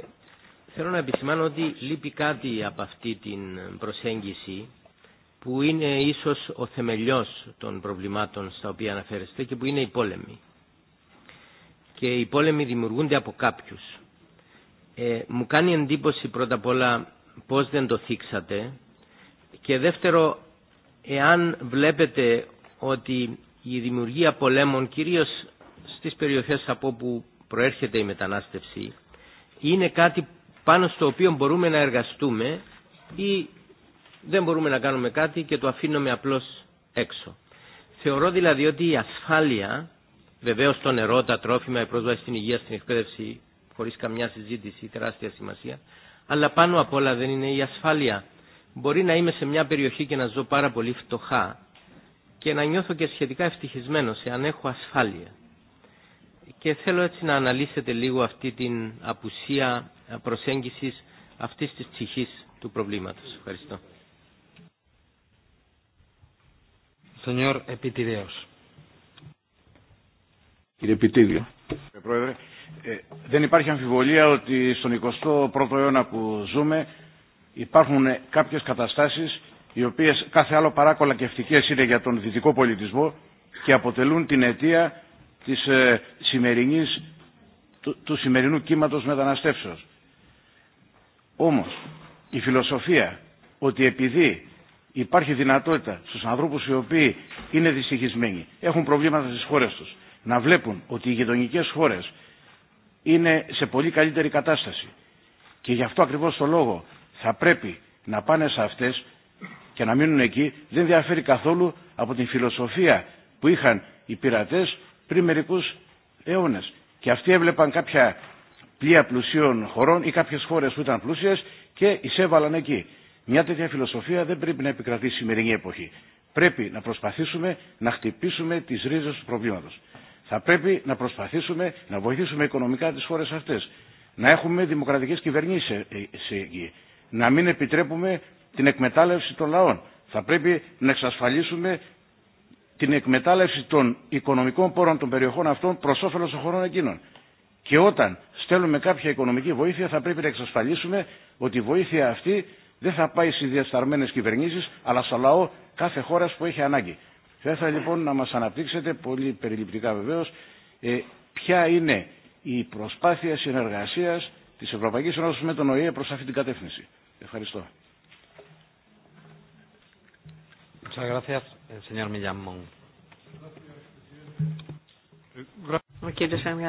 θέλω να επισημάνω ότι λείπει κάτι από αυτή την προσέγγιση που είναι ίσως ο θεμελιός των προβλημάτων στα οποία αναφέρεστε και που είναι οι πόλεμοι και οι πόλεμοι δημιουργούνται από κάποιους. Ε, μου κάνει εντύπωση πρώτα απ' όλα πώς δεν το θίξατε και δεύτερο, εάν βλέπετε ότι η δημιουργία πολέμων, κυρίως στις περιοχές από όπου προέρχεται η μετανάστευση, είναι κάτι πάνω στο οποίο μπορούμε να εργαστούμε ή δεν μπορούμε να κάνουμε κάτι και το αφήνουμε απλώς έξω. Θεωρώ δηλαδή ότι η ασφάλεια Βεβαίω το νερό, τα τρόφιμα, η πρόσβαση στην υγεία, στην εκπαίδευση, χωρί καμιά συζήτηση, τεράστια σημασία. Αλλά πάνω απ' όλα δεν είναι η ασφάλεια. Μπορεί να είμαι σε μια περιοχή και να ζω πάρα πολύ φτωχά και να νιώθω και σχετικά ευτυχισμένο εάν έχω ασφάλεια. Και θέλω έτσι να αναλύσετε λίγο αυτή την απουσία προσέγγιση αυτή τη ψυχή του προβλήματο. Ευχαριστώ. Señor Epitideos. Κύριε Πιτίδιο. Κύριε Πρόεδρε, ε, δεν υπάρχει αμφιβολία ότι στον 21ο αιώνα που ζούμε υπάρχουν κάποιες καταστάσεις οι οποίες κάθε άλλο και κολακευτικές είναι για τον δυτικό πολιτισμό και αποτελούν την αιτία της ε, του, σημερινού κύματος μεταναστεύσεως. Όμως, η φιλοσοφία ότι επειδή υπάρχει δυνατότητα στους ανθρώπους οι οποίοι είναι δυστυχισμένοι, έχουν προβλήματα στις χώρες τους, να βλέπουν ότι οι γειτονικέ χώρε είναι σε πολύ καλύτερη κατάσταση. Και γι' αυτό ακριβώ το λόγο θα πρέπει να πάνε σε αυτέ και να μείνουν εκεί δεν διαφέρει καθόλου από την φιλοσοφία που είχαν οι πειρατέ πριν μερικού αιώνε. Και αυτοί έβλεπαν κάποια πλοία πλουσίων χωρών ή κάποιε χώρε που ήταν πλούσιε και εισέβαλαν εκεί. Μια τέτοια φιλοσοφία δεν πρέπει να επικρατεί η σημερινή εποχή. Πρέπει να προσπαθήσουμε να χτυπήσουμε τι ρίζε του προβλήματο. Θα πρέπει να προσπαθήσουμε να βοηθήσουμε οικονομικά τις χώρες αυτές. Να έχουμε δημοκρατικές κυβερνήσεις εκεί. Να μην επιτρέπουμε την εκμετάλλευση των λαών. Θα πρέπει να εξασφαλίσουμε την εκμετάλλευση των οικονομικών πόρων των περιοχών αυτών προς όφελος των χωρών εκείνων. Και όταν στέλνουμε κάποια οικονομική βοήθεια θα πρέπει να εξασφαλίσουμε ότι η βοήθεια αυτή δεν θα πάει σε διασταρμένες κυβερνήσεις αλλά στο λαό κάθε χώρα που έχει ανάγκη. Θα ήθελα λοιπόν να μας αναπτύξετε, πολύ περιληπτικά βεβαίως, ε, ποια είναι η προσπάθεια συνεργασίας της Ευρωπαϊκής Ένωσης με τον ΟΗΕ προς αυτή την κατεύθυνση. Ευχαριστώ. Eh, κύριε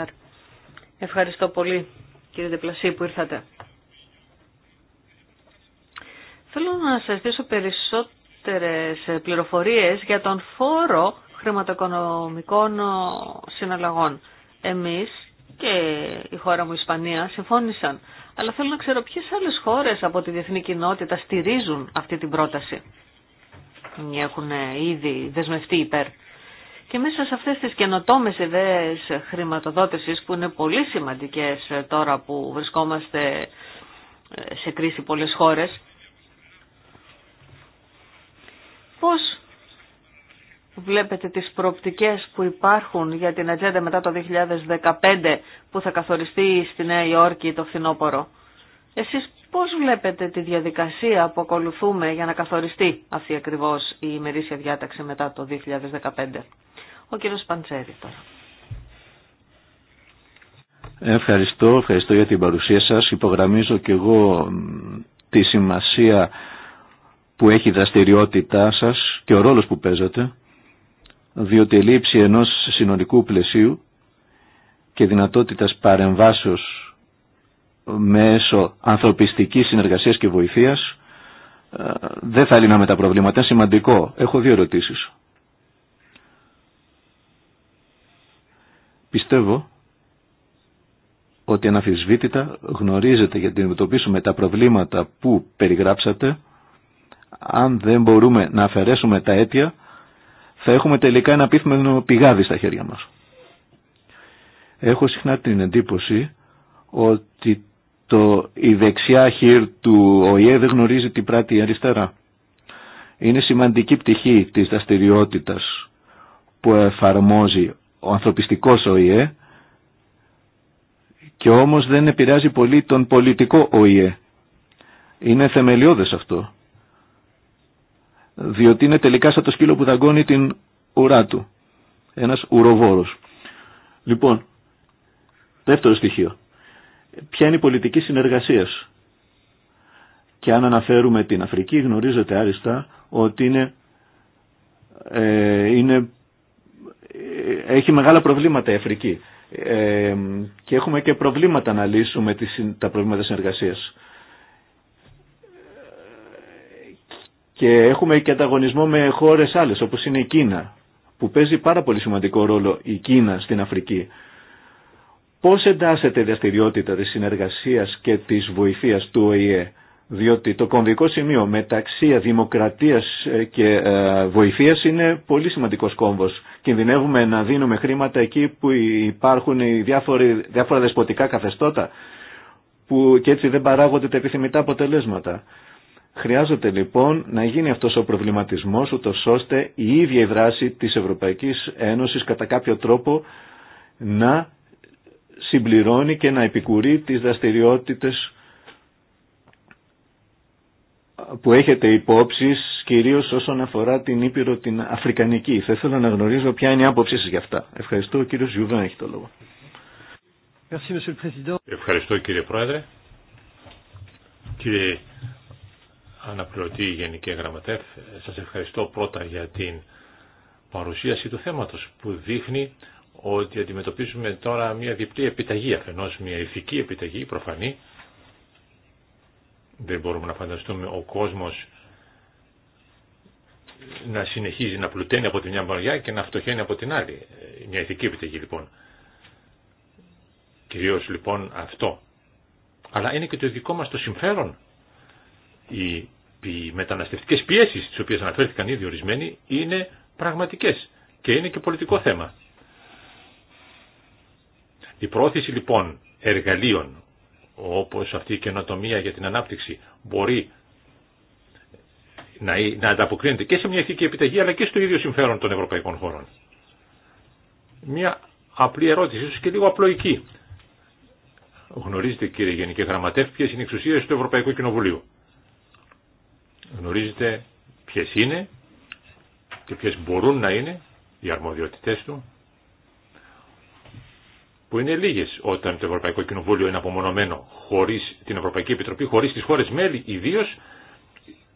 ευχαριστώ πολύ κύριε Δεπλασί που ήρθατε. Θέλω να σας δείσω περισσότερο περισσότερες πληροφορίες για τον φόρο χρηματοοικονομικών συναλλαγών. Εμείς και η χώρα μου η Ισπανία συμφώνησαν. Αλλά θέλω να ξέρω ποιες άλλες χώρες από τη διεθνή κοινότητα στηρίζουν αυτή την πρόταση. Έχουν ήδη δεσμευτεί υπέρ. Και μέσα σε αυτές τις καινοτόμες ιδέες χρηματοδότησης που είναι πολύ σημαντικές τώρα που βρισκόμαστε σε κρίση πολλές χώρες, Πώς βλέπετε τις προοπτικές που υπάρχουν για την ατζέντα μετά το 2015 που θα καθοριστεί στη Νέα Υόρκη το φθινόπωρο. Εσείς πώς βλέπετε τη διαδικασία που ακολουθούμε για να καθοριστεί αυτή ακριβώς η ημερήσια διάταξη μετά το 2015. Ο κύριος Παντσέρη τώρα. Ευχαριστώ, ευχαριστώ για την παρουσία σας. Υπογραμμίζω και εγώ τη σημασία που έχει η δραστηριότητά σας και ο ρόλος που παίζετε, διότι η λήψη ενός συνολικού πλαισίου και δυνατότητας παρεμβάσεως μέσω ανθρωπιστικής συνεργασίας και βοηθείας ε, δεν θα λύναμε τα προβλήματα. Είναι σημαντικό. Έχω δύο ερωτήσεις. Πιστεύω ότι αναφυσβήτητα γνωρίζετε για να αντιμετωπίσουμε τα προβλήματα που περιγράψατε αν δεν μπορούμε να αφαιρέσουμε τα αίτια, θα έχουμε τελικά ένα πίθμενο πηγάδι στα χέρια μας. Έχω συχνά την εντύπωση ότι το, η δεξιά χείρ του ΟΗΕ δεν γνωρίζει την πράτη αριστερά. Είναι σημαντική πτυχή της δραστηριότητα που εφαρμόζει ο ανθρωπιστικός ΟΗΕ και όμως δεν επηρεάζει πολύ τον πολιτικό ΟΗΕ. Είναι θεμελιώδες αυτό διότι είναι τελικά σαν το σκύλο που δαγκώνει την ουρά του. Ένας ουροβόρος. Λοιπόν, δεύτερο στοιχείο. Ποια είναι η πολιτική συνεργασία. Και αν αναφέρουμε την Αφρική γνωρίζετε άριστα ότι είναι, ε, είναι, ε, έχει μεγάλα προβλήματα η Αφρική. Ε, και έχουμε και προβλήματα να λύσουμε τις, τα προβλήματα συνεργασίας. και έχουμε και ανταγωνισμό με χώρε άλλε, όπω είναι η Κίνα που παίζει πάρα πολύ σημαντικό ρόλο η Κίνα στην Αφρική. Πώ εντάσσεται η δραστηριότητα της συνεργασίας και της βοηθείας του ΟΗΕ διότι το κομβικό σημείο μεταξύ δημοκρατίας ε, και ε, βοηθείας είναι πολύ σημαντικό κόμβο. Κινδυνεύουμε να δίνουμε χρήματα εκεί που υπάρχουν οι διάφορα δεσποτικά καθεστώτα που και έτσι δεν παράγονται τα επιθυμητά αποτελέσματα. Χρειάζεται λοιπόν να γίνει αυτός ο προβληματισμός ούτως ώστε η ίδια η δράση της Ευρωπαϊκής Ένωσης κατά κάποιο τρόπο να συμπληρώνει και να επικουρεί τις δραστηριότητες που έχετε υπόψη κυρίως όσον αφορά την Ήπειρο την Αφρικανική. Θα ήθελα να γνωρίζω ποια είναι η άποψή σας για αυτά. Ευχαριστώ. Ο κύριος Ζιουβέν έχει το λόγο. Ευχαριστώ κύριε Πρόεδρε. Κύριε αναπληρωτή Γενική Γραμματεύ. Σας ευχαριστώ πρώτα για την παρουσίαση του θέματος που δείχνει ότι αντιμετωπίζουμε τώρα μια διπλή επιταγή, αφενός μια ηθική επιταγή προφανή. Δεν μπορούμε να φανταστούμε ο κόσμος να συνεχίζει να πλουταίνει από τη μια μεριά και να φτωχαίνει από την άλλη. Μια ηθική επιταγή λοιπόν. Κυρίως λοιπόν αυτό. Αλλά είναι και το δικό μας το συμφέρον οι μεταναστευτικές πιέσεις, τις οποίες αναφέρθηκαν ήδη ορισμένοι, είναι πραγματικές και είναι και πολιτικό θέμα. Η πρόθεση λοιπόν εργαλείων, όπως αυτή η καινοτομία για την ανάπτυξη, μπορεί να, να ανταποκρίνεται και σε μια ηθική επιταγή, αλλά και στο ίδιο συμφέρον των ευρωπαϊκών χωρών. Μια απλή ερώτηση, ίσως και λίγο απλοϊκή. Γνωρίζετε κύριε Γενική Γραμματεύ ποιες είναι οι εξουσίες του Ευρωπαϊκού Κοινοβουλίου. Γνωρίζετε ποιες είναι και ποιες μπορούν να είναι οι αρμοδιότητές του που είναι λίγες όταν το Ευρωπαϊκό Κοινοβούλιο είναι απομονωμένο χωρίς την Ευρωπαϊκή Επιτροπή, χωρίς τις χώρες μέλη ιδίω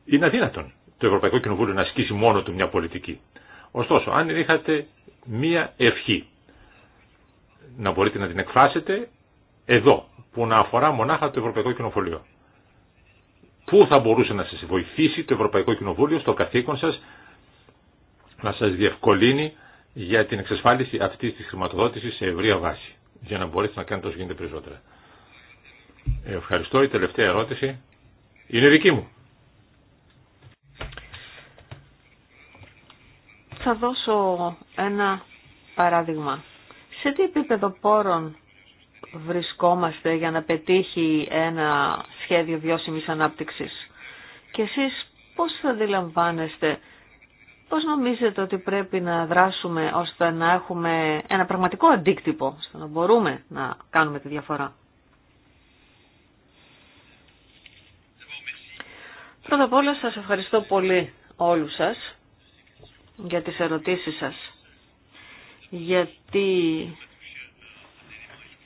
είναι αδύνατον το Ευρωπαϊκό Κοινοβούλιο να ασκήσει μόνο του μια πολιτική. Ωστόσο, αν είχατε μία ευχή να μπορείτε να την εκφράσετε εδώ, που να αφορά μονάχα το Ευρωπαϊκό Κοινοβούλιο. Πού θα μπορούσε να σας βοηθήσει το Ευρωπαϊκό Κοινοβούλιο στο καθήκον σας να σας διευκολύνει για την εξασφάλιση αυτής της χρηματοδότησης σε ευρεία βάση, για να μπορέσετε να κάνετε όσο γίνεται περισσότερα. Ευχαριστώ. Η τελευταία ερώτηση είναι δική μου. Θα δώσω ένα παράδειγμα. Σε τι επίπεδο πόρων βρισκόμαστε για να πετύχει ένα σχέδιο βιώσιμης ανάπτυξης. Και εσείς πώς θα αντιλαμβάνεστε, πώς νομίζετε ότι πρέπει να δράσουμε ώστε να έχουμε ένα πραγματικό αντίκτυπο, ώστε να μπορούμε να κάνουμε τη διαφορά. Πρώτα απ' όλα σας ευχαριστώ πολύ όλους σας για τις ερωτήσεις σας. Γιατί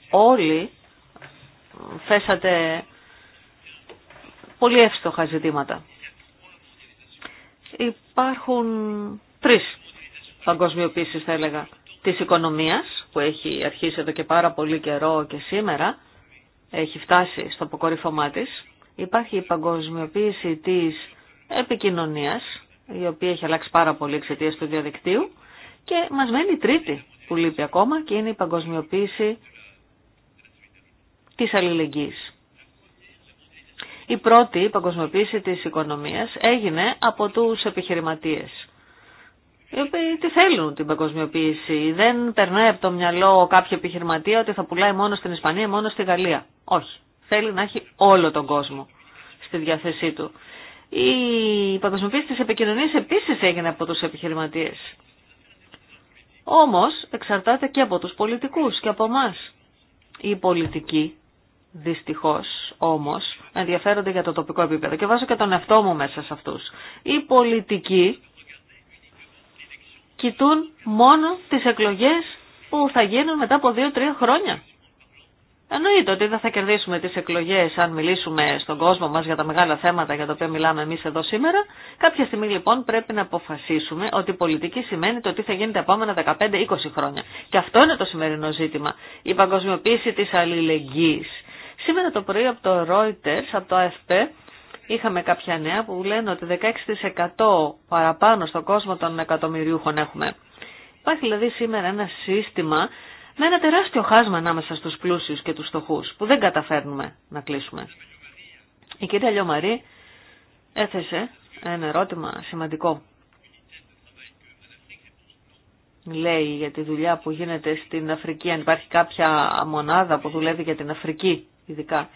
όλοι θέσατε πολύ εύστοχα ζητήματα. Υπάρχουν τρεις παγκοσμιοποίησεις θα έλεγα της οικονομίας που έχει αρχίσει εδώ και πάρα πολύ καιρό και σήμερα έχει φτάσει στο αποκορύφωμά της. Υπάρχει η παγκοσμιοποίηση της επικοινωνίας η οποία έχει αλλάξει πάρα πολύ εξαιτία του διαδικτύου και μας μένει η τρίτη που λείπει ακόμα και είναι η παγκοσμιοποίηση της αλληλεγγύης. Η πρώτη παγκοσμιοποίηση της οικονομίας έγινε από τους επιχειρηματίες. Οι οποίοι τι θέλουν την παγκοσμιοποίηση. Δεν περνάει από το μυαλό κάποιο επιχειρηματία ότι θα πουλάει μόνο στην Ισπανία, μόνο στη Γαλλία. Όχι. Θέλει να έχει όλο τον κόσμο στη διάθεσή του. Η παγκοσμιοποίηση της επικοινωνίας επίσης έγινε από τους επιχειρηματίες. Όμως εξαρτάται και από τους πολιτικούς και από εμά. Οι πολιτικοί Δυστυχώ όμω ενδιαφέρονται για το τοπικό επίπεδο και βάζω και τον εαυτό μου μέσα σε αυτού. Οι πολιτικοί κοιτούν μόνο τι εκλογέ που θα γίνουν μετά από 2-3 χρόνια. Εννοείται ότι δεν θα κερδίσουμε τις εκλογές αν μιλήσουμε στον κόσμο μας για τα μεγάλα θέματα για τα οποία μιλάμε εμείς εδώ σήμερα. Κάποια στιγμή λοιπόν πρέπει να αποφασίσουμε ότι η πολιτική σημαίνει το τι θα γίνει τα επόμενα 15-20 χρόνια. Και αυτό είναι το σημερινό ζήτημα. Η παγκοσμιοποίηση τη αλληλεγγύη. Σήμερα το πρωί από το Reuters, από το AFP, είχαμε κάποια νέα που λένε ότι 16% παραπάνω στον κόσμο των εκατομμυριούχων έχουμε. Υπάρχει δηλαδή σήμερα ένα σύστημα με ένα τεράστιο χάσμα ανάμεσα στους πλούσιους και τους στοχούς που δεν καταφέρνουμε να κλείσουμε. Η κυρία Λιωμαρή έθεσε ένα ερώτημα σημαντικό. Λέει για τη δουλειά που γίνεται στην Αφρική, αν υπάρχει κάποια μονάδα που δουλεύει για την Αφρική ειδικά.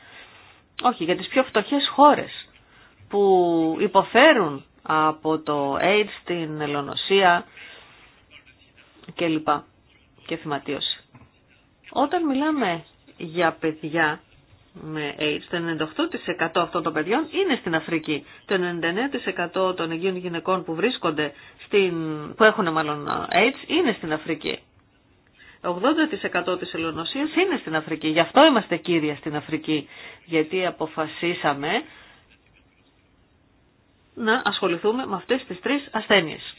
Όχι, για τις πιο φτωχές χώρες που υποφέρουν από το AIDS, την ελονοσία κλπ. και θυματίωση. Όταν μιλάμε για παιδιά με AIDS, το 98% αυτών των παιδιών είναι στην Αφρική. Το 99% των γυναικών που βρίσκονται, στην, που έχουν μάλλον AIDS, είναι στην Αφρική. 80% της ελονοσίας είναι στην Αφρική. Γι' αυτό είμαστε κύρια στην Αφρική. Γιατί αποφασίσαμε να ασχοληθούμε με αυτές τις τρεις ασθένειες.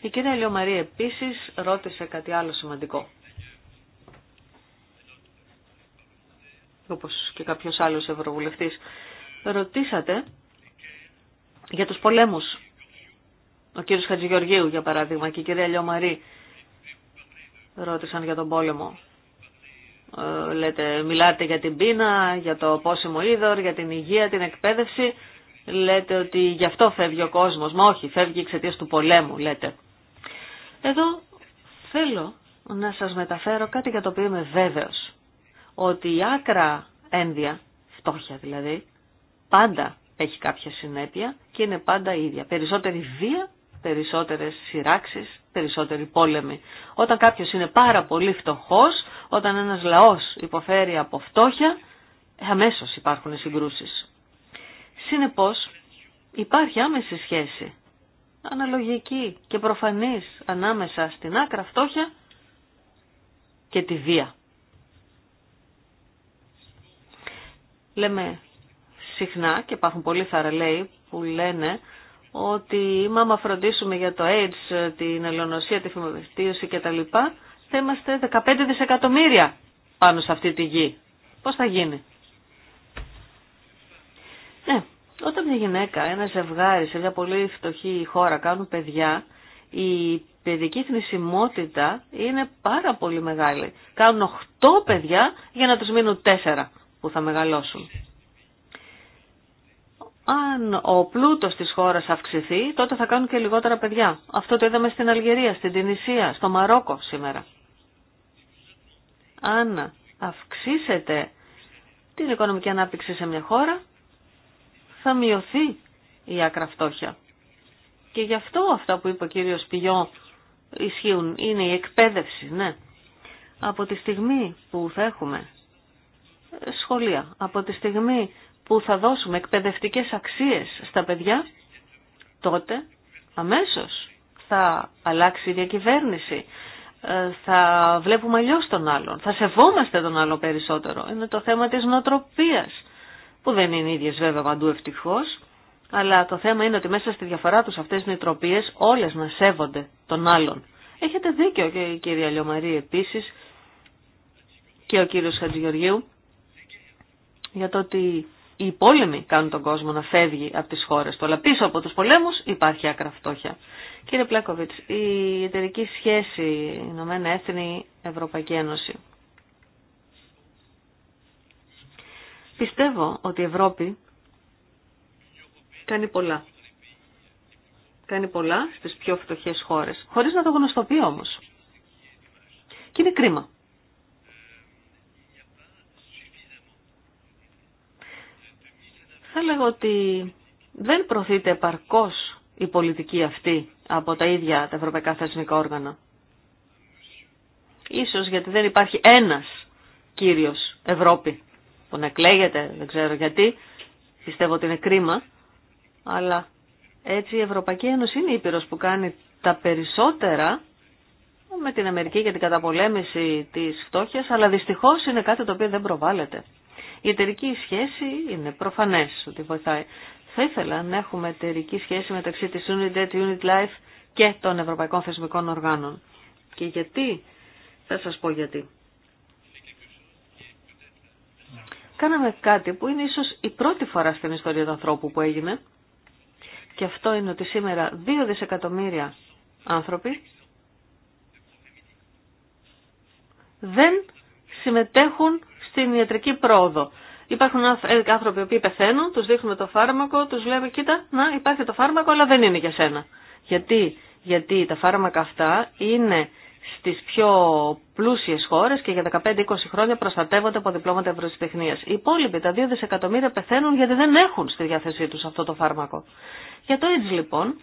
Η κυρία Λιωμαρή επίσης ρώτησε κάτι άλλο σημαντικό. Όπως και κάποιος άλλος ευρωβουλευτής. Ρωτήσατε για τους πολέμους. Ο κύριος Χατζηγεωργίου για παράδειγμα και η κυρία Λιωμαρή ρώτησαν για τον πόλεμο. Ε, λέτε, μιλάτε για την πείνα, για το πόσιμο είδωρ, για την υγεία, την εκπαίδευση. Λέτε ότι γι' αυτό φεύγει ο κόσμος. Μα όχι, φεύγει εξαιτία του πολέμου, λέτε. Εδώ θέλω να σας μεταφέρω κάτι για το οποίο είμαι βέβαιος. Ότι η άκρα ένδια, φτώχεια δηλαδή, πάντα έχει κάποια συνέπεια και είναι πάντα ίδια. Περισσότερη βία, περισσότερες σειράξεις, περισσότεροι πόλεμοι. Όταν κάποιος είναι πάρα πολύ φτωχός, όταν ένας λαός υποφέρει από φτώχεια, αμέσως υπάρχουν συγκρούσεις. Συνεπώς, υπάρχει άμεση σχέση, αναλογική και προφανής ανάμεσα στην άκρα φτώχεια και τη βία. Λέμε συχνά και υπάρχουν πολλοί θαραλέοι που λένε ότι άμα φροντίσουμε για το AIDS, την αλλονοσία, τη τα κτλ, θα είμαστε 15 δισεκατομμύρια πάνω σε αυτή τη γη. Πώς θα γίνει. Ναι, όταν μια γυναίκα, ένα ζευγάρι σε μια πολύ φτωχή χώρα κάνουν παιδιά, η παιδική θνησιμότητα είναι πάρα πολύ μεγάλη. Κάνουν 8 παιδιά για να τους μείνουν 4 που θα μεγαλώσουν αν ο πλούτος της χώρας αυξηθεί, τότε θα κάνουν και λιγότερα παιδιά. Αυτό το είδαμε στην Αλγερία, στην Τινησία, στο Μαρόκο σήμερα. Αν αυξήσετε την οικονομική ανάπτυξη σε μια χώρα, θα μειωθεί η άκρα φτώχεια. Και γι' αυτό αυτά που είπε ο κύριος Πηγιό ισχύουν. Είναι η εκπαίδευση, ναι. Από τη στιγμή που θα έχουμε σχολεία, από τη στιγμή που θα δώσουμε εκπαιδευτικές αξίες στα παιδιά, τότε αμέσως θα αλλάξει η διακυβέρνηση, ε, θα βλέπουμε αλλιώ τον άλλον, θα σεβόμαστε τον άλλο περισσότερο. Είναι το θέμα της νοοτροπίας, που δεν είναι ίδιες βέβαια παντού ευτυχώς, αλλά το θέμα είναι ότι μέσα στη διαφορά τους αυτές οι νοοτροπίες όλες να σέβονται τον άλλον. Έχετε δίκιο και η κυρία Λιωμαρή επίσης και ο κύριος Χατζηγεωργίου για το ότι οι πόλεμοι κάνουν τον κόσμο να φεύγει από τις χώρες του, αλλά πίσω από τους πολέμους υπάρχει άκρα φτώχεια. Κύριε Πλάκοβιτς, η εταιρική σχέση Ηνωμένα Έθνη Ευρωπαϊκή Ένωση. Πιστεύω ότι η Ευρώπη κάνει πολλά. Κάνει πολλά στις πιο φτωχές χώρες, χωρίς να το γνωστοποιεί όμως. Και είναι κρίμα. θα λέγω ότι δεν προωθείται επαρκώς η πολιτική αυτή από τα ίδια τα ευρωπαϊκά θεσμικά όργανα. Ίσως γιατί δεν υπάρχει ένας κύριος Ευρώπη που να εκλέγεται, δεν ξέρω γιατί, πιστεύω ότι είναι κρίμα, αλλά έτσι η Ευρωπαϊκή Ένωση είναι ήπειρος που κάνει τα περισσότερα με την Αμερική για την καταπολέμηση της φτώχειας, αλλά δυστυχώς είναι κάτι το οποίο δεν προβάλλεται. Η εταιρική σχέση είναι προφανές ότι βοηθάει. Θα ήθελα να έχουμε εταιρική σχέση μεταξύ της Unit Unit Life και των Ευρωπαϊκών Θεσμικών Οργάνων. Και γιατί, θα σας πω γιατί. Κάναμε κάτι που είναι ίσως η πρώτη φορά στην ιστορία του ανθρώπου που έγινε. Και αυτό είναι ότι σήμερα 2 δισεκατομμύρια άνθρωποι δεν συμμετέχουν στην ιατρική πρόοδο. Υπάρχουν ε, άνθρωποι που πεθαίνουν, του δείχνουμε το φάρμακο, του λέμε κοίτα, να υπάρχει το φάρμακο αλλά δεν είναι για σένα. Γιατί, Γιατί τα φάρμακα αυτά είναι στι πιο πλούσιε χώρε και για 15-20 χρόνια προστατεύονται από διπλώματα ευρωσιτεχνίας. Οι υπόλοιποι, τα 2 δισεκατομμύρια πεθαίνουν γιατί δεν έχουν στη διάθεσή του αυτό το φάρμακο. Για το AIDS λοιπόν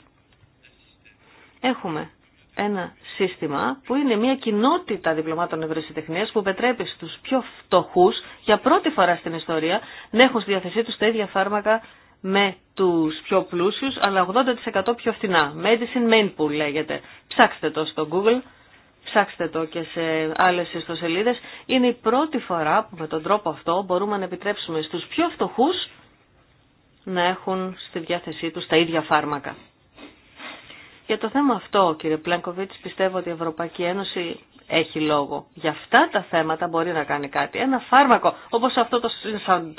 έχουμε ένα σύστημα που είναι μια κοινότητα διπλωμάτων ευρεσιτεχνία που επιτρέπει στου πιο φτωχούς για πρώτη φορά στην ιστορία να έχουν στη διάθεσή του τα ίδια φάρμακα με τους πιο πλούσιους αλλά 80% πιο φθηνά. Medicine Main Pool λέγεται. Ψάξτε το στο Google, ψάξτε το και σε άλλες ιστοσελίδε. Είναι η πρώτη φορά που με τον τρόπο αυτό μπορούμε να επιτρέψουμε στου πιο φτωχού να έχουν στη διάθεσή τους τα ίδια φάρμακα. Για το θέμα αυτό, κύριε Πλένκοβιτ, πιστεύω ότι η Ευρωπαϊκή Ένωση έχει λόγο. Για αυτά τα θέματα μπορεί να κάνει κάτι. Ένα φάρμακο, όπως αυτό το,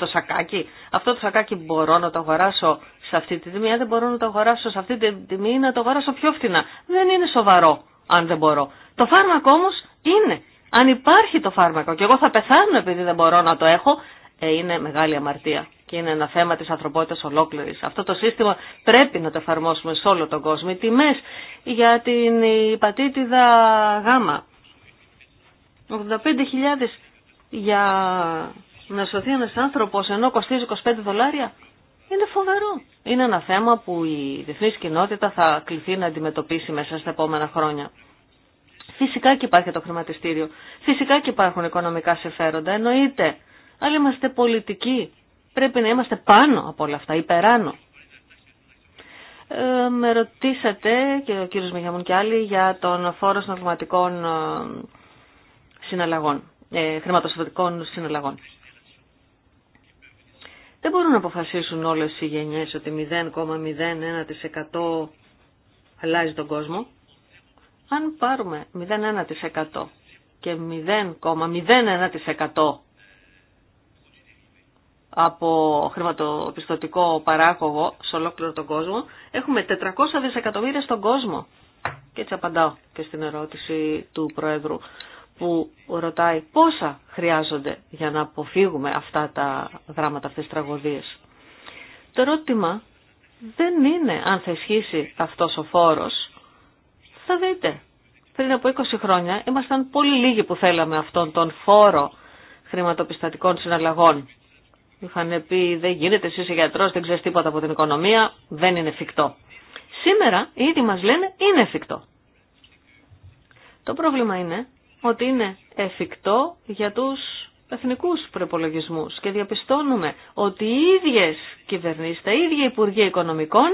σακάκι. Αυτό το σακάκι μπορώ να το αγοράσω σε αυτή τη τιμή. Αν δεν μπορώ να το αγοράσω σε αυτή τη τιμή, να το αγοράσω πιο φθηνά. Δεν είναι σοβαρό, αν δεν μπορώ. Το φάρμακο όμως είναι. Αν υπάρχει το φάρμακο και εγώ θα πεθάνω επειδή δεν μπορώ να το έχω, ε, είναι μεγάλη αμαρτία και είναι ένα θέμα της ανθρωπότητας ολόκληρης. Αυτό το σύστημα πρέπει να το εφαρμόσουμε σε όλο τον κόσμο. Οι τιμές για την υπατήτηδα γάμα. 85.000 για να σωθεί ένας άνθρωπος ενώ κοστίζει 25 δολάρια. Είναι φοβερό. Είναι ένα θέμα που η διεθνής κοινότητα θα κληθεί να αντιμετωπίσει μέσα στα επόμενα χρόνια. Φυσικά και υπάρχει το χρηματιστήριο. Φυσικά και υπάρχουν οικονομικά συμφέροντα. Εννοείται. Αλλά είμαστε πολιτικοί. Πρέπει να είμαστε πάνω από όλα αυτά, υπεράνω. Ε, με ρωτήσατε και ο κύριος Μιχαμούν και άλλοι για τον φόρο συναλλαγματικών ε, συναλλαγών, ε, συναλλαγών. Δεν μπορούν να αποφασίσουν όλες οι γενιές ότι 0,01% αλλάζει τον κόσμο. Αν πάρουμε 0,1% και 0,01% από χρηματοπιστωτικό παράγωγο σε ολόκληρο τον κόσμο. Έχουμε 400 δισεκατομμύρια στον κόσμο. Και έτσι απαντάω και στην ερώτηση του Προέδρου που ρωτάει πόσα χρειάζονται για να αποφύγουμε αυτά τα δράματα, αυτές τις τραγωδίες. Το ερώτημα δεν είναι αν θα ισχύσει αυτός ο φόρος. Θα δείτε. Πριν από 20 χρόνια ήμασταν πολύ λίγοι που θέλαμε αυτόν τον φόρο χρηματοπιστατικών συναλλαγών είχαν πει δεν γίνεται, εσύ είσαι γιατρός, δεν ξέρει τίποτα από την οικονομία, δεν είναι εφικτό. Σήμερα ήδη μας λένε είναι εφικτό. Το πρόβλημα είναι ότι είναι εφικτό για τους εθνικού προπολογισμού και διαπιστώνουμε ότι οι ίδιες κυβερνήσει, τα ίδια Υπουργεία Οικονομικών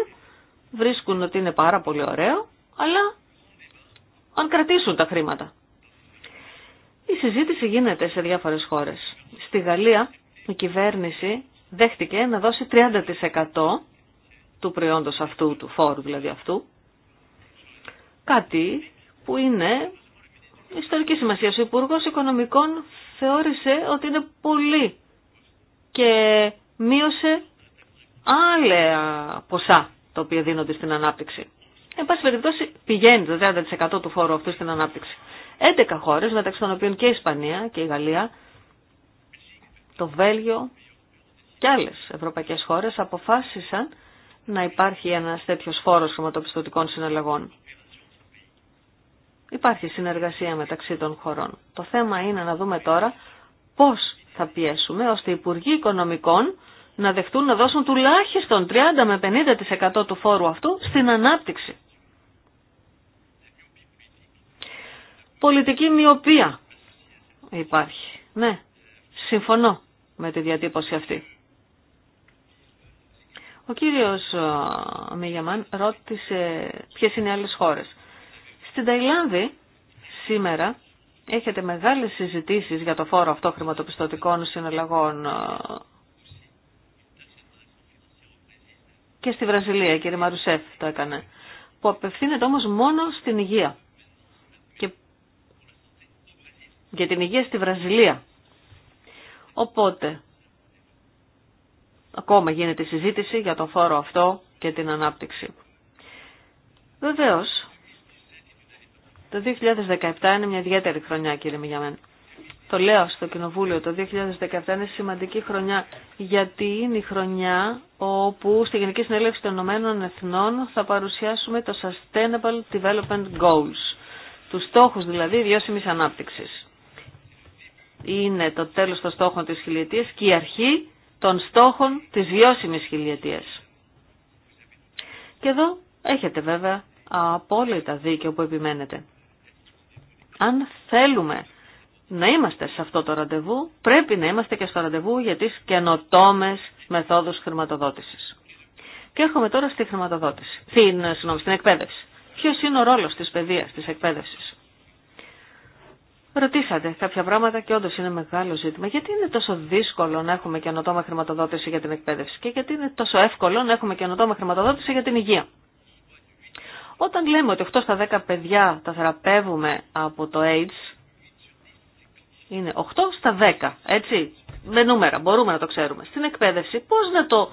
βρίσκουν ότι είναι πάρα πολύ ωραίο, αλλά αν κρατήσουν τα χρήματα. Η συζήτηση γίνεται σε διάφορες χώρες. Στη Γαλλία η κυβέρνηση δέχτηκε να δώσει 30% του προϊόντος αυτού, του φόρου δηλαδή αυτού, κάτι που είναι ιστορική σημασία. Ο Υπουργό Οικονομικών θεώρησε ότι είναι πολύ και μείωσε άλλα ποσά τα οποία δίνονται στην ανάπτυξη. Εν πάση περιπτώσει πηγαίνει το 30% του φόρου αυτού στην ανάπτυξη. 11 χώρες μεταξύ των οποίων και η Ισπανία και η Γαλλία το Βέλγιο και άλλες ευρωπαϊκές χώρες αποφάσισαν να υπάρχει ένας τέτοιος φόρος χρηματοπιστωτικών συναλλαγών. Υπάρχει συνεργασία μεταξύ των χωρών. Το θέμα είναι να δούμε τώρα πώς θα πιέσουμε ώστε οι Υπουργοί Οικονομικών να δεχτούν να δώσουν τουλάχιστον 30 με 50% του φόρου αυτού στην ανάπτυξη. Πολιτική μοιοπία υπάρχει. Ναι, Συμφωνώ με τη διατύπωση αυτή. Ο κύριος Μίγιαμαν ρώτησε ποιες είναι οι άλλες χώρες. Στην Ταϊλάνδη σήμερα έχετε μεγάλες συζητήσεις για το φόρο αυτό χρηματοπιστωτικών συναλλαγών και στη Βραζιλία, κύριε Μαρουσέφ το έκανε, που απευθύνεται όμως μόνο στην υγεία. Και για την υγεία στη Βραζιλία Οπότε, ακόμα γίνεται η συζήτηση για τον φόρο αυτό και την ανάπτυξη. Βεβαίως, το 2017 είναι μια ιδιαίτερη χρονιά κύριε Μηγιαμένη. Το λέω στο Κοινοβούλιο, το 2017 είναι σημαντική χρονιά γιατί είναι η χρονιά όπου στη Γενική Συνέλευση των Ηνωμένων Εθνών θα παρουσιάσουμε το Sustainable Development Goals, τους στόχους δηλαδή βιώσιμης ανάπτυξης είναι το τέλος των στόχων της χιλιετίας και η αρχή των στόχων της βιώσιμης χιλιετίας. Και εδώ έχετε βέβαια απόλυτα δίκαιο που επιμένετε. Αν θέλουμε να είμαστε σε αυτό το ραντεβού, πρέπει να είμαστε και στο ραντεβού για τις καινοτόμες μεθόδους χρηματοδότησης. Και έρχομαι τώρα στη χρηματοδότηση, στην, στην εκπαίδευση. Ποιος είναι ο ρόλος της παιδείας, της εκπαίδευσης. Ρωτήσατε κάποια πράγματα και όντω είναι μεγάλο ζήτημα. Γιατί είναι τόσο δύσκολο να έχουμε καινοτόμα χρηματοδότηση για την εκπαίδευση και γιατί είναι τόσο εύκολο να έχουμε καινοτόμα χρηματοδότηση για την υγεία. Όταν λέμε ότι 8 στα 10 παιδιά τα θεραπεύουμε από το AIDS, είναι 8 στα 10, έτσι, με νούμερα, μπορούμε να το ξέρουμε. Στην εκπαίδευση πώς να το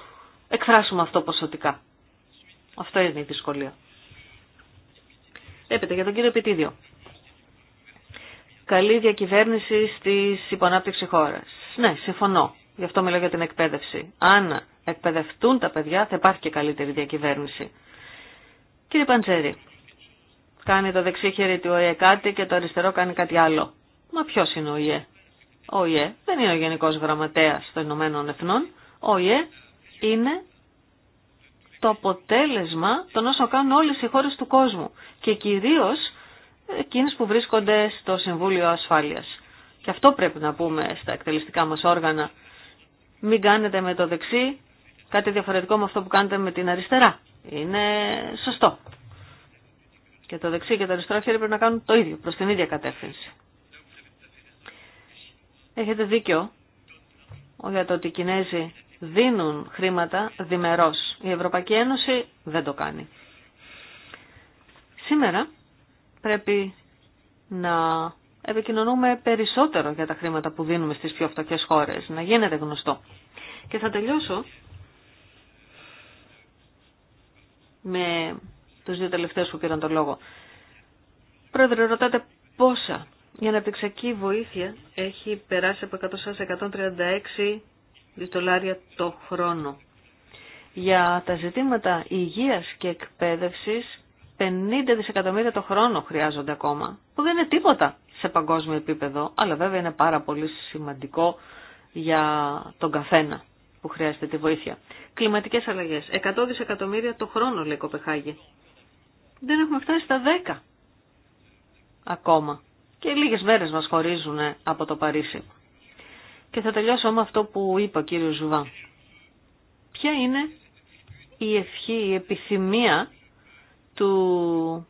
εκφράσουμε αυτό ποσοτικά. Αυτό είναι η δυσκολία. Έπειτα για τον κύριο Επιτίδιο καλή διακυβέρνηση στις υπονάπτυξη χώρας. Ναι, συμφωνώ. Γι' αυτό μιλάω για την εκπαίδευση. Αν εκπαιδευτούν τα παιδιά θα υπάρχει και καλύτερη διακυβέρνηση. Κύριε Παντζέρη, κάνει το δεξί χέρι του ΟΗΕ κάτι και το αριστερό κάνει κάτι άλλο. Μα ποιος είναι ο ΙΕ. Ο ΙΕ δεν είναι ο Γενικός Γραμματέας των Ηνωμένων Εθνών. Ο ΙΕ είναι το αποτέλεσμα των όσων κάνουν όλε οι χώρε του κόσμου. Και κυρίω. Εκείνε που βρίσκονται στο Συμβούλιο Ασφάλειας. Και αυτό πρέπει να πούμε στα εκτελεστικά μας όργανα. Μην κάνετε με το δεξί κάτι διαφορετικό με αυτό που κάνετε με την αριστερά. Είναι σωστό. Και το δεξί και το αριστερό χέρι πρέπει να κάνουν το ίδιο, προ την ίδια κατεύθυνση. Έχετε δίκιο για το ότι οι Κινέζοι δίνουν χρήματα διμερώς. Η Ευρωπαϊκή Ένωση δεν το κάνει. Σήμερα πρέπει να επικοινωνούμε περισσότερο για τα χρήματα που δίνουμε στις πιο φτωχές χώρες, να γίνεται γνωστό. Και θα τελειώσω με τους δύο τελευταίους που πήραν τον λόγο. Πρόεδρε, ρωτάτε πόσα η αναπτυξιακή βοήθεια έχει περάσει από 100 136 δολάρια το χρόνο. Για τα ζητήματα υγείας και εκπαίδευσης 50 δισεκατομμύρια το χρόνο χρειάζονται ακόμα, που δεν είναι τίποτα σε παγκόσμιο επίπεδο, αλλά βέβαια είναι πάρα πολύ σημαντικό για τον καθένα που χρειάζεται τη βοήθεια. Κλιματικές αλλαγές. 100 δισεκατομμύρια το χρόνο, λέει Κοπεχάγη. Δεν έχουμε φτάσει στα 10 ακόμα. Και λίγες μέρε μας χωρίζουν από το Παρίσι. Και θα τελειώσω με αυτό που είπε ο κύριο Ζουβά. Ποια είναι η ευχή, η επιθυμία του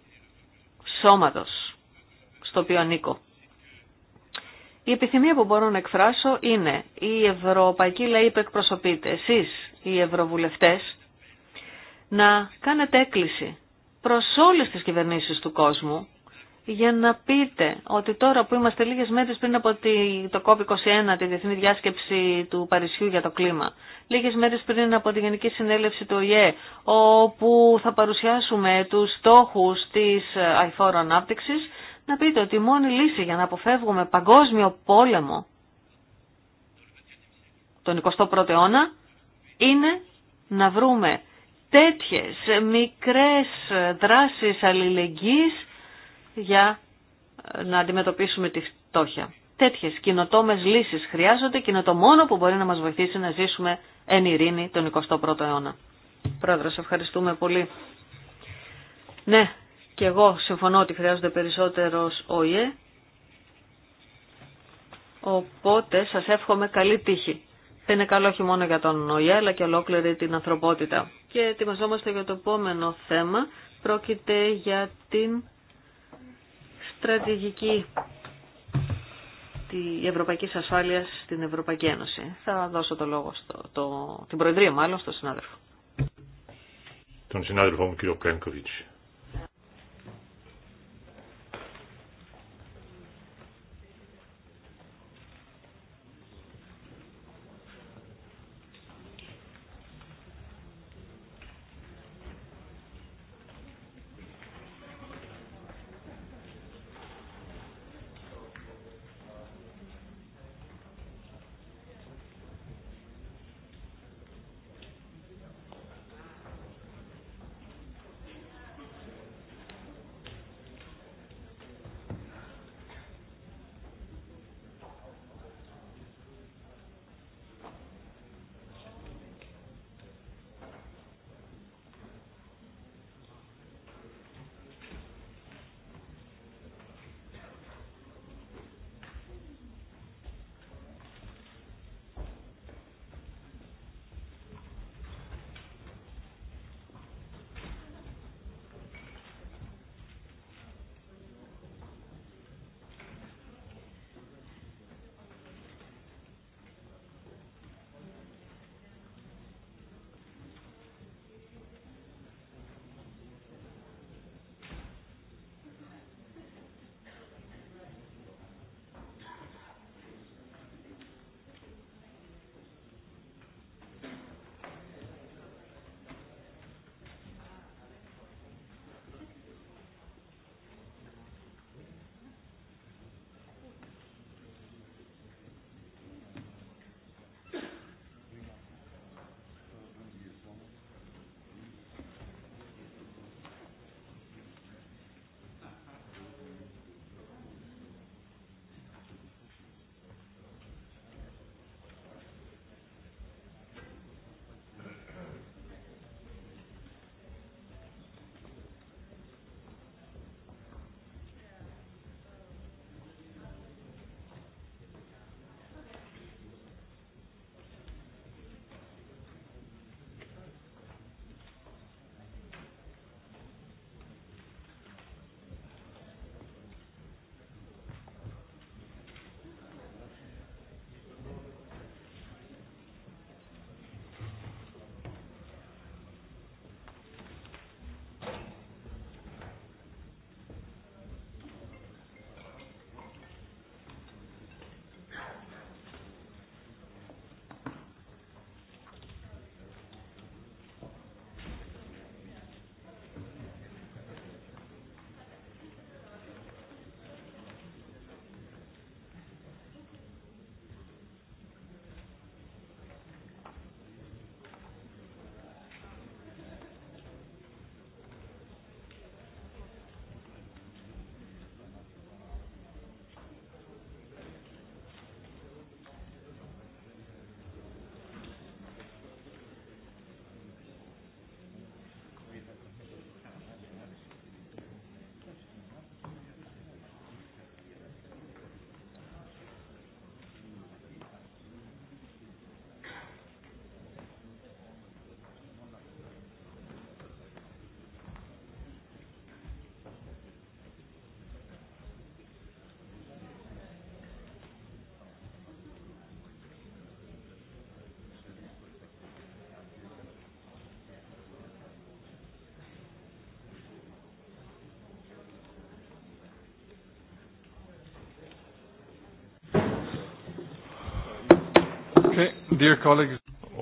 σώματος στο οποίο ανήκω. Η επιθυμία που μπορώ να εκφράσω είναι η ευρωπαϊκοί λαοί που εκπροσωπείτε, εσείς οι ευρωβουλευτές, να κάνετε έκκληση προς όλες τις κυβερνήσεις του κόσμου για να πείτε ότι τώρα που είμαστε λίγες μέρες πριν από το COP21, τη Διεθνή Διάσκεψη του Παρισιού για το κλίμα, λίγες μέρες πριν από τη Γενική Συνέλευση του ΟΙΕ, όπου θα παρουσιάσουμε τους στόχους της ε, αηφόρου ανάπτυξη, να πείτε ότι η μόνη λύση για να αποφεύγουμε παγκόσμιο πόλεμο τον 21ο αιώνα είναι να βρούμε τέτοιες μικρές δράσεις αλληλεγγύης για ε, να αντιμετωπίσουμε τη φτώχεια. Τέτοιε κοινοτόμε λύσεις χρειάζονται και είναι το μόνο που μπορεί να μας βοηθήσει να ζήσουμε εν ειρήνη τον 21ο αιώνα. σας ευχαριστούμε πολύ. Ναι, και εγώ συμφωνώ ότι χρειάζονται περισσότερος ΟΗΕ. Οπότε σας εύχομαι καλή τύχη. Θα είναι καλό όχι μόνο για τον ΟΗΕ αλλά και ολόκληρη την ανθρωπότητα. Και ετοιμαζόμαστε για το επόμενο θέμα. Πρόκειται για την στρατηγική τη ευρωπαϊκή ασφάλεια στην Ευρωπαϊκή Ένωση. Θα δώσω το λόγο, στο, το, την Προεδρία μάλλον, στον συνάδελφο. Τον συνάδελφο μου κύριο Πλένκοβιτς.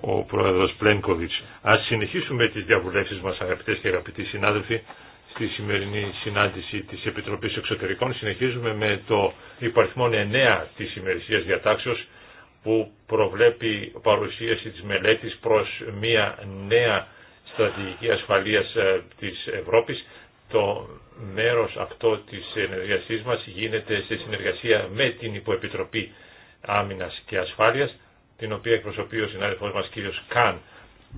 Ο πρόεδρος Πλένκοβιτς. Ας συνεχίσουμε τι διαβουλεύσεις μας αγαπητέ και αγαπητοί συνάδελφοι στη σημερινή συνάντηση της Επιτροπής Εξωτερικών. Συνεχίζουμε με το υπαριθμό 9 της ημερησία διατάξεως που προβλέπει παρουσίαση της μελέτης προς μια νέα στρατηγική ασφαλείας ε, της Ευρώπης. Το μέρος αυτό της ενεργασίας μας γίνεται σε συνεργασία με την Υποεπιτροπή Άμυνας και Ασφάλειας την οποία εκπροσωπεί ο συνάδελφός μας κύριος Καν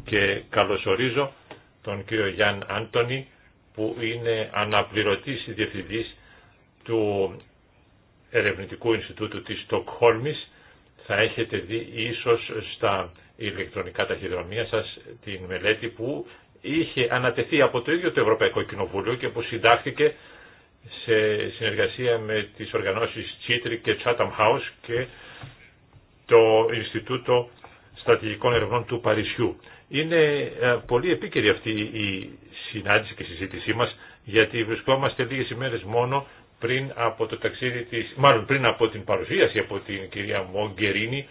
και καλωσορίζω τον κύριο Γιάνν Άντωνη που είναι αναπληρωτής διευθυντής του Ερευνητικού Ινστιτούτου της Στοκχόλμης. Θα έχετε δει ίσως στα ηλεκτρονικά ταχυδρομεία σας την μελέτη που είχε ανατεθεί από το ίδιο το Ευρωπαϊκό Κοινοβούλιο και που συντάχθηκε σε συνεργασία με τις οργανώσεις Τσίτρι και Chatham House το Ινστιτούτο Στρατηγικών Ερευνών του Παρισιού. Είναι ε, πολύ επίκαιρη αυτή η συνάντηση και η συζήτησή μας, γιατί βρισκόμαστε λίγες ημέρες μόνο πριν από το ταξίδι της, μάλλον πριν από την παρουσίαση από την κυρία Μογκερίνη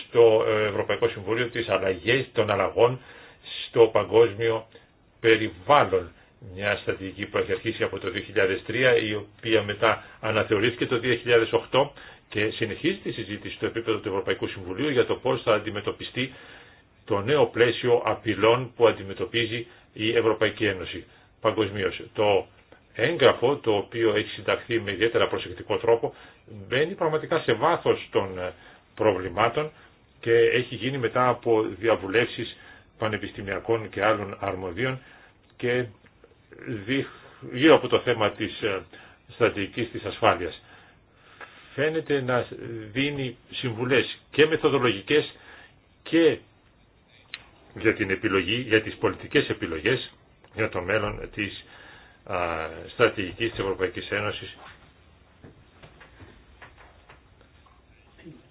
στο ε, Ευρωπαϊκό Συμβούλιο της Αλλαγής των Αλλαγών στο Παγκόσμιο Περιβάλλον. Μια στρατηγική που έχει αρχίσει από το 2003, η οποία μετά αναθεωρήθηκε το 2008 και συνεχίζει τη συζήτηση στο επίπεδο του Ευρωπαϊκού Συμβουλίου για το πώς θα αντιμετωπιστεί το νέο πλαίσιο απειλών που αντιμετωπίζει η Ευρωπαϊκή Ένωση παγκοσμίω. Το έγγραφο το οποίο έχει συνταχθεί με ιδιαίτερα προσεκτικό τρόπο μπαίνει πραγματικά σε βάθος των προβλημάτων και έχει γίνει μετά από διαβουλεύσεις πανεπιστημιακών και άλλων αρμοδίων και γύρω από το θέμα της ε, στρατηγικής της ασφάλειας φαίνεται να δίνει συμβουλές και μεθοδολογικές και για την επιλογή, για τις πολιτικές επιλογές για το μέλλον της α, στρατηγικής της Ευρωπαϊκής Ένωσης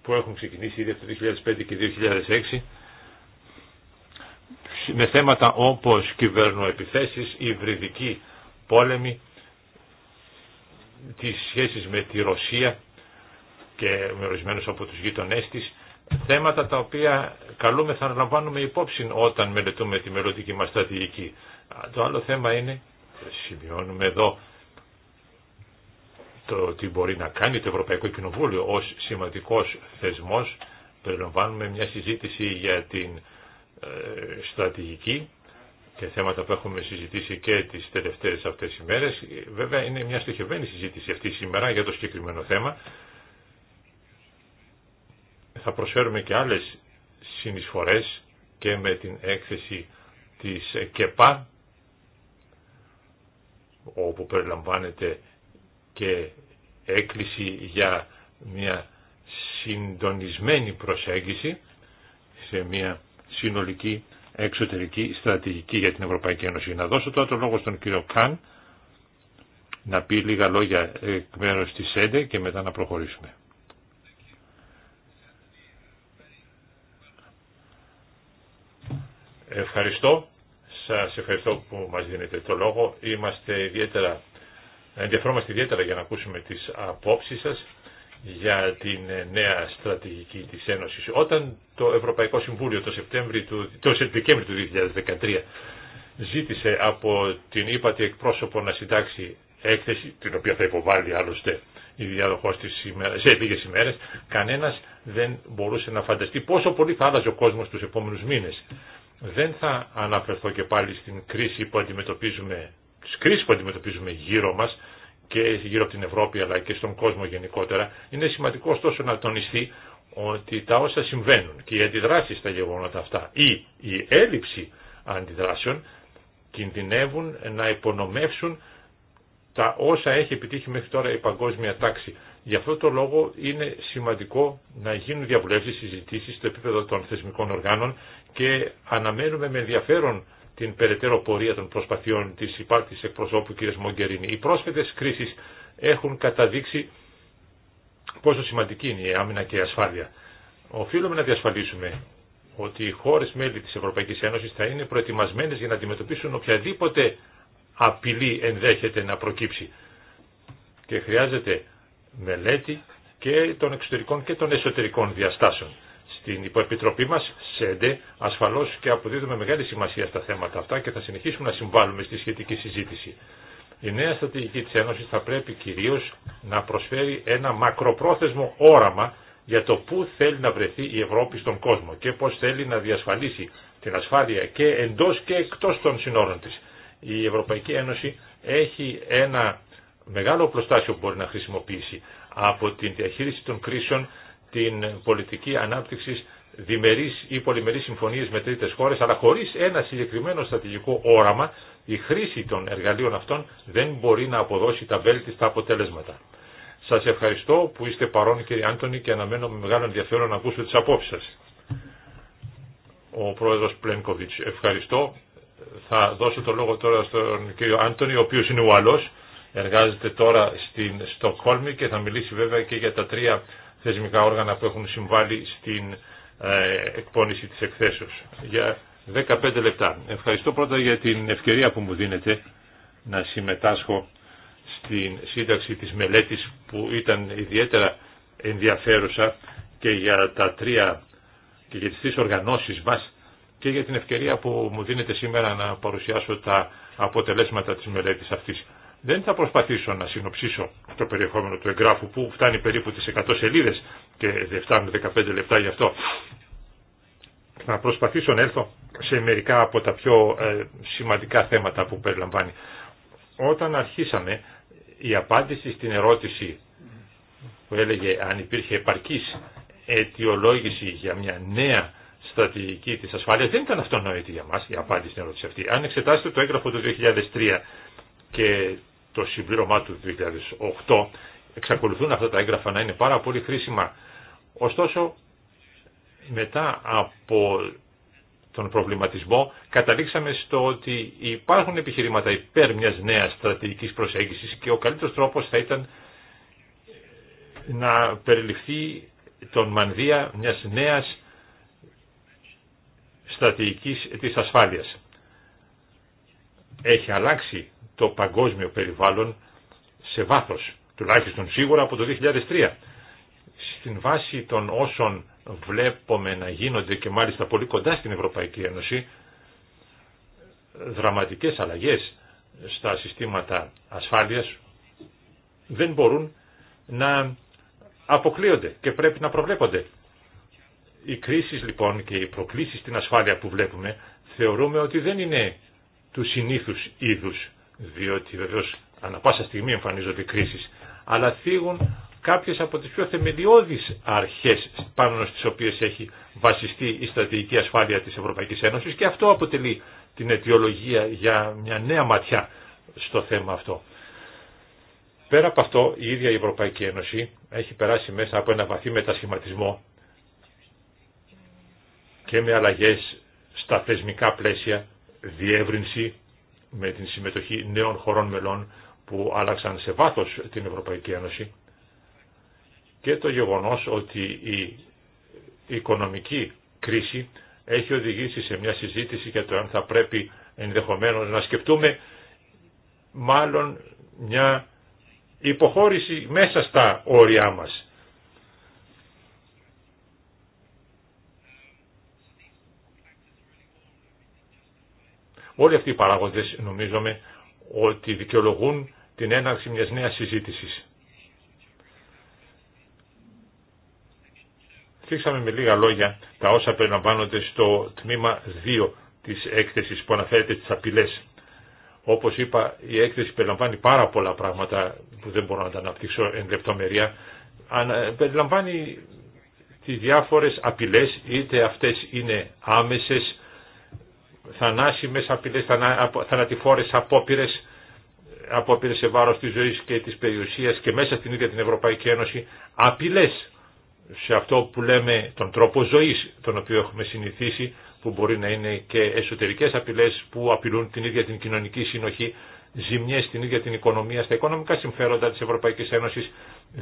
που έχουν ξεκινήσει ήδη από το 2005 και 2006 με θέματα όπως κυβερνοεπιθέσεις, υβριδική πόλεμη, τις σχέσεις με τη Ρωσία και με ορισμένου από του γειτονέ τη, θέματα τα οποία καλούμε θα λαμβάνουμε υπόψη όταν μελετούμε τη μελλοντική μα στρατηγική. Το άλλο θέμα είναι, σημειώνουμε εδώ, το τι μπορεί να κάνει το Ευρωπαϊκό Κοινοβούλιο ως σημαντικός θεσμός. Περιλαμβάνουμε μια συζήτηση για την ε, στρατηγική και θέματα που έχουμε συζητήσει και τις τελευταίες αυτές ημέρες. Βέβαια είναι μια στοχευμένη συζήτηση αυτή σήμερα για το συγκεκριμένο θέμα θα προσφέρουμε και άλλες συνεισφορές και με την έκθεση της ΚΕΠΑ όπου περιλαμβάνεται και έκκληση για μια συντονισμένη προσέγγιση σε μια συνολική εξωτερική στρατηγική για την Ευρωπαϊκή Ένωση. Να δώσω τώρα το λόγο στον κύριο Καν να πει λίγα λόγια εκ μέρους της ΕΝΤΕ και μετά να προχωρήσουμε. Ευχαριστώ. Σας ευχαριστώ που μας δίνετε το λόγο. Είμαστε ιδιαίτερα, ενδιαφερόμαστε ιδιαίτερα για να ακούσουμε τις απόψεις σας για την νέα στρατηγική της Ένωσης. Όταν το Ευρωπαϊκό Συμβούλιο το, του, το του 2013 ζήτησε από την ύπατη εκπρόσωπο να συντάξει έκθεση, την οποία θα υποβάλει άλλωστε η διάδοχό της σε λίγες ημέρες, κανένας δεν μπορούσε να φανταστεί πόσο πολύ θα άλλαζε ο κόσμος τους επόμενους μήνες. Δεν θα αναφερθώ και πάλι στην κρίση που αντιμετωπίζουμε, στις κρίσεις που αντιμετωπίζουμε γύρω μας και γύρω από την Ευρώπη αλλά και στον κόσμο γενικότερα. Είναι σημαντικό ωστόσο να τονιστεί ότι τα όσα συμβαίνουν και οι αντιδράσεις στα γεγονότα αυτά ή η έλλειψη αντιδράσεων κινδυνεύουν να υπονομεύσουν τα όσα έχει επιτύχει μέχρι τώρα η παγκόσμια τάξη Γι' αυτό το λόγο είναι σημαντικό να γίνουν διαβουλεύσεις, συζητήσεις στο επίπεδο των θεσμικών οργάνων και αναμένουμε με ενδιαφέρον την περαιτέρω πορεία των προσπαθειών της εκ εκπροσώπου κ. Μογκερίνη. Οι πρόσφατες κρίσεις έχουν καταδείξει πόσο σημαντική είναι η άμυνα και η ασφάλεια. Οφείλουμε να διασφαλίσουμε ότι οι χώρες μέλη της Ευρωπαϊκής Ένωσης θα είναι προετοιμασμένες για να αντιμετωπίσουν οποιαδήποτε απειλή ενδέχεται να προκύψει. Και χρειάζεται μελέτη και των εξωτερικών και των εσωτερικών διαστάσεων. Στην υποεπιτροπή μας, ΣΕΝΤΕ, ασφαλώς και αποδίδουμε μεγάλη σημασία στα θέματα αυτά και θα συνεχίσουμε να συμβάλλουμε στη σχετική συζήτηση. Η νέα στρατηγική της Ένωσης θα πρέπει κυρίως να προσφέρει ένα μακροπρόθεσμο όραμα για το πού θέλει να βρεθεί η Ευρώπη στον κόσμο και πώς θέλει να διασφαλίσει την ασφάλεια και εντός και εκτός των συνόρων της. Η Ευρωπαϊκή Ένωση έχει ένα μεγάλο προστάσιο που μπορεί να χρησιμοποιήσει από την διαχείριση των κρίσεων, την πολιτική ανάπτυξη διμερείς ή πολυμερείς συμφωνίες με τρίτες χώρες, αλλά χωρίς ένα συγκεκριμένο στρατηγικό όραμα, η χρήση των εργαλείων αυτών δεν μπορεί να αποδώσει τα βέλτιστα αποτέλεσματα. Σας ευχαριστώ που είστε παρόν κύριε Άντωνη και αναμένω με μεγάλο ενδιαφέρον να ακούσω τις απόψεις σας. Ο πρόεδρος Πλένκοβιτς, ευχαριστώ. Θα δώσω το λόγο τώρα στον κύριο Άντωνη, ο οποίος είναι άλλο εργάζεται τώρα στην Στοκχόλμη και θα μιλήσει βέβαια και για τα τρία θεσμικά όργανα που έχουν συμβάλει στην ε, εκπόνηση της εκθέσεως. Για 15 λεπτά. Ευχαριστώ πρώτα για την ευκαιρία που μου δίνετε να συμμετάσχω στην σύνταξη της μελέτης που ήταν ιδιαίτερα ενδιαφέρουσα και για τα τρία και για τις τρεις οργανώσεις μας και για την ευκαιρία που μου δίνετε σήμερα να παρουσιάσω τα αποτελέσματα της μελέτης αυτής. Δεν θα προσπαθήσω να συνοψίσω το περιεχόμενο του εγγράφου που φτάνει περίπου τις 100 σελίδες και δεν φτάνουν 15 λεπτά γι' αυτό. Θα προσπαθήσω να έρθω σε μερικά από τα πιο ε, σημαντικά θέματα που περιλαμβάνει. Όταν αρχίσαμε, η απάντηση στην ερώτηση που έλεγε αν υπήρχε επαρκής αιτιολόγηση για μια νέα στρατηγική της ασφάλειας δεν ήταν αυτονόητη για μας η απάντηση στην ερώτηση αυτή. Αν εξετάσετε το έγγραφο του 2003 και το συμπλήρωμά του 2008, εξακολουθούν αυτά τα έγγραφα να είναι πάρα πολύ χρήσιμα. Ωστόσο, μετά από τον προβληματισμό, καταλήξαμε στο ότι υπάρχουν επιχειρήματα υπέρ μιας νέας στρατηγικής προσέγγισης και ο καλύτερος τρόπος θα ήταν να περιληφθεί τον μανδύα μιας νέας στρατηγικής της ασφάλειας. Έχει αλλάξει το παγκόσμιο περιβάλλον σε βάθος, τουλάχιστον σίγουρα από το 2003. Στην βάση των όσων βλέπουμε να γίνονται και μάλιστα πολύ κοντά στην Ευρωπαϊκή Ένωση, δραματικές αλλαγές στα συστήματα ασφάλειας δεν μπορούν να αποκλείονται και πρέπει να προβλέπονται. Οι κρίσεις λοιπόν και οι προκλήσεις στην ασφάλεια που βλέπουμε θεωρούμε ότι δεν είναι του συνήθους είδους διότι βεβαίως ανά πάσα στιγμή εμφανίζονται κρίσεις, αλλά θίγουν κάποιες από τις πιο θεμελιώδεις αρχές πάνω στις οποίες έχει βασιστεί η στρατηγική ασφάλεια της Ευρωπαϊκής Ένωσης και αυτό αποτελεί την αιτιολογία για μια νέα ματιά στο θέμα αυτό. Πέρα από αυτό, η ίδια η Ευρωπαϊκή Ένωση έχει περάσει μέσα από ένα βαθύ μετασχηματισμό και με αλλαγές στα θεσμικά πλαίσια, διεύρυνση με την συμμετοχή νέων χωρών μελών που άλλαξαν σε βάθος την Ευρωπαϊκή Ένωση και το γεγονός ότι η οικονομική κρίση έχει οδηγήσει σε μια συζήτηση για το αν θα πρέπει ενδεχομένως να σκεφτούμε μάλλον μια υποχώρηση μέσα στα όρια μας. Όλοι αυτοί οι παράγοντες νομίζομαι ότι δικαιολογούν την έναρξη μιας νέας συζήτησης. Φύξαμε με λίγα λόγια τα όσα περιλαμβάνονται στο τμήμα 2 της έκθεσης που αναφέρεται στις απειλές. Όπως είπα, η έκθεση περιλαμβάνει πάρα πολλά πράγματα που δεν μπορώ να τα αναπτύξω εν λεπτομερία. Ε, περιλαμβάνει τις διάφορες απειλές, είτε αυτές είναι άμεσες θανάσιμες απειλές, θανατηφόρες απόπειρες, απόπειρες σε βάρος της ζωής και της περιουσίας και μέσα στην ίδια την Ευρωπαϊκή Ένωση απειλές σε αυτό που λέμε τον τρόπο ζωής τον οποίο έχουμε συνηθίσει που μπορεί να είναι και εσωτερικές απειλές που απειλούν την ίδια την κοινωνική συνοχή ζημιές στην ίδια την οικονομία, στα οικονομικά συμφέροντα της Ευρωπαϊκής Ένωσης,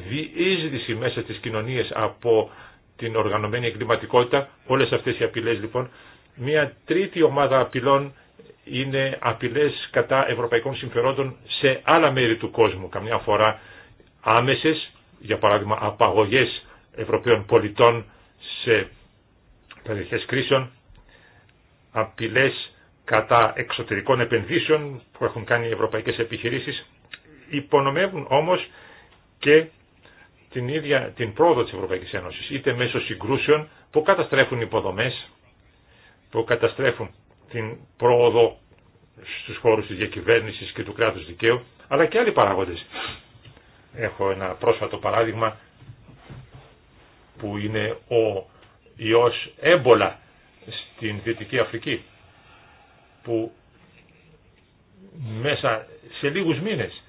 διείσδυση μέσα στις κοινωνίες από την οργανωμένη εγκληματικότητα, όλες αυτές οι απειλές λοιπόν μια τρίτη ομάδα απειλών είναι απειλές κατά ευρωπαϊκών συμφερόντων σε άλλα μέρη του κόσμου. Καμιά φορά άμεσες, για παράδειγμα απαγωγές Ευρωπαίων πολιτών σε περιοχές κρίσεων, απειλές κατά εξωτερικών επενδύσεων που έχουν κάνει οι ευρωπαϊκές επιχειρήσεις, υπονομεύουν όμως και την ίδια την πρόοδο της Ευρωπαϊκής Ένωσης, είτε μέσω συγκρούσεων που καταστρέφουν υποδομές, που καταστρέφουν την πρόοδο στους χώρους της διακυβέρνησης και του κράτους δικαίου, αλλά και άλλοι παράγοντες. Έχω ένα πρόσφατο παράδειγμα που είναι ο ιός έμπολα στην Δυτική Αφρική, που μέσα σε λίγους μήνες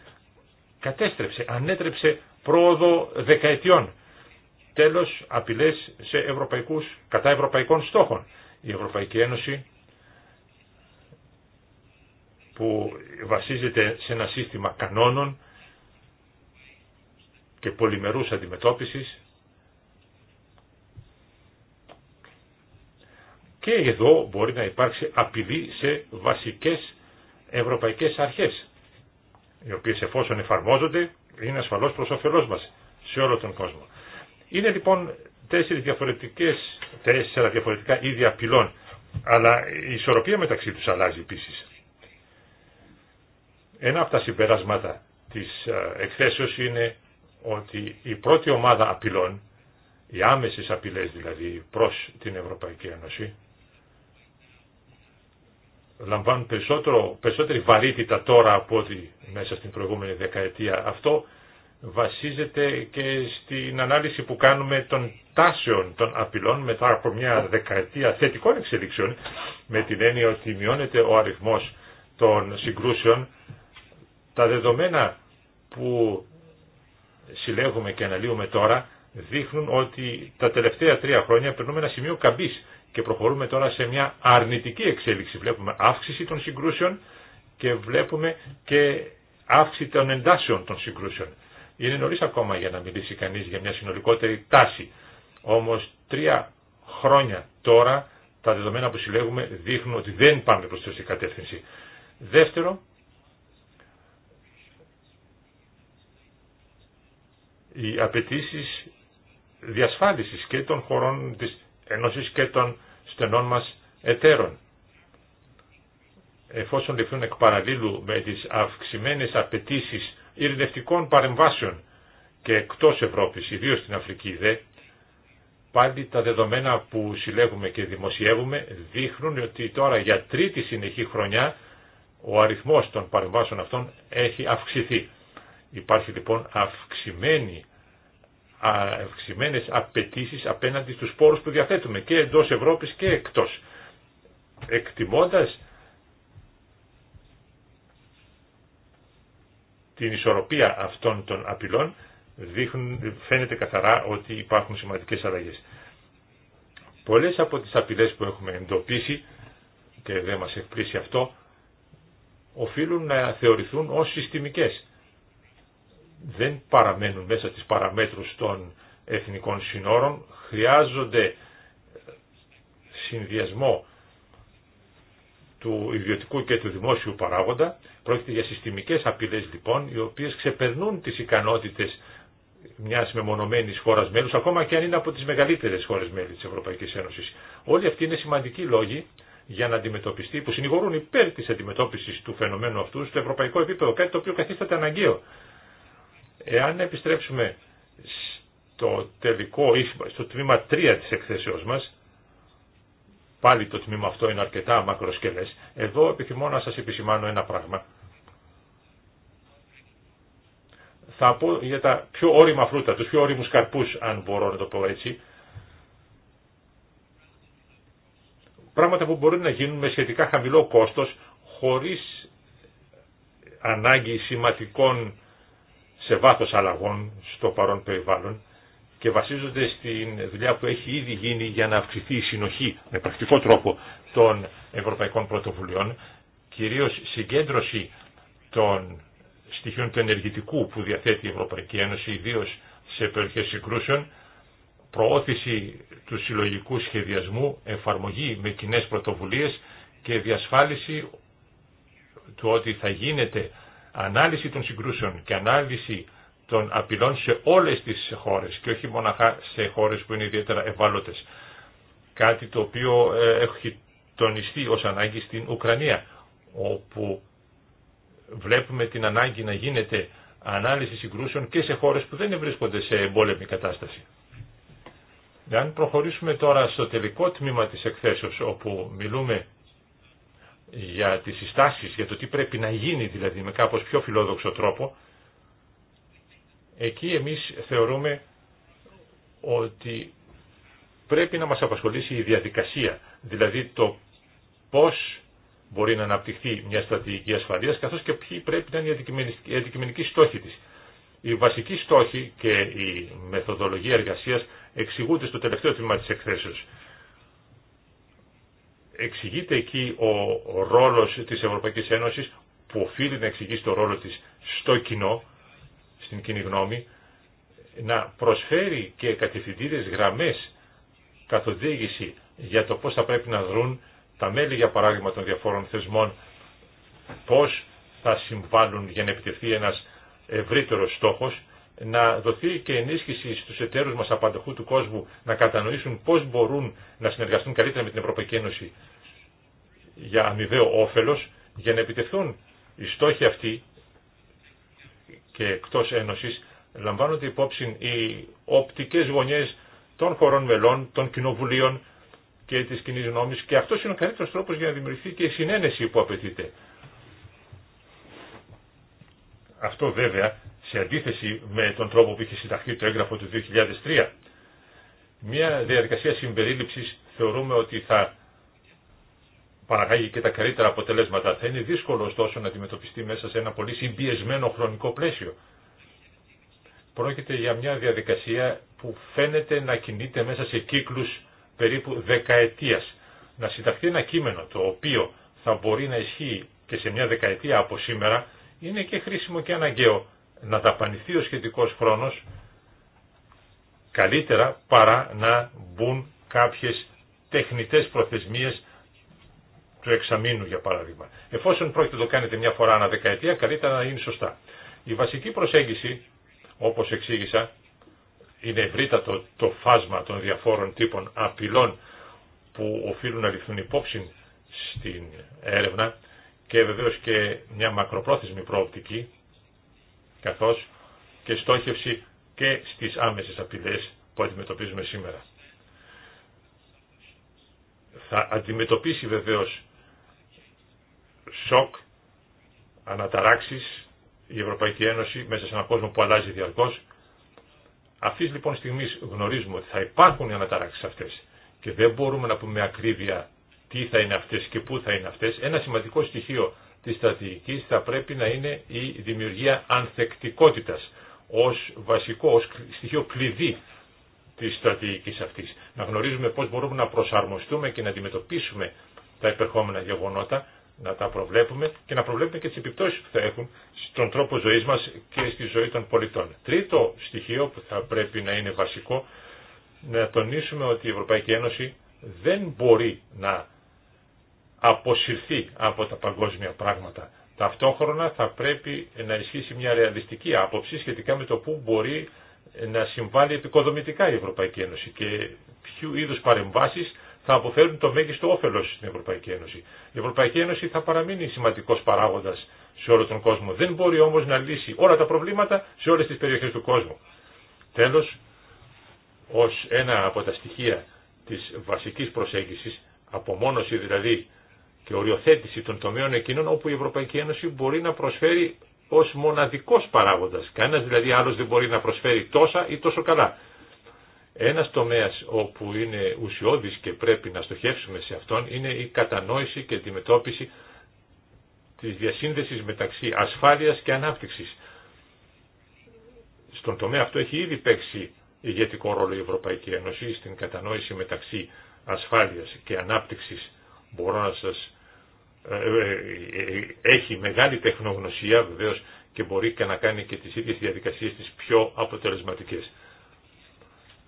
κατέστρεψε, ανέτρεψε πρόοδο δεκαετιών. Τέλος, απειλές σε ευρωπαϊκούς, κατά ευρωπαϊκών στόχων. Η Ευρωπαϊκή Ένωση που βασίζεται σε ένα σύστημα κανόνων και πολυμερούς αντιμετώπισης και εδώ μπορεί να υπάρξει απειλή σε βασικές ευρωπαϊκές αρχές οι οποίες εφόσον εφαρμόζονται είναι ασφαλώς προς όφελός μας σε όλο τον κόσμο. Είναι λοιπόν τέσσερις διαφορετικές, τέσσερα διαφορετικά ίδια απειλών, αλλά η ισορροπία μεταξύ τους αλλάζει επίσης. Ένα από τα συμπεράσματα της ε, εκθέσεως είναι ότι η πρώτη ομάδα απειλών, οι άμεσες απειλές δηλαδή προς την Ευρωπαϊκή Ένωση, λαμβάνουν περισσότερη βαρύτητα τώρα από ότι μέσα στην προηγούμενη δεκαετία. Αυτό βασίζεται και στην ανάλυση που κάνουμε των τάσεων των απειλών μετά από μια δεκαετία θετικών εξελίξεων με την έννοια ότι μειώνεται ο αριθμός των συγκρούσεων τα δεδομένα που συλλέγουμε και αναλύουμε τώρα δείχνουν ότι τα τελευταία τρία χρόνια περνούμε ένα σημείο καμπής και προχωρούμε τώρα σε μια αρνητική εξέλιξη. Βλέπουμε αύξηση των συγκρούσεων και βλέπουμε και αύξηση των εντάσεων των συγκρούσεων. Είναι νωρί ακόμα για να μιλήσει κανείς για μια συνολικότερη τάση. Όμω τρία χρόνια τώρα τα δεδομένα που συλλέγουμε δείχνουν ότι δεν πάμε προς τη κατεύθυνση. Δεύτερο, οι απαιτήσει διασφάλισης και των χωρών τη Ενώσης και των στενών μας εταίρων. Εφόσον ληφθούν εκ παραλίλου με τις αυξημένες απαιτήσει ειρηνευτικών παρεμβάσεων και εκτός Ευρώπης, ιδίως στην Αφρική δε, πάλι τα δεδομένα που συλλέγουμε και δημοσιεύουμε δείχνουν ότι τώρα για τρίτη συνεχή χρονιά ο αριθμός των παρεμβάσεων αυτών έχει αυξηθεί. Υπάρχει λοιπόν αυξημένη αυξημένες απαιτήσει απέναντι στους πόρους που διαθέτουμε και εντός Ευρώπης και εκτός. Εκτιμώντας την ισορροπία αυτών των απειλών δείχνουν, φαίνεται καθαρά ότι υπάρχουν σημαντικές αλλαγές. Πολλές από τις απειλές που έχουμε εντοπίσει και δεν μας εκπλήσει αυτό οφείλουν να θεωρηθούν ως συστημικές. Δεν παραμένουν μέσα στις παραμέτρους των εθνικών συνόρων, χρειάζονται συνδυασμό του ιδιωτικού και του δημόσιου παράγοντα. Πρόκειται για συστημικές απειλές λοιπόν, οι οποίες ξεπερνούν τις ικανότητες μιας μεμονωμένης χώρας μέλους, ακόμα και αν είναι από τις μεγαλύτερες χώρες μέλη της Ευρωπαϊκής Ένωσης. Όλοι αυτοί είναι σημαντικοί λόγοι για να αντιμετωπιστεί, που συνηγορούν υπέρ της αντιμετώπισης του φαινομένου αυτού στο ευρωπαϊκό επίπεδο, κάτι το οποίο καθίσταται αναγκαίο. Εάν επιστρέψουμε στο τελικό, στο τμήμα 3 της εκθέσεώς μας, Πάλι το τμήμα αυτό είναι αρκετά μακροσκελές. Εδώ επιθυμώ να σας επισημάνω ένα πράγμα. Θα πω για τα πιο όριμα φρούτα, τους πιο όριμους καρπούς, αν μπορώ να το πω έτσι. Πράγματα που μπορεί να γίνουν με σχετικά χαμηλό κόστος, χωρίς ανάγκη σημαντικών σε βάθος αλλαγών στο παρόν περιβάλλον και βασίζονται στην δουλειά που έχει ήδη γίνει για να αυξηθεί η συνοχή με πρακτικό τρόπο των ευρωπαϊκών πρωτοβουλειών, κυρίως συγκέντρωση των στοιχείων του ενεργητικού που διαθέτει η Ευρωπαϊκή Ένωση, ιδίω σε περιοχές συγκρούσεων, προώθηση του συλλογικού σχεδιασμού, εφαρμογή με κοινέ πρωτοβουλίες και διασφάλιση του ότι θα γίνεται ανάλυση των συγκρούσεων και ανάλυση των απειλών σε όλες τις χώρες και όχι μοναχά σε χώρες που είναι ιδιαίτερα ευάλωτες. Κάτι το οποίο ε, έχει τονιστεί ως ανάγκη στην Ουκρανία, όπου βλέπουμε την ανάγκη να γίνεται ανάλυση συγκρούσεων και σε χώρες που δεν βρίσκονται σε εμπόλεμη κατάσταση. Αν προχωρήσουμε τώρα στο τελικό τμήμα της εκθέσεως, όπου μιλούμε για τις συστάσεις, για το τι πρέπει να γίνει δηλαδή με κάπως πιο φιλόδοξο τρόπο, Εκεί εμείς θεωρούμε ότι πρέπει να μας απασχολήσει η διαδικασία, δηλαδή το πώς μπορεί να αναπτυχθεί μια στρατηγική ασφαλείας, καθώς και ποιοι πρέπει να είναι οι αντικειμενικοί στόχοι της. Οι βασικοί στόχοι και η μεθοδολογία εργασίας εξηγούνται στο τελευταίο τμήμα της εκθέσεως. Εξηγείται εκεί ο ρόλος της Ευρωπαϊκής Ένωσης που οφείλει να εξηγήσει το ρόλο της στο κοινό στην κοινή γνώμη να προσφέρει και κατευθυντήρες γραμμές καθοδήγηση για το πώς θα πρέπει να δρουν τα μέλη για παράδειγμα των διαφόρων θεσμών, πώς θα συμβάλλουν για να επιτευχθεί ένας ευρύτερος στόχος, να δοθεί και ενίσχυση στους εταίρους μας απαντοχού του κόσμου να κατανοήσουν πώς μπορούν να συνεργαστούν καλύτερα με την Ευρωπαϊκή Ένωση για αμοιβαίο όφελος, για να επιτευχθούν οι στόχοι αυτοί και εκτός Ένωσης λαμβάνονται υπόψη οι οπτικές γωνιές των χωρών μελών, των κοινοβουλίων και της κοινή γνώμη και αυτός είναι ο καλύτερος τρόπος για να δημιουργηθεί και η συνένεση που απαιτείται. Αυτό βέβαια σε αντίθεση με τον τρόπο που είχε συνταχθεί το έγγραφο του 2003. Μια διαδικασία συμπερίληψης θεωρούμε ότι θα παραγάγει και τα καλύτερα αποτελέσματα. Θα είναι δύσκολο ωστόσο να αντιμετωπιστεί μέσα σε ένα πολύ συμπιεσμένο χρονικό πλαίσιο. Πρόκειται για μια διαδικασία που φαίνεται να κινείται μέσα σε κύκλους περίπου δεκαετίας. Να συνταχθεί ένα κείμενο το οποίο θα μπορεί να ισχύει και σε μια δεκαετία από σήμερα είναι και χρήσιμο και αναγκαίο να δαπανηθεί ο σχετικός χρόνος καλύτερα παρά να μπουν κάποιες τεχνητές προθεσμίες του εξαμήνου για παράδειγμα. Εφόσον πρόκειται να το κάνετε μια φορά ανά δεκαετία, καλύτερα να είναι σωστά. Η βασική προσέγγιση, όπως εξήγησα, είναι ευρύτατο το φάσμα των διαφόρων τύπων απειλών που οφείλουν να ληφθούν υπόψη στην έρευνα και βεβαίως και μια μακροπρόθεσμη προοπτική, καθώς και στόχευση και στις άμεσες απειλές που αντιμετωπίζουμε σήμερα. Θα αντιμετωπίσει βεβαίως σοκ, αναταράξεις, η Ευρωπαϊκή Ένωση μέσα σε έναν κόσμο που αλλάζει διαρκώς. Αυτή λοιπόν στιγμή γνωρίζουμε ότι θα υπάρχουν οι αναταράξεις αυτές και δεν μπορούμε να πούμε ακρίβεια τι θα είναι αυτές και πού θα είναι αυτές. Ένα σημαντικό στοιχείο της στρατηγικής θα πρέπει να είναι η δημιουργία ανθεκτικότητας ως βασικό, ως στοιχείο κλειδί της στρατηγικής αυτής. Να γνωρίζουμε πώς μπορούμε να προσαρμοστούμε και να αντιμετωπίσουμε τα υπερχόμενα γεγονότα να τα προβλέπουμε και να προβλέπουμε και τις επιπτώσεις που θα έχουν στον τρόπο ζωής μας και στη ζωή των πολιτών. Τρίτο στοιχείο που θα πρέπει να είναι βασικό, να τονίσουμε ότι η Ευρωπαϊκή Ένωση δεν μπορεί να αποσυρθεί από τα παγκόσμια πράγματα. Ταυτόχρονα θα πρέπει να ισχύσει μια ρεαλιστική άποψη σχετικά με το πού μπορεί να συμβάλλει επικοδομητικά η Ευρωπαϊκή Ένωση και ποιου είδους παρεμβάσεις θα αποφέρουν το μέγιστο όφελο στην Ευρωπαϊκή Ένωση. Η Ευρωπαϊκή Ένωση θα παραμείνει σημαντικό παράγοντα σε όλο τον κόσμο. Δεν μπορεί όμω να λύσει όλα τα προβλήματα σε όλε τι περιοχέ του κόσμου. Τέλο ω ένα από τα στοιχεία τη βασική προσέγγιση, απομόνωση δηλαδή και οριοθέτηση των τομέων εκείνων όπου η Ευρωπαϊκή Ένωση μπορεί να προσφέρει ως μοναδικός παράγοντας. Κανένας δηλαδή άλλος δεν μπορεί να προσφέρει τόσα ή τόσο καλά. Ένας τομέας όπου είναι ουσιώδης και πρέπει να στοχεύσουμε σε αυτόν είναι η κατανόηση και αντιμετώπιση της διασύνδεσης μεταξύ ασφάλειας και ανάπτυξης. Στον τομέα αυτό έχει ήδη παίξει ηγετικό ρόλο η Ευρωπαϊκή Ένωση στην κατανόηση μεταξύ ασφάλειας και ανάπτυξης. Μπορώ ε, ε, ε, Έχει μεγάλη τεχνογνωσία βεβαίως και μπορεί και να κάνει και τις ίδιες διαδικασίες τις πιο αποτελεσματικές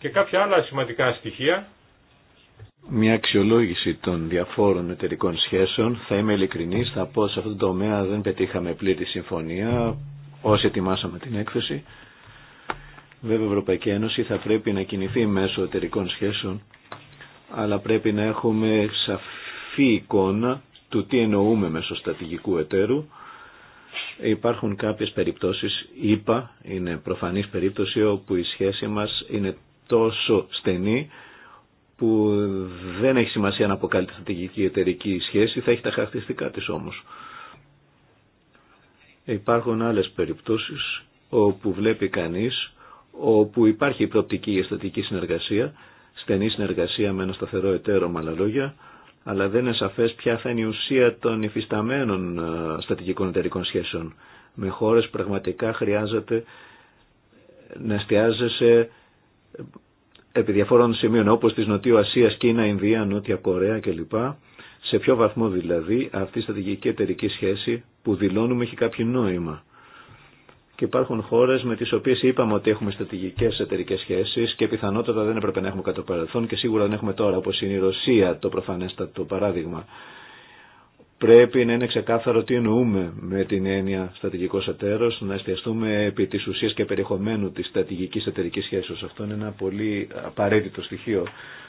και κάποια άλλα σημαντικά στοιχεία. Μια αξιολόγηση των διαφόρων εταιρικών σχέσεων. Θα είμαι ειλικρινής, θα πω σε αυτό το τομέα δεν πετύχαμε πλήρη συμφωνία όσοι ετοιμάσαμε την έκθεση. Βέβαια η Ευρωπαϊκή Ένωση θα πρέπει να κινηθεί μέσω εταιρικών σχέσεων αλλά πρέπει να έχουμε σαφή εικόνα του τι εννοούμε μέσω στρατηγικού εταίρου. Υπάρχουν κάποιες περιπτώσεις, είπα, είναι προφανής περίπτωση όπου η σχέση μας είναι τόσο στενή που δεν έχει σημασία να αποκαλειται στρατηγική εταιρική σχέση, θα έχει τα χαρακτηριστικά της όμως. Υπάρχουν άλλες περιπτώσεις όπου βλέπει κανείς, όπου υπάρχει η προοπτική η στρατηγική συνεργασία, στενή συνεργασία με ένα σταθερό εταίρο με άλλα λόγια, αλλά δεν είναι σαφές ποια θα είναι η ουσία των υφισταμένων ε, στρατηγικων εταιρικών σχέσεων. Με χώρες πραγματικά χρειάζεται να εστιάζεσαι επί διαφόρων σημείων όπως της Νοτιού Ασίας, Κίνα, Ινδία, Νότια Κορέα κλπ. Σε ποιο βαθμό δηλαδή αυτή η στρατηγική εταιρική σχέση που δηλώνουμε έχει κάποιο νόημα. Και υπάρχουν χώρε με τι οποίε είπαμε ότι έχουμε στρατηγικέ εταιρικέ σχέσει και πιθανότατα δεν έπρεπε να έχουμε κατά παρελθόν και σίγουρα δεν έχουμε τώρα, όπω είναι η Ρωσία το προφανέστατο παράδειγμα. Πρέπει να είναι ξεκάθαρο τι εννοούμε με την έννοια στρατηγικό εταίρο, να εστιαστούμε επί τη ουσία και περιεχομένου τη στρατηγική εταιρική σχέση. Αυτό είναι ένα πολύ απαραίτητο στοιχείο.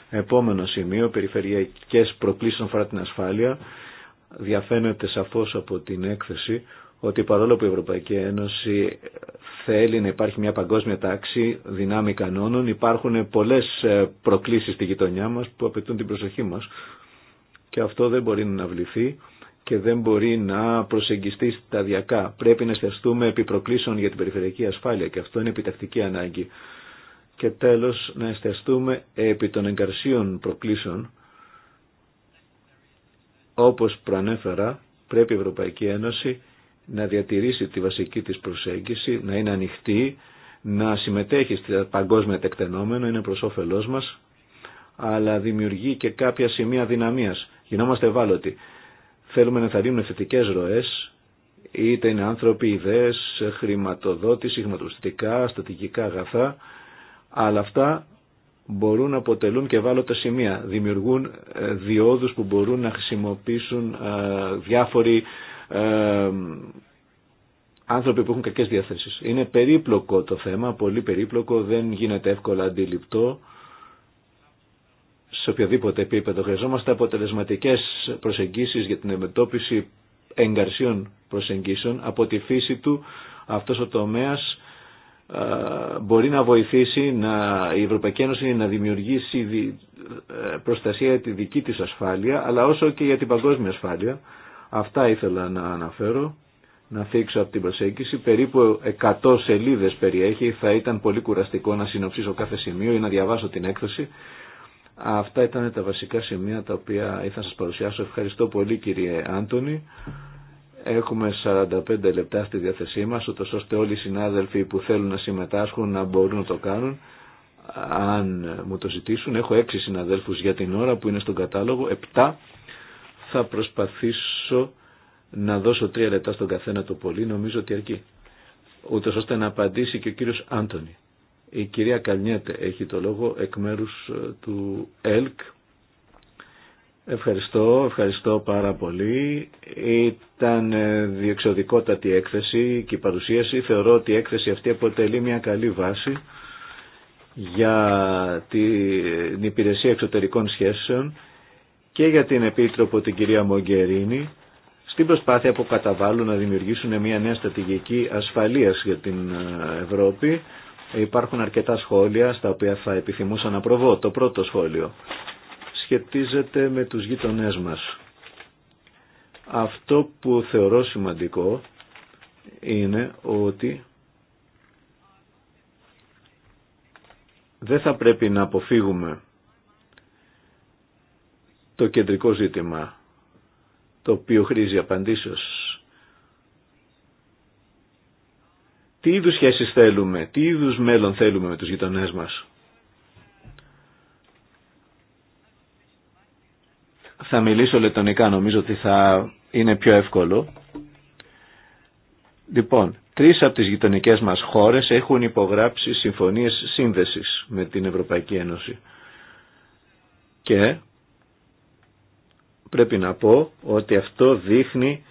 Επόμενο σημείο, περιφερειακέ προκλήσει αφορά την ασφάλεια. Διαφαίνεται σαφώ από την έκθεση ότι παρόλο που η Ευρωπαϊκή Ένωση θέλει να υπάρχει μια παγκόσμια τάξη δυνάμει κανόνων, υπάρχουν πολλέ ε, προκλήσει στη γειτονιά μα που απαιτούν την προσοχή μα. Και αυτό δεν μπορεί να βληθεί και δεν μπορεί να προσεγγιστεί σταδιακά. Πρέπει να εστιαστούμε επί προκλήσεων για την περιφερειακή ασφάλεια και αυτό είναι επιτακτική ανάγκη. Και τέλος να εστιαστούμε επί των εγκαρσίων προκλήσεων. Όπως προανέφερα, πρέπει η Ευρωπαϊκή Ένωση να διατηρήσει τη βασική της προσέγγιση, να είναι ανοιχτή, να συμμετέχει στα παγκόσμια τεκτενόμενα, είναι προς όφελός μας, αλλά δημιουργεί και κάποια σημεία δυναμίας. Γινόμαστε ευάλωτοι. Θέλουμε να ενθαρρύνουμε θετικέ ροέ, είτε είναι άνθρωποι, ιδέε, χρηματοδότηση, χρηματοπιστικά, στατικικά αγαθά, αλλά αυτά μπορούν να αποτελούν και τα σημεία. Δημιουργούν ε, διόδους που μπορούν να χρησιμοποιήσουν ε, διάφοροι ε, άνθρωποι που έχουν κακές διαθέσεις. Είναι περίπλοκο το θέμα, πολύ περίπλοκο, δεν γίνεται εύκολα αντιληπτό σε οποιοδήποτε επίπεδο. Χρειαζόμαστε αποτελεσματικές προσεγγίσεις για την αντιμετώπιση εγκαρσίων προσεγγίσεων. Από τη φύση του αυτός ο τομέας μπορεί να βοηθήσει να, η Ευρωπαϊκή Ένωση να δημιουργήσει ε, προστασία για τη δική της ασφάλεια αλλά όσο και για την παγκόσμια ασφάλεια. Αυτά ήθελα να αναφέρω, να θίξω από την προσέγγιση. Περίπου 100 σελίδες περιέχει, θα ήταν πολύ κουραστικό να συνοψίσω κάθε σημείο ή να διαβάσω την έκθεση. Αυτά ήταν τα βασικά σημεία τα οποία ήθελα να σας παρουσιάσω. Ευχαριστώ πολύ κύριε Άντωνη. Έχουμε 45 λεπτά στη διάθεσή μας, ούτως ώστε όλοι οι συνάδελφοι που θέλουν να συμμετάσχουν να μπορούν να το κάνουν. Αν μου το ζητήσουν, έχω 6 συναδέλφους για την ώρα που είναι στον κατάλογο, 7 θα προσπαθήσω να δώσω 3 λεπτά στον καθένα το πολύ, νομίζω ότι αρκεί. Ούτως ώστε να απαντήσει και ο κύριος Άντωνη. Η κυρία Καλνιέτε έχει το λόγο εκ μέρους ε, του ΕΛΚ. Ευχαριστώ, ευχαριστώ πάρα πολύ. Ήταν ε, διεξοδικότατη έκθεση και η παρουσίαση. Θεωρώ ότι η έκθεση αυτή αποτελεί μια καλή βάση για την υπηρεσία εξωτερικών σχέσεων και για την Επίτροπο την κυρία Μογκερίνη στην προσπάθεια που καταβάλουν να δημιουργήσουν μια νέα στρατηγική ασφαλείας για την ε, Ευρώπη Υπάρχουν αρκετά σχόλια στα οποία θα επιθυμούσα να προβώ. Το πρώτο σχόλιο σχετίζεται με τους γείτονές μας. Αυτό που θεωρώ σημαντικό είναι ότι δεν θα πρέπει να αποφύγουμε το κεντρικό ζήτημα το οποίο χρήζει απαντήσεως Τι είδου σχέσει θέλουμε, τι είδου μέλλον θέλουμε με τους γειτονέ μας. Θα μιλήσω λετωνικά, νομίζω ότι θα είναι πιο εύκολο. Λοιπόν, τρεις από τις γειτονικέ μας χώρες έχουν υπογράψει συμφωνίες σύνδεσης με την Ευρωπαϊκή Ένωση. Και πρέπει να πω ότι αυτό δείχνει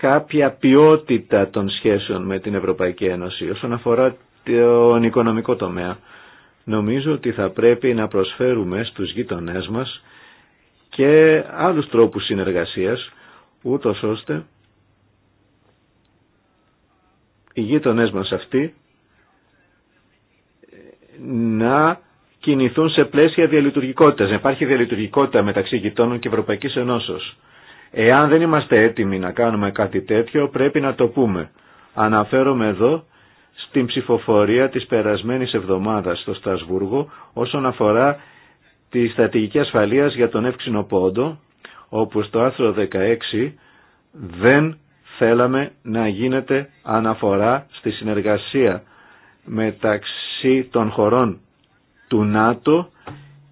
κάποια ποιότητα των σχέσεων με την Ευρωπαϊκή Ένωση όσον αφορά τον οικονομικό τομέα. Νομίζω ότι θα πρέπει να προσφέρουμε στους γείτονές μας και άλλους τρόπους συνεργασίας, ούτως ώστε οι γείτονές μας αυτοί να κινηθούν σε πλαίσια διαλειτουργικότητας. Να υπάρχει διαλειτουργικότητα μεταξύ γειτόνων και Ευρωπαϊκής Ενώσεως. Εάν δεν είμαστε έτοιμοι να κάνουμε κάτι τέτοιο, πρέπει να το πούμε. Αναφέρομαι εδώ στην ψηφοφορία της περασμένης εβδομάδας στο Στασβούργο όσον αφορά τη στρατηγική ασφαλείας για τον εύξηνο πόντο, όπου στο άρθρο 16 δεν θέλαμε να γίνεται αναφορά στη συνεργασία μεταξύ των χωρών του ΝΑΤΟ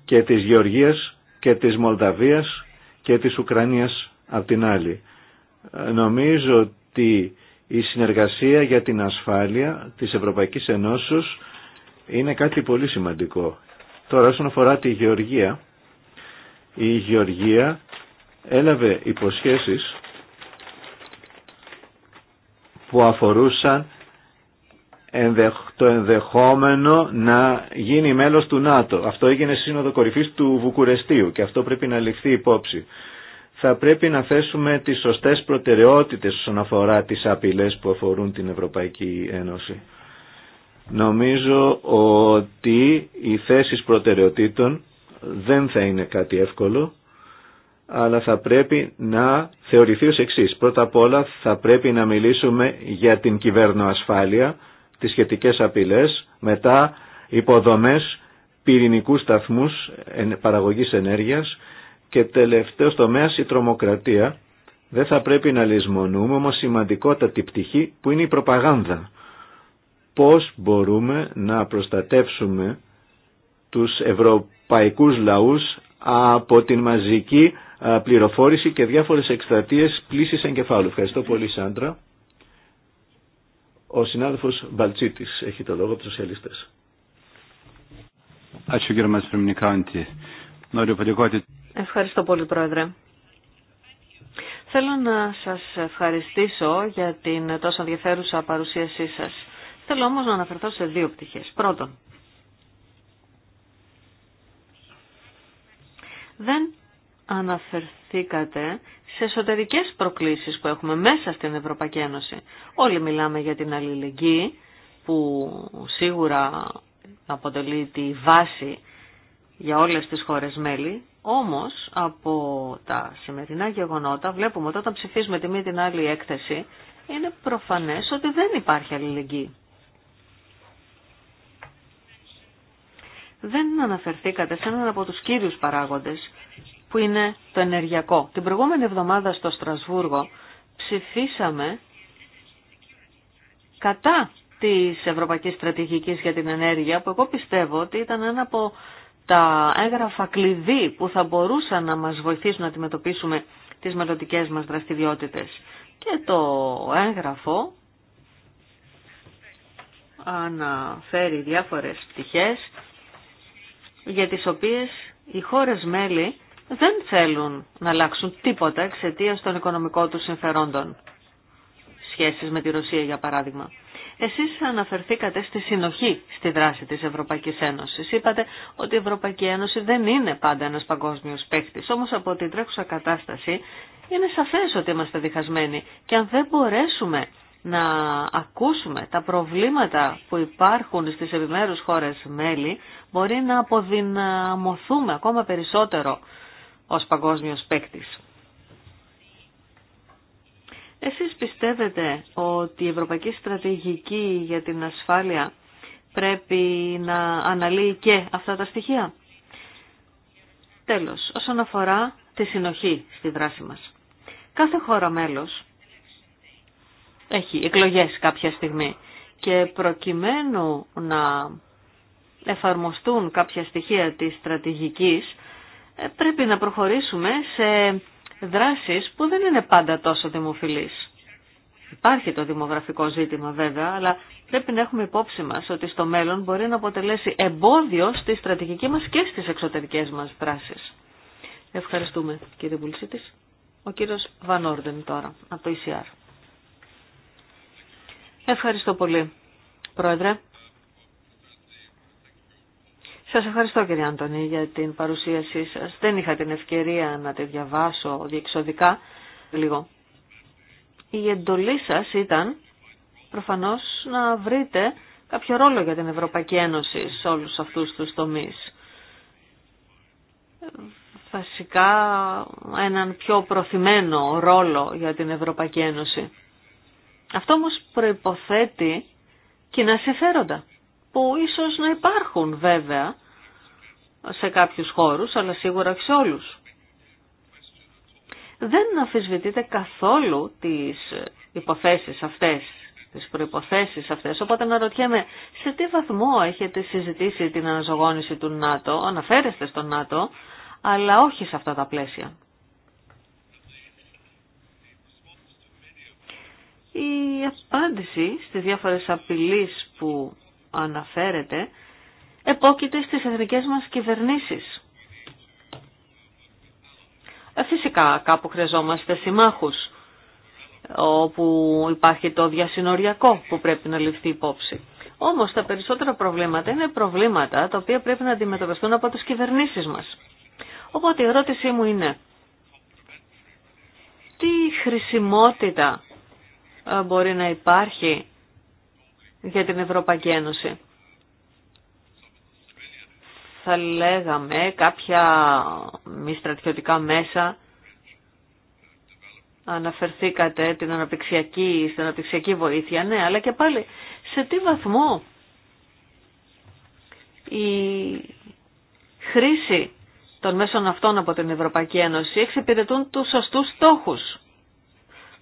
και της Γεωργίας και της Μολδαβίας και της Ουκρανίας Απ' την άλλη, νομίζω ότι η συνεργασία για την ασφάλεια της Ευρωπαϊκής Ενώσεως είναι κάτι πολύ σημαντικό. Τώρα όσον αφορά τη Γεωργία, η Γεωργία έλαβε υποσχέσεις που αφορούσαν το ενδεχόμενο να γίνει μέλος του ΝΑΤΟ. Αυτό έγινε Σύνοδο Κορυφής του Βουκουρεστίου και αυτό πρέπει να ληφθεί υπόψη θα πρέπει να θέσουμε τις σωστές προτεραιότητες όσον αφορά τις απειλές που αφορούν την Ευρωπαϊκή Ένωση. Νομίζω ότι οι θέσεις προτεραιοτήτων δεν θα είναι κάτι εύκολο, αλλά θα πρέπει να θεωρηθεί ως εξής. Πρώτα απ' όλα θα πρέπει να μιλήσουμε για την κυβέρνοασφάλεια, τις σχετικές απειλές, μετά υποδομές, πυρηνικού σταθμούς παραγωγής ενέργειας, και τελευταίο τομέα η τρομοκρατία. Δεν θα πρέπει να λησμονούμε όμως σημαντικότατη πτυχή που είναι η προπαγάνδα. Πώς μπορούμε να προστατεύσουμε τους ευρωπαϊκούς λαούς από την μαζική πληροφόρηση και διάφορες εκστρατείες πλήσης εγκεφάλου. Ευχαριστώ πολύ Σάντρα. Ο συνάδελφος Μπαλτσίτης έχει το λόγο από τους σοσιαλιστές. Ευχαριστώ πολύ, Πρόεδρε. Θέλω να σας ευχαριστήσω για την τόσο ενδιαφέρουσα παρουσίασή σας. Θέλω όμως να αναφερθώ σε δύο πτυχές. Πρώτον, δεν αναφερθήκατε σε εσωτερικές προκλήσεις που έχουμε μέσα στην Ευρωπαϊκή Ένωση. Όλοι μιλάμε για την αλληλεγγύη που σίγουρα αποτελεί τη βάση για όλες τις χώρες μέλη όμως από τα σημερινά γεγονότα βλέπουμε ότι όταν ψηφίζουμε τη μία την άλλη έκθεση είναι προφανές ότι δεν υπάρχει αλληλεγγύη. Δεν αναφερθήκατε σε έναν από τους κύριους παράγοντες που είναι το ενεργειακό. Την προηγούμενη εβδομάδα στο Στρασβούργο ψηφίσαμε κατά της Ευρωπαϊκής Στρατηγικής για την Ενέργεια που εγώ πιστεύω ότι ήταν ένα από τα έγγραφα κλειδί που θα μπορούσαν να μας βοηθήσουν να αντιμετωπίσουμε τις μελλοντικέ μας δραστηριότητες. Και το έγγραφο αναφέρει διάφορες πτυχές για τις οποίες οι χώρες μέλη δεν θέλουν να αλλάξουν τίποτα εξαιτίας των οικονομικών τους συμφερόντων. Σχέσεις με τη Ρωσία για παράδειγμα. Εσείς αναφερθήκατε στη συνοχή στη δράση της Ευρωπαϊκής Ένωσης. Είπατε ότι η Ευρωπαϊκή Ένωση δεν είναι πάντα ένας παγκόσμιος παίχτης, όμως από την τρέχουσα κατάσταση είναι σαφές ότι είμαστε διχασμένοι και αν δεν μπορέσουμε να ακούσουμε τα προβλήματα που υπάρχουν στις επιμέρους χώρες μέλη, μπορεί να αποδυναμωθούμε ακόμα περισσότερο ως παγκόσμιος παίκτης. Εσείς πιστεύετε ότι η Ευρωπαϊκή Στρατηγική για την Ασφάλεια πρέπει να αναλύει και αυτά τα στοιχεία. Τέλος, όσον αφορά τη συνοχή στη δράση μας. Κάθε χώρα μέλος έχει εκλογές κάποια στιγμή και προκειμένου να εφαρμοστούν κάποια στοιχεία της στρατηγικής ε, πρέπει να προχωρήσουμε σε δράσεις που δεν είναι πάντα τόσο δημοφιλείς. Υπάρχει το δημογραφικό ζήτημα βέβαια, αλλά πρέπει να έχουμε υπόψη μας ότι στο μέλλον μπορεί να αποτελέσει εμπόδιο στη στρατηγική μας και στις εξωτερικές μας δράσεις. Ευχαριστούμε κύριε Μπουλσίτης. Ο κύριος Βανόρντεν τώρα, από το ECR. Ευχαριστώ πολύ, Πρόεδρε. Σας ευχαριστώ κύριε Άντωνη για την παρουσίασή σας. Δεν είχα την ευκαιρία να τη διαβάσω διεξοδικά λίγο. Η εντολή σας ήταν προφανώς να βρείτε κάποιο ρόλο για την Ευρωπαϊκή Ένωση σε όλους αυτούς τους τομείς. Βασικά έναν πιο προθυμένο ρόλο για την Ευρωπαϊκή Ένωση. Αυτό όμως προϋποθέτει κοινά συμφέροντα που ίσως να υπάρχουν βέβαια σε κάποιους χώρους, αλλά σίγουρα όχι σε όλους. Δεν αφισβητείτε καθόλου τις υποθέσεις αυτές, τις προϋποθέσεις αυτές, οπότε να ρωτιέμαι σε τι βαθμό έχετε συζητήσει την αναζωγόνηση του ΝΑΤΟ, αναφέρεστε στο ΝΑΤΟ, αλλά όχι σε αυτά τα πλαίσια. Η απάντηση στις διάφορες απειλείς που αναφέρεται επόκειται στις εθνικές μας κυβερνήσεις. Ε, φυσικά κάπου χρειαζόμαστε συμμάχους όπου υπάρχει το διασυνοριακό που πρέπει να ληφθεί υπόψη. Όμως τα περισσότερα προβλήματα είναι προβλήματα τα οποία πρέπει να αντιμετωπιστούν από τις κυβερνήσεις μας. Οπότε η ερώτησή μου είναι, τι χρησιμότητα ε, μπορεί να υπάρχει για την Ευρωπαϊκή Ένωση. Θα λέγαμε κάποια μη στρατιωτικά μέσα αναφερθήκατε την αναπτυξιακή, στην αναπτυξιακή βοήθεια, ναι, αλλά και πάλι σε τι βαθμό η χρήση των μέσων αυτών από την Ευρωπαϊκή Ένωση εξυπηρετούν τους σωστούς στόχους.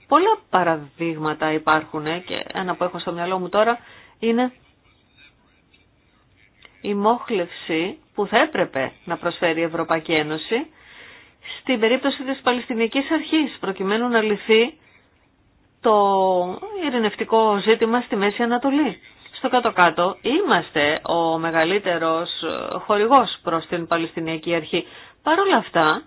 Πολλά παραδείγματα υπάρχουν ε, και ένα που έχω στο μυαλό μου τώρα είναι η μόχλευση που θα έπρεπε να προσφέρει η Ευρωπαϊκή Ένωση στην περίπτωση της Παλαιστινικής Αρχής, προκειμένου να λυθεί το ειρηνευτικό ζήτημα στη Μέση Ανατολή. Στο κάτω-κάτω είμαστε ο μεγαλύτερος χορηγός προς την Παλαιστινιακή Αρχή. Παρ' όλα αυτά,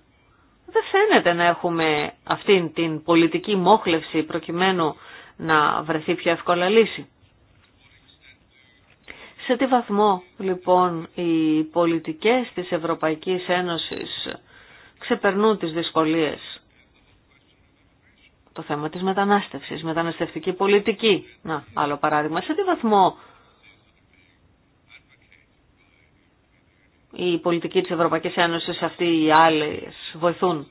δεν φαίνεται να έχουμε αυτήν την πολιτική μόχλευση προκειμένου να βρεθεί πιο εύκολα λύση. Σε τι βαθμό λοιπόν οι πολιτικές της Ευρωπαϊκής Ένωσης ξεπερνούν τις δυσκολίες. Το θέμα της μετανάστευσης, μεταναστευτική πολιτική. Να, άλλο παράδειγμα. Σε τι βαθμό η πολιτική της Ευρωπαϊκής Ένωσης αυτοί οι άλλες βοηθούν.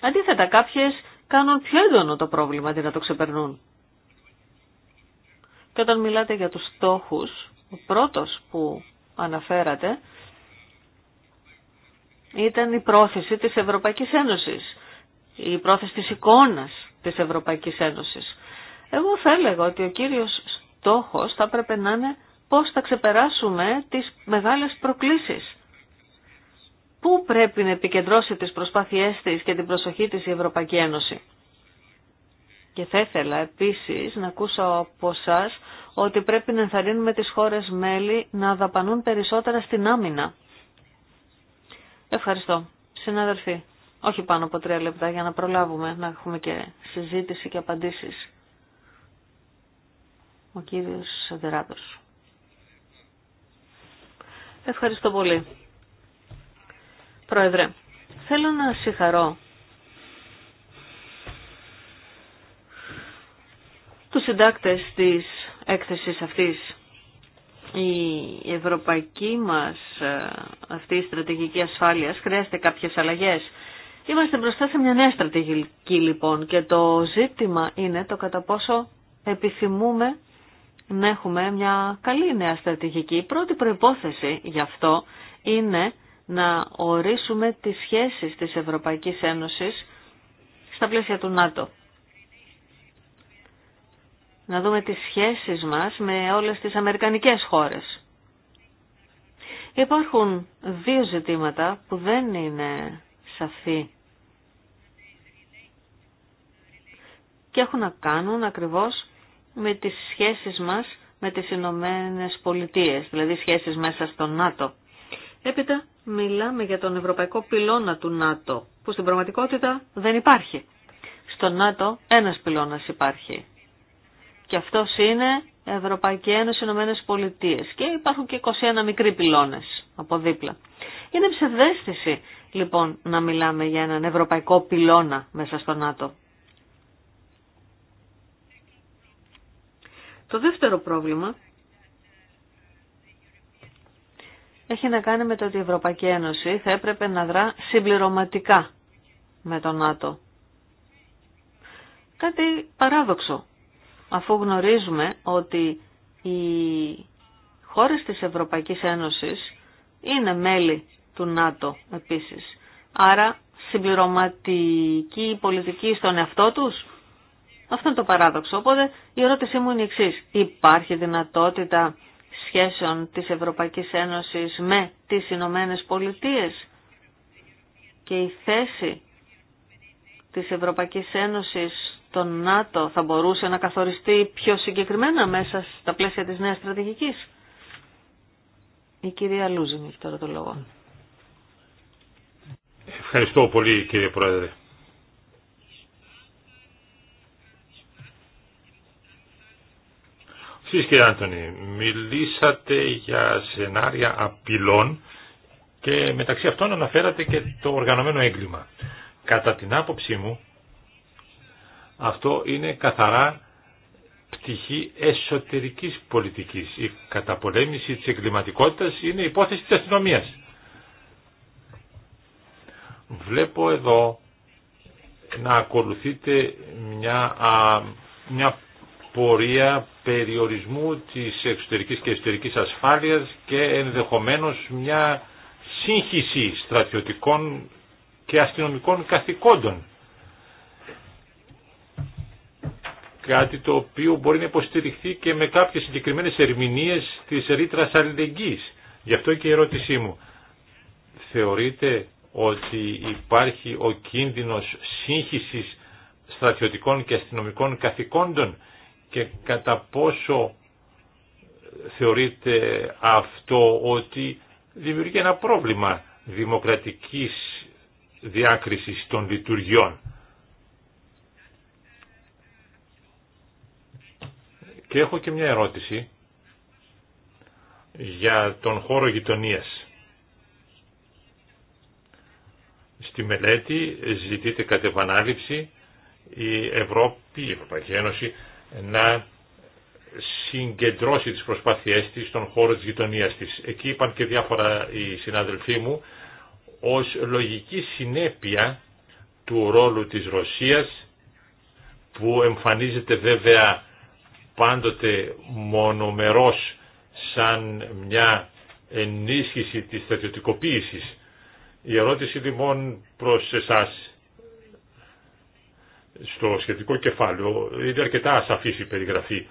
Αντίθετα, κάποιες κάνουν πιο έντονο το πρόβλημα αντί να το ξεπερνούν. Και όταν μιλάτε για τους στόχους, ο πρώτος που αναφέρατε ήταν η πρόθεση της Ευρωπαϊκής Ένωσης, η πρόθεση της εικόνας της Ευρωπαϊκής Ένωσης. Εγώ θα έλεγα ότι ο κύριος στόχος θα έπρεπε να είναι πώς θα ξεπεράσουμε τις μεγάλες προκλήσεις. Πού πρέπει να επικεντρώσει τις προσπάθειές της και την προσοχή της η Ευρωπαϊκή Ένωση. Και θα ήθελα επίσης να ακούσω από εσά ότι πρέπει να ενθαρρύνουμε τις χώρες μέλη να δαπανούν περισσότερα στην άμυνα. Ευχαριστώ. Συναδελφοί, όχι πάνω από τρία λεπτά για να προλάβουμε να έχουμε και συζήτηση και απαντήσεις. Ο κύριος Ευχαριστώ πολύ. Πρόεδρε, θέλω να συγχαρώ τους συντάκτες της έκθεσης αυτής. Η ευρωπαϊκή μας ε, αυτή η στρατηγική ασφάλειας χρειάζεται κάποιες αλλαγές. Είμαστε μπροστά σε μια νέα στρατηγική λοιπόν και το ζήτημα είναι το κατά πόσο επιθυμούμε να έχουμε μια καλή νέα στρατηγική. Η πρώτη προϋπόθεση γι' αυτό είναι να ορίσουμε τις σχέσεις της Ευρωπαϊκής Ένωσης στα πλαίσια του ΝΑΤΟ. Να δούμε τις σχέσεις μας με όλες τις αμερικανικές χώρες. Υπάρχουν δύο ζητήματα που δεν είναι σαφή και έχουν να κάνουν ακριβώς με τις σχέσεις μας με τις Ηνωμένε Πολιτείε, δηλαδή σχέσεις μέσα στο ΝΑΤΟ. Έπειτα μιλάμε για τον ευρωπαϊκό πυλώνα του ΝΑΤΟ, που στην πραγματικότητα δεν υπάρχει. Στο ΝΑΤΟ ένας πυλώνας υπάρχει. Και αυτός είναι Ευρωπαϊκή Ένωση Ηνωμένε Πολιτείε. Και υπάρχουν και 21 μικροί πυλώνες από δίπλα. Είναι ψευδέστηση λοιπόν να μιλάμε για έναν ευρωπαϊκό πυλώνα μέσα στο ΝΑΤΟ. Το δεύτερο πρόβλημα έχει να κάνει με το ότι η Ευρωπαϊκή Ένωση θα έπρεπε να δρά συμπληρωματικά με τον ΝΑΤΟ. Κάτι παράδοξο, αφού γνωρίζουμε ότι οι χώρες της Ευρωπαϊκής Ένωσης είναι μέλη του ΝΑΤΟ επίσης. Άρα συμπληρωματική πολιτική στον εαυτό τους αυτό είναι το παράδοξο. Οπότε η ερώτησή μου είναι η εξή. Υπάρχει δυνατότητα σχέσεων της Ευρωπαϊκής Ένωσης με τις Ηνωμένε Πολιτείες και η θέση της Ευρωπαϊκής Ένωσης των ΝΑΤΟ θα μπορούσε να καθοριστεί πιο συγκεκριμένα μέσα στα πλαίσια της νέας στρατηγικής. Η κυρία Λούζιν έχει τώρα το λόγο. Ευχαριστώ πολύ κύριε Πρόεδρε. Εσείς κύριε Άντωνη, μιλήσατε για σενάρια απειλών και μεταξύ αυτών αναφέρατε και το οργανωμένο έγκλημα. Κατά την άποψή μου, αυτό είναι καθαρά πτυχή εσωτερικής πολιτικής. Η καταπολέμηση της εγκληματικότητας είναι υπόθεση της αστυνομίας. Βλέπω εδώ να ακολουθείτε μια, α, μια πορεία περιορισμού της εξωτερικής και εσωτερικής ασφάλειας και ενδεχομένως μια σύγχυση στρατιωτικών και αστυνομικών καθηκόντων. Κάτι το οποίο μπορεί να υποστηριχθεί και με κάποιες συγκεκριμένες ερμηνείες της ρήτρα αλληλεγγύης. Γι' αυτό και η ερώτησή μου. Θεωρείτε ότι υπάρχει ο κίνδυνος σύγχυσης στρατιωτικών και αστυνομικών καθηκόντων και κατά πόσο θεωρείται αυτό ότι δημιουργεί ένα πρόβλημα δημοκρατικής διάκρισης των λειτουργιών. Και έχω και μια ερώτηση για τον χώρο γειτονίας. Στη μελέτη ζητείται κατ' η Ευρώπη, η Ευρωπαϊκή Ένωση να συγκεντρώσει τις προσπάθειές της στον χώρο της γειτονίας της. Εκεί είπαν και διάφορα οι συναδελφοί μου, ως λογική συνέπεια του ρόλου της Ρωσίας, που εμφανίζεται βέβαια πάντοτε μονομερός σαν μια ενίσχυση της στρατιωτικοποίησης. Η ερώτηση λοιπόν προς εσάς στο σχετικό κεφάλαιο είναι αρκετά ασαφής η περιγραφή.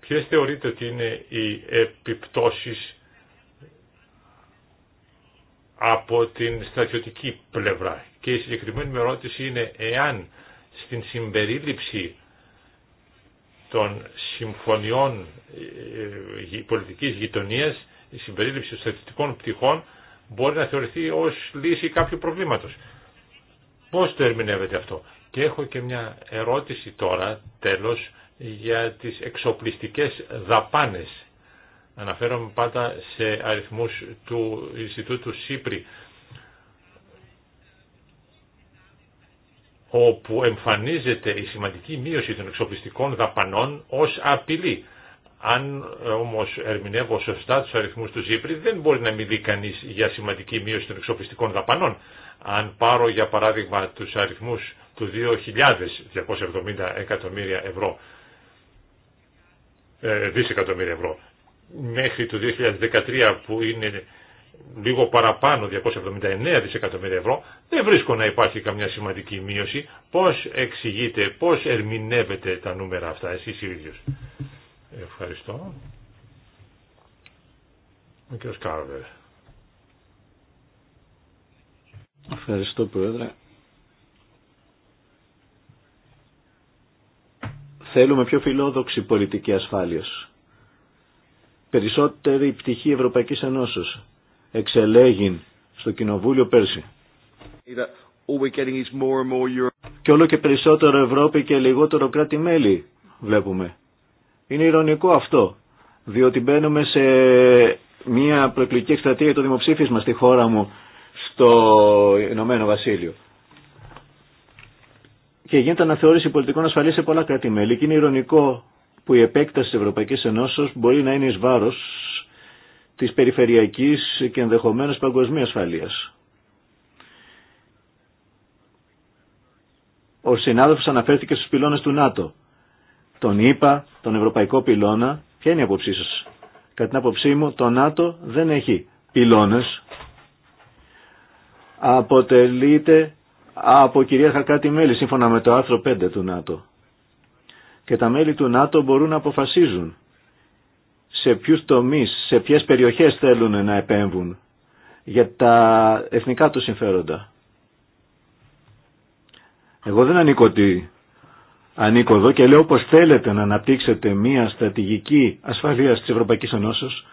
Ποιες θεωρείτε ότι είναι οι επιπτώσεις από την στρατιωτική πλευρά. Και η συγκεκριμένη με ερώτηση είναι εάν στην συμπερίληψη των συμφωνιών ε, ε, πολιτικής γειτονίας, η συμπερίληψη των στρατιωτικών πτυχών μπορεί να θεωρηθεί ως λύση κάποιου προβλήματος. Πώς το ερμηνεύεται αυτό. Και έχω και μια ερώτηση τώρα, τέλος, για τις εξοπλιστικές δαπάνες. Αναφέρομαι πάντα σε αριθμούς του Ινστιτούτου Σύπρη, όπου εμφανίζεται η σημαντική μείωση των εξοπλιστικών δαπανών ως απειλή. Αν όμως ερμηνεύω σωστά τους αριθμούς του Σύπρη, δεν μπορεί να μιλεί κανείς για σημαντική μείωση των εξοπλιστικών δαπανών. Αν πάρω για παράδειγμα τους αριθμούς του 2.270 εκατομμύρια ευρώ, ε, δισεκατομμύρια ευρώ, μέχρι το 2013 που είναι λίγο παραπάνω 279 δισεκατομμύρια ευρώ, δεν βρίσκω να υπάρχει καμιά σημαντική μείωση. Πώς εξηγείτε, πώς ερμηνεύετε τα νούμερα αυτά εσείς οι ίδιος. Ευχαριστώ. Ο κ. Κάρβερ. Ευχαριστώ Πρόεδρε. Θέλουμε πιο φιλόδοξη πολιτική ασφάλεια. Περισσότερη πτυχή Ευρωπαϊκής Ενώσεως. εξελέγει στο Κοινοβούλιο πέρσι. Και όλο και περισσότερο Ευρώπη και λιγότερο κράτη-μέλη βλέπουμε. Είναι ηρωνικό αυτό, διότι μπαίνουμε σε μια προεκλογική εκστρατεία για το δημοψήφισμα στη χώρα μου στο Ηνωμένο Βασίλειο και γίνεται αναθεώρηση πολιτικών ασφαλείας σε πολλά κράτη-μέλη. Και είναι ηρωνικό που η επέκταση της Ευρωπαϊκής Ενώσης μπορεί να είναι ει βάρο της περιφερειακής και ενδεχομένω παγκοσμία ασφαλείας. Ο συνάδελφος αναφέρθηκε στου πυλώνε του ΝΑΤΟ. Τον είπα, τον ευρωπαϊκό πυλώνα, ποια είναι η απόψή σα. Κατά την άποψή μου, το ΝΑΤΟ δεν έχει πυλώνε Αποτελείται από κυρίαρχα κράτη-μέλη σύμφωνα με το άρθρο 5 του ΝΑΤΟ. Και τα μέλη του ΝΑΤΟ μπορούν να αποφασίζουν σε ποιους τομείς, σε ποιες περιοχές θέλουν να επέμβουν για τα εθνικά του συμφέροντα. Εγώ δεν ανήκω ότι ανήκω εδώ και λέω όπως θέλετε να αναπτύξετε μια στρατηγική ασφαλείας της Ευρωπαϊκής Ενώσεως,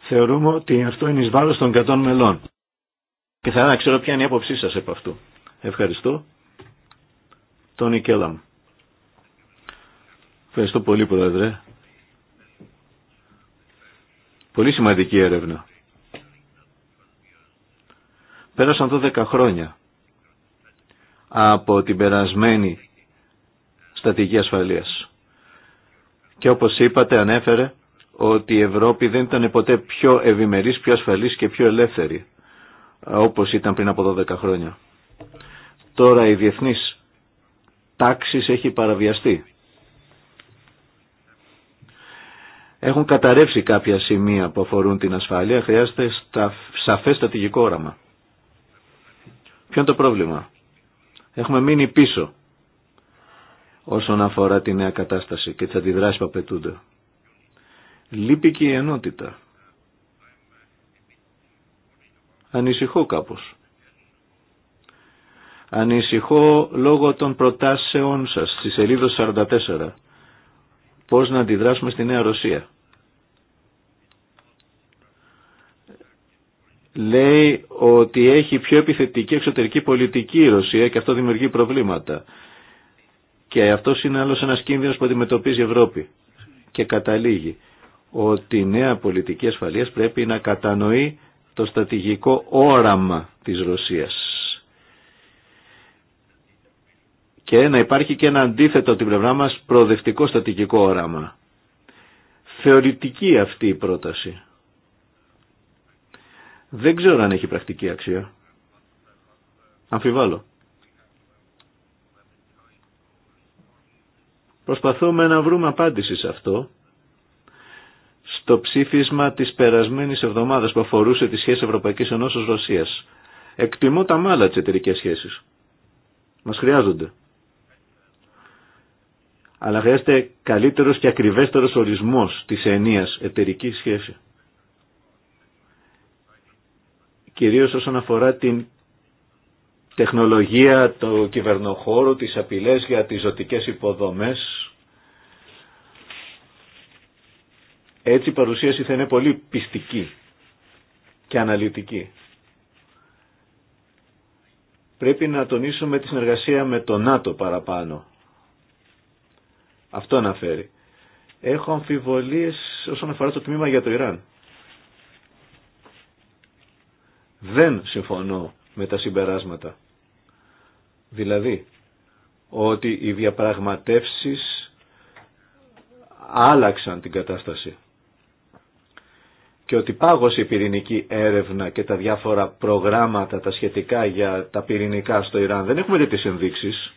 θεωρούμε ότι αυτό είναι εις βάρος των κρατών μελών. Και θα ήθελα να ξέρω ποια είναι η άποψή σας επ' αυτού. Ευχαριστώ. Τόνι Κέλαμ. Ευχαριστώ πολύ, Πρόεδρε. Πολύ σημαντική έρευνα. Πέρασαν 12 χρόνια από την περασμένη στρατηγική ασφαλείας. Και όπως είπατε ανέφερε ότι η Ευρώπη δεν ήταν ποτέ πιο ευημερής, πιο ασφαλής και πιο ελεύθερη όπως ήταν πριν από 12 χρόνια. Τώρα η διεθνής τάξης έχει παραβιαστεί. Έχουν καταρρεύσει κάποια σημεία που αφορούν την ασφάλεια, χρειάζεται σαφές στατηγικό όραμα. Ποιο είναι το πρόβλημα. Έχουμε μείνει πίσω όσον αφορά τη νέα κατάσταση και τις αντιδράσεις που απαιτούνται. Λείπει και η ενότητα. Ανησυχώ κάπως. Ανησυχώ λόγω των προτάσεών σας στη σελίδα 44. Πώς να αντιδράσουμε στη Νέα Ρωσία. Λέει ότι έχει πιο επιθετική εξωτερική πολιτική η Ρωσία και αυτό δημιουργεί προβλήματα. Και αυτό είναι άλλος ένας κίνδυνος που αντιμετωπίζει η Ευρώπη. Και καταλήγει ότι η νέα πολιτική ασφαλείας πρέπει να κατανοεί το στρατηγικό όραμα της Ρωσίας και να υπάρχει και ένα αντίθετο από την πλευρά μας προοδευτικό στατικικό όραμα. Θεωρητική αυτή η πρόταση. Δεν ξέρω αν έχει πρακτική αξία. Αμφιβάλλω. Προσπαθούμε να βρούμε απάντηση σε αυτό στο ψήφισμα της περασμένης εβδομάδας που αφορούσε τη σχέση Ευρωπαϊκής Ευρωπαϊκής Ρωσίας. Εκτιμώ τα μάλα τις εταιρικές σχέσεις. Μας χρειάζονται αλλά χρειάζεται καλύτερος και ακριβέστερος ορισμός της ενίας εταιρική σχέση. Κυρίως όσον αφορά την τεχνολογία το κυβερνοχώρο, τις απειλές για τις ζωτικές υποδομές. Έτσι η παρουσίαση θα είναι πολύ πιστική και αναλυτική. Πρέπει να τονίσουμε τη συνεργασία με το ΝΑΤΟ παραπάνω αυτό αναφέρει. Έχω αμφιβολίες όσον αφορά το τμήμα για το Ιράν. Δεν συμφωνώ με τα συμπεράσματα. Δηλαδή, ότι οι διαπραγματεύσεις άλλαξαν την κατάσταση και ότι πάγωσε η πυρηνική έρευνα και τα διάφορα προγράμματα τα σχετικά για τα πυρηνικά στο Ιράν. Δεν έχουμε δει τις ενδείξεις.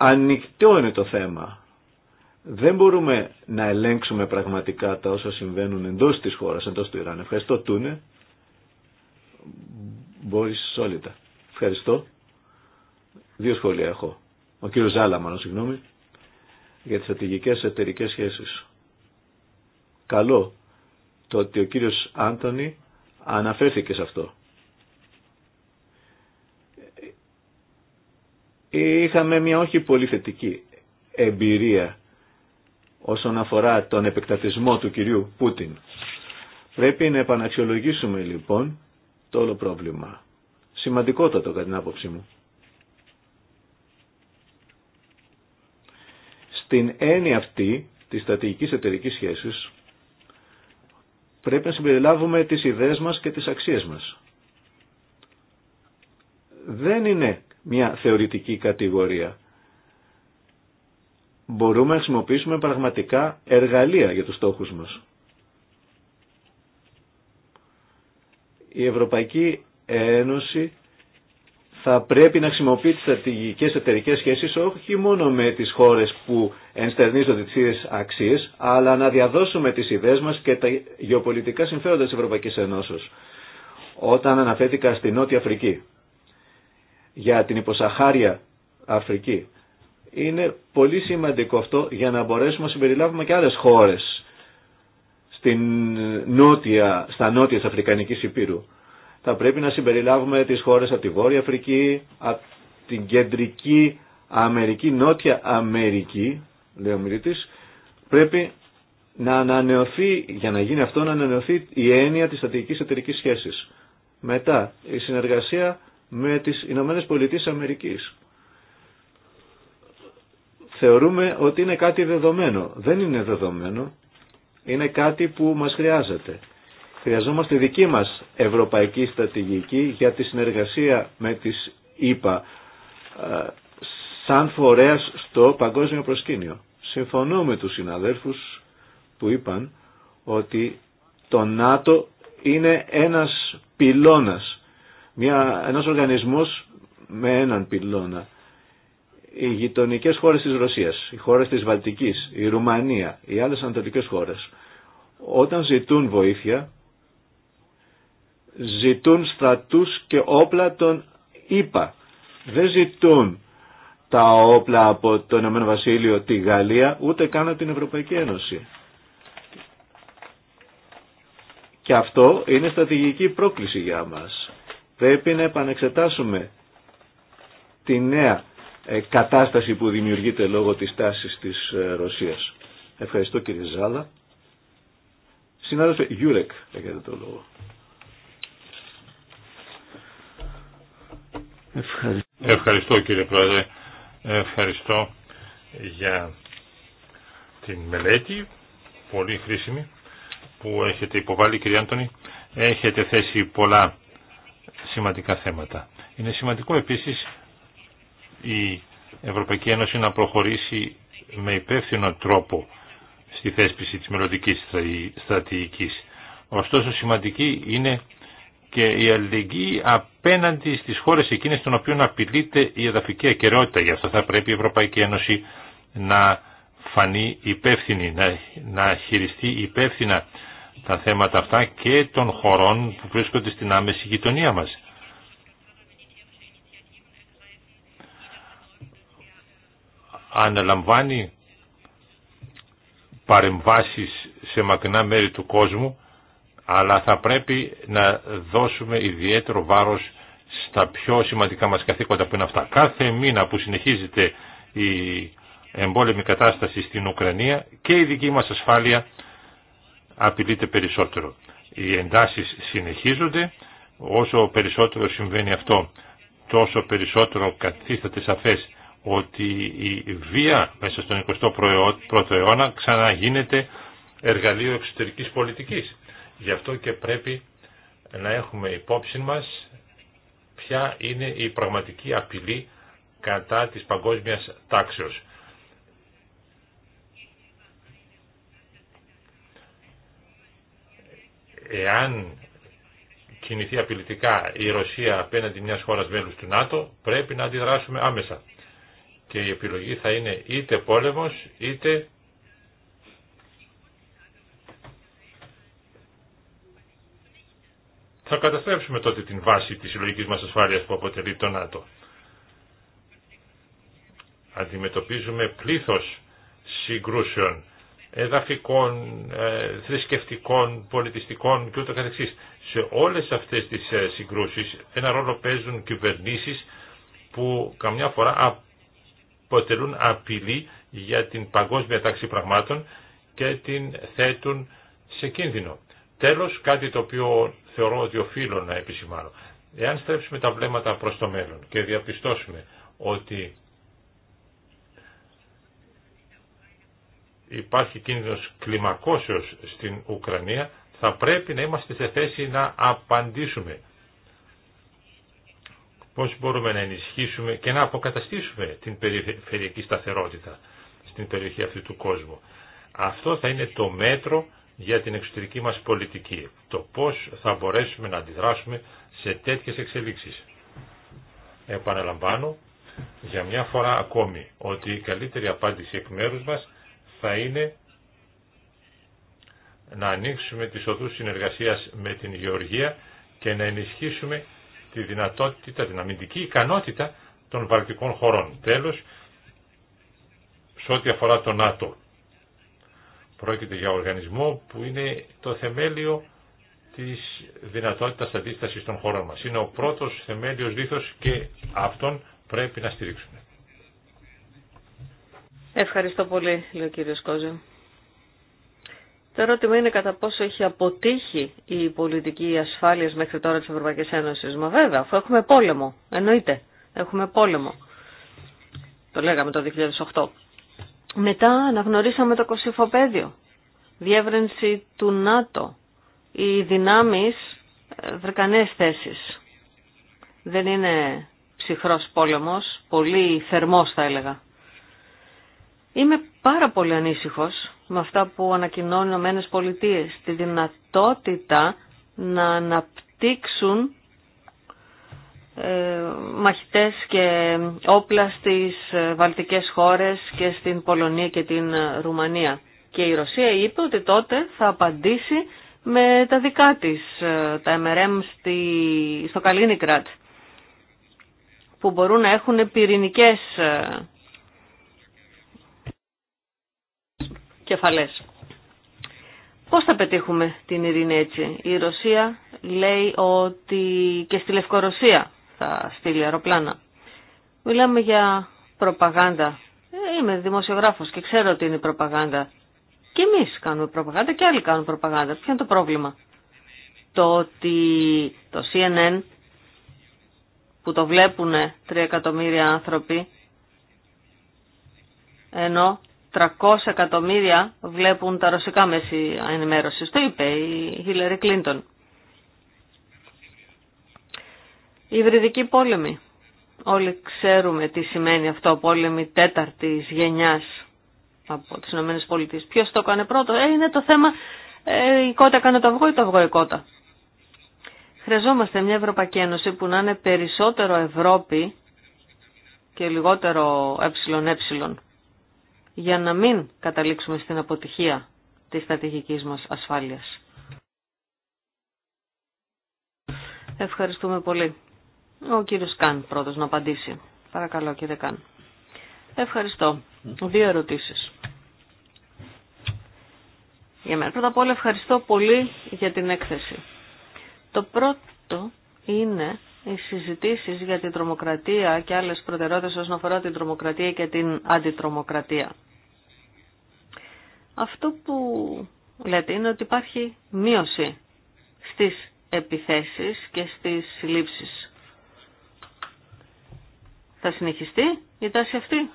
Ανοιχτό είναι το θέμα. Δεν μπορούμε να ελέγξουμε πραγματικά τα όσα συμβαίνουν εντός της χώρας, εντός του Ιράν. Ευχαριστώ Τούνε. Μπορείς Σόλιτα. Ευχαριστώ. Δύο σχόλια έχω. Ο κύριος Ζάλα, συγγνώμη, για τις στρατηγικές εταιρικέ σχέσεις. Καλό το ότι ο κύριος Άντωνη αναφέρθηκε σε αυτό. είχαμε μια όχι πολύ θετική εμπειρία όσον αφορά τον επεκτατισμό του κυρίου Πούτιν. Πρέπει να επαναξιολογήσουμε λοιπόν το όλο πρόβλημα. Σημαντικότατο κατά την άποψή μου. Στην έννοια αυτή της στρατηγικής εταιρικής σχέσης πρέπει να συμπεριλάβουμε τις ιδέες μας και τις αξίες μας. Δεν είναι μια θεωρητική κατηγορία. Μπορούμε να χρησιμοποιήσουμε πραγματικά εργαλεία για τους στόχους μας. Η Ευρωπαϊκή Ένωση θα πρέπει να χρησιμοποιεί τις στρατηγικές εταιρικέ σχέσεις όχι μόνο με τις χώρες που ενστερνίζονται τις ίδιες αξίες, αλλά να διαδώσουμε τις ιδέες μας και τα γεωπολιτικά συμφέροντα της Ευρωπαϊκής Ένωσης Όταν αναφέρθηκα στη Νότια Αφρική, για την υποσαχάρια Αφρική. Είναι πολύ σημαντικό αυτό για να μπορέσουμε να συμπεριλάβουμε και άλλες χώρες στην νότια, στα νότια της Αφρικανικής Υπήρου. Θα πρέπει να συμπεριλάβουμε τις χώρες από τη Βόρεια Αφρική, από την Κεντρική Αμερική, Νότια Αμερική, λέει ο μιλήτης, πρέπει να ανανεωθεί, για να γίνει αυτό, να ανανεωθεί η έννοια της στρατηγικής εταιρικής σχέσης. Μετά, η συνεργασία με τις Ηνωμένες Πολιτείες Αμερικής. Θεωρούμε ότι είναι κάτι δεδομένο. Δεν είναι δεδομένο. Είναι κάτι που μας χρειάζεται. Χρειαζόμαστε δική μας ευρωπαϊκή στρατηγική για τη συνεργασία με τις ΗΠΑ ε, σαν φορέας στο παγκόσμιο προσκήνιο. Συμφωνώ με τους συναδέλφους που είπαν ότι το ΝΑΤΟ είναι ένας πυλώνας μια, ενός οργανισμός με έναν πυλώνα. Οι γειτονικέ χώρες της Ρωσίας, οι χώρες της Βαλτικής, η Ρουμανία, οι άλλες ανατολικές χώρες, όταν ζητούν βοήθεια, ζητούν στρατούς και όπλα των ήπα Δεν ζητούν τα όπλα από το Ηνωμένο Βασίλειο, τη Γαλλία, ούτε καν από την Ευρωπαϊκή Ένωση. Και αυτό είναι στρατηγική πρόκληση για μας. Πρέπει να επανεξετάσουμε τη νέα ε, κατάσταση που δημιουργείται λόγω της τάσης της ε, Ρωσίας. Ευχαριστώ κύριε Ζάλα. Συνάδελφε Γιούρεκ, έχετε το λόγο. Ευχαριστώ. Ευχαριστώ κύριε Πρόεδρε. Ευχαριστώ για την μελέτη, πολύ χρήσιμη, που έχετε υποβάλει κύριε Άντωνη. Έχετε θέσει πολλά σημαντικά θέματα. Είναι σημαντικό επίσης η Ευρωπαϊκή Ένωση να προχωρήσει με υπεύθυνο τρόπο στη θέσπιση της μελλοντικής στρατηγικής. Ωστόσο σημαντική είναι και η αλληλεγγύη απέναντι στις χώρες εκείνες των οποίων απειλείται η εδαφική ακαιρεότητα. Γι' αυτό θα πρέπει η Ευρωπαϊκή Ένωση να φανεί υπεύθυνη, να, να χειριστεί υπεύθυνα τα θέματα αυτά και των χωρών που βρίσκονται στην άμεση γειτονία μας. Αναλαμβάνει παρεμβάσεις σε μακρινά μέρη του κόσμου, αλλά θα πρέπει να δώσουμε ιδιαίτερο βάρος στα πιο σημαντικά μας καθήκοντα που είναι αυτά. Κάθε μήνα που συνεχίζεται η εμπόλεμη κατάσταση στην Ουκρανία και η δική μας ασφάλεια απειλείται περισσότερο. Οι εντάσεις συνεχίζονται, όσο περισσότερο συμβαίνει αυτό, τόσο περισσότερο καθίσταται σαφές ότι η βία μέσα στον 21ο αιώνα ξαναγίνεται εργαλείο εξωτερικής πολιτικής. Γι' αυτό και πρέπει να έχουμε υπόψη μας ποια είναι η πραγματική απειλή κατά της παγκόσμιας τάξεως. εάν κινηθεί απειλητικά η Ρωσία απέναντι μιας χώρας μέλους του ΝΑΤΟ, πρέπει να αντιδράσουμε άμεσα. Και η επιλογή θα είναι είτε πόλεμος, είτε θα καταστρέψουμε τότε την βάση της συλλογική μας ασφάλειας που αποτελεί το ΝΑΤΟ. Αντιμετωπίζουμε πλήθος συγκρούσεων εδαφικών, ε, θρησκευτικών, πολιτιστικών και ούτω καθεξής. Σε όλες αυτές τις ε, συγκρούσεις ένα ρόλο παίζουν κυβερνήσεις που καμιά φορά αποτελούν απειλή για την παγκόσμια τάξη πραγμάτων και την θέτουν σε κίνδυνο. Τέλος, κάτι το οποίο θεωρώ ότι οφείλω να επισημάνω. Εάν στρέψουμε τα βλέμματα προς το μέλλον και διαπιστώσουμε ότι υπάρχει κίνδυνος κλιμακώσεως στην Ουκρανία, θα πρέπει να είμαστε σε θέση να απαντήσουμε. Πώς μπορούμε να ενισχύσουμε και να αποκαταστήσουμε την περιφερειακή σταθερότητα στην περιοχή αυτή του κόσμου. Αυτό θα είναι το μέτρο για την εξωτερική μας πολιτική. Το πώς θα μπορέσουμε να αντιδράσουμε σε τέτοιες εξελίξεις. Επαναλαμβάνω για μια φορά ακόμη ότι η καλύτερη απάντηση εκ μέρους μας θα είναι να ανοίξουμε τις οδούς συνεργασίας με την Γεωργία και να ενισχύσουμε τη δυνατότητα, την αμυντική ικανότητα των βαλτικών χωρών. Τέλος, σε ό,τι αφορά το ΝΑΤΟ. Πρόκειται για οργανισμό που είναι το θεμέλιο της δυνατότητας αντίστασης των χωρών μας. Είναι ο πρώτος θεμέλιος δίθος και αυτόν πρέπει να στηρίξουμε. Ευχαριστώ πολύ, λέει ο κύριος Κόζε. Το ερώτημα είναι κατά πόσο έχει αποτύχει η πολιτική ασφάλειας μέχρι τώρα της Ευρωπαϊκής Ένωση; Μα βέβαια, αφού έχουμε πόλεμο, εννοείται, έχουμε πόλεμο. Το λέγαμε το 2008. Μετά αναγνωρίσαμε το κοσυφοπέδιο, διεύρυνση του ΝΑΤΟ, οι δυνάμεις ε, βρεκανές θέσεις. Δεν είναι ψυχρός πόλεμος, πολύ θερμός θα έλεγα. Είμαι πάρα πολύ ανήσυχος με αυτά που ανακοινώνουν οι Ηνωμένες Πολιτείες, τη δυνατότητα να αναπτύξουν ε, μαχητές και όπλα στις ε, βαλτικές χώρες και στην Πολωνία και την ε, Ρουμανία. Και η Ρωσία είπε ότι τότε θα απαντήσει με τα δικά της, ε, τα MRM στη, στο Καλίνικρατ, που μπορούν να έχουν πυρηνικές κεφαλές. Πώς θα πετύχουμε την ειρήνη έτσι. Η Ρωσία λέει ότι και στη Λευκορωσία θα στείλει αεροπλάνα. Μιλάμε για προπαγάνδα. Ε, είμαι δημοσιογράφος και ξέρω ότι είναι προπαγάνδα. Και εμείς κάνουμε προπαγάνδα και άλλοι κάνουν προπαγάνδα. Ποιο είναι το πρόβλημα. Το ότι το CNN που το βλέπουν 3 εκατομμύρια άνθρωποι ενώ 300 εκατομμύρια βλέπουν τα ρωσικά μέση ενημέρωση. Το είπε η Χίλερη Κλίντον. Υβριδική πόλεμη. Όλοι ξέρουμε τι σημαίνει αυτό, πόλεμη τέταρτης γενιάς από τις ΗΠΑ. Ποιος το έκανε πρώτο. Ε, είναι το θέμα ε, η κότα έκανε το αυγό ή το αυγό η κότα. Χρειαζόμαστε μια Ευρωπαϊκή Ένωση που να είναι περισσότερο Ευρώπη και λιγότερο Ε για να μην καταλήξουμε στην αποτυχία της στρατηγικής μας ασφάλειας. Ευχαριστούμε πολύ. Ο κύριος Καν πρώτος να απαντήσει. Παρακαλώ κύριε Καν. Ευχαριστώ. Δύο ερωτήσεις. Για μένα. Πρώτα απ' όλα ευχαριστώ πολύ για την έκθεση. Το πρώτο είναι οι συζητήσει για την τρομοκρατία και άλλες προτεραιότητες όσον αφορά την τρομοκρατία και την αντιτρομοκρατία. Αυτό που λέτε είναι ότι υπάρχει μείωση στις επιθέσεις και στις συλλήψεις. Θα συνεχιστεί η τάση αυτή.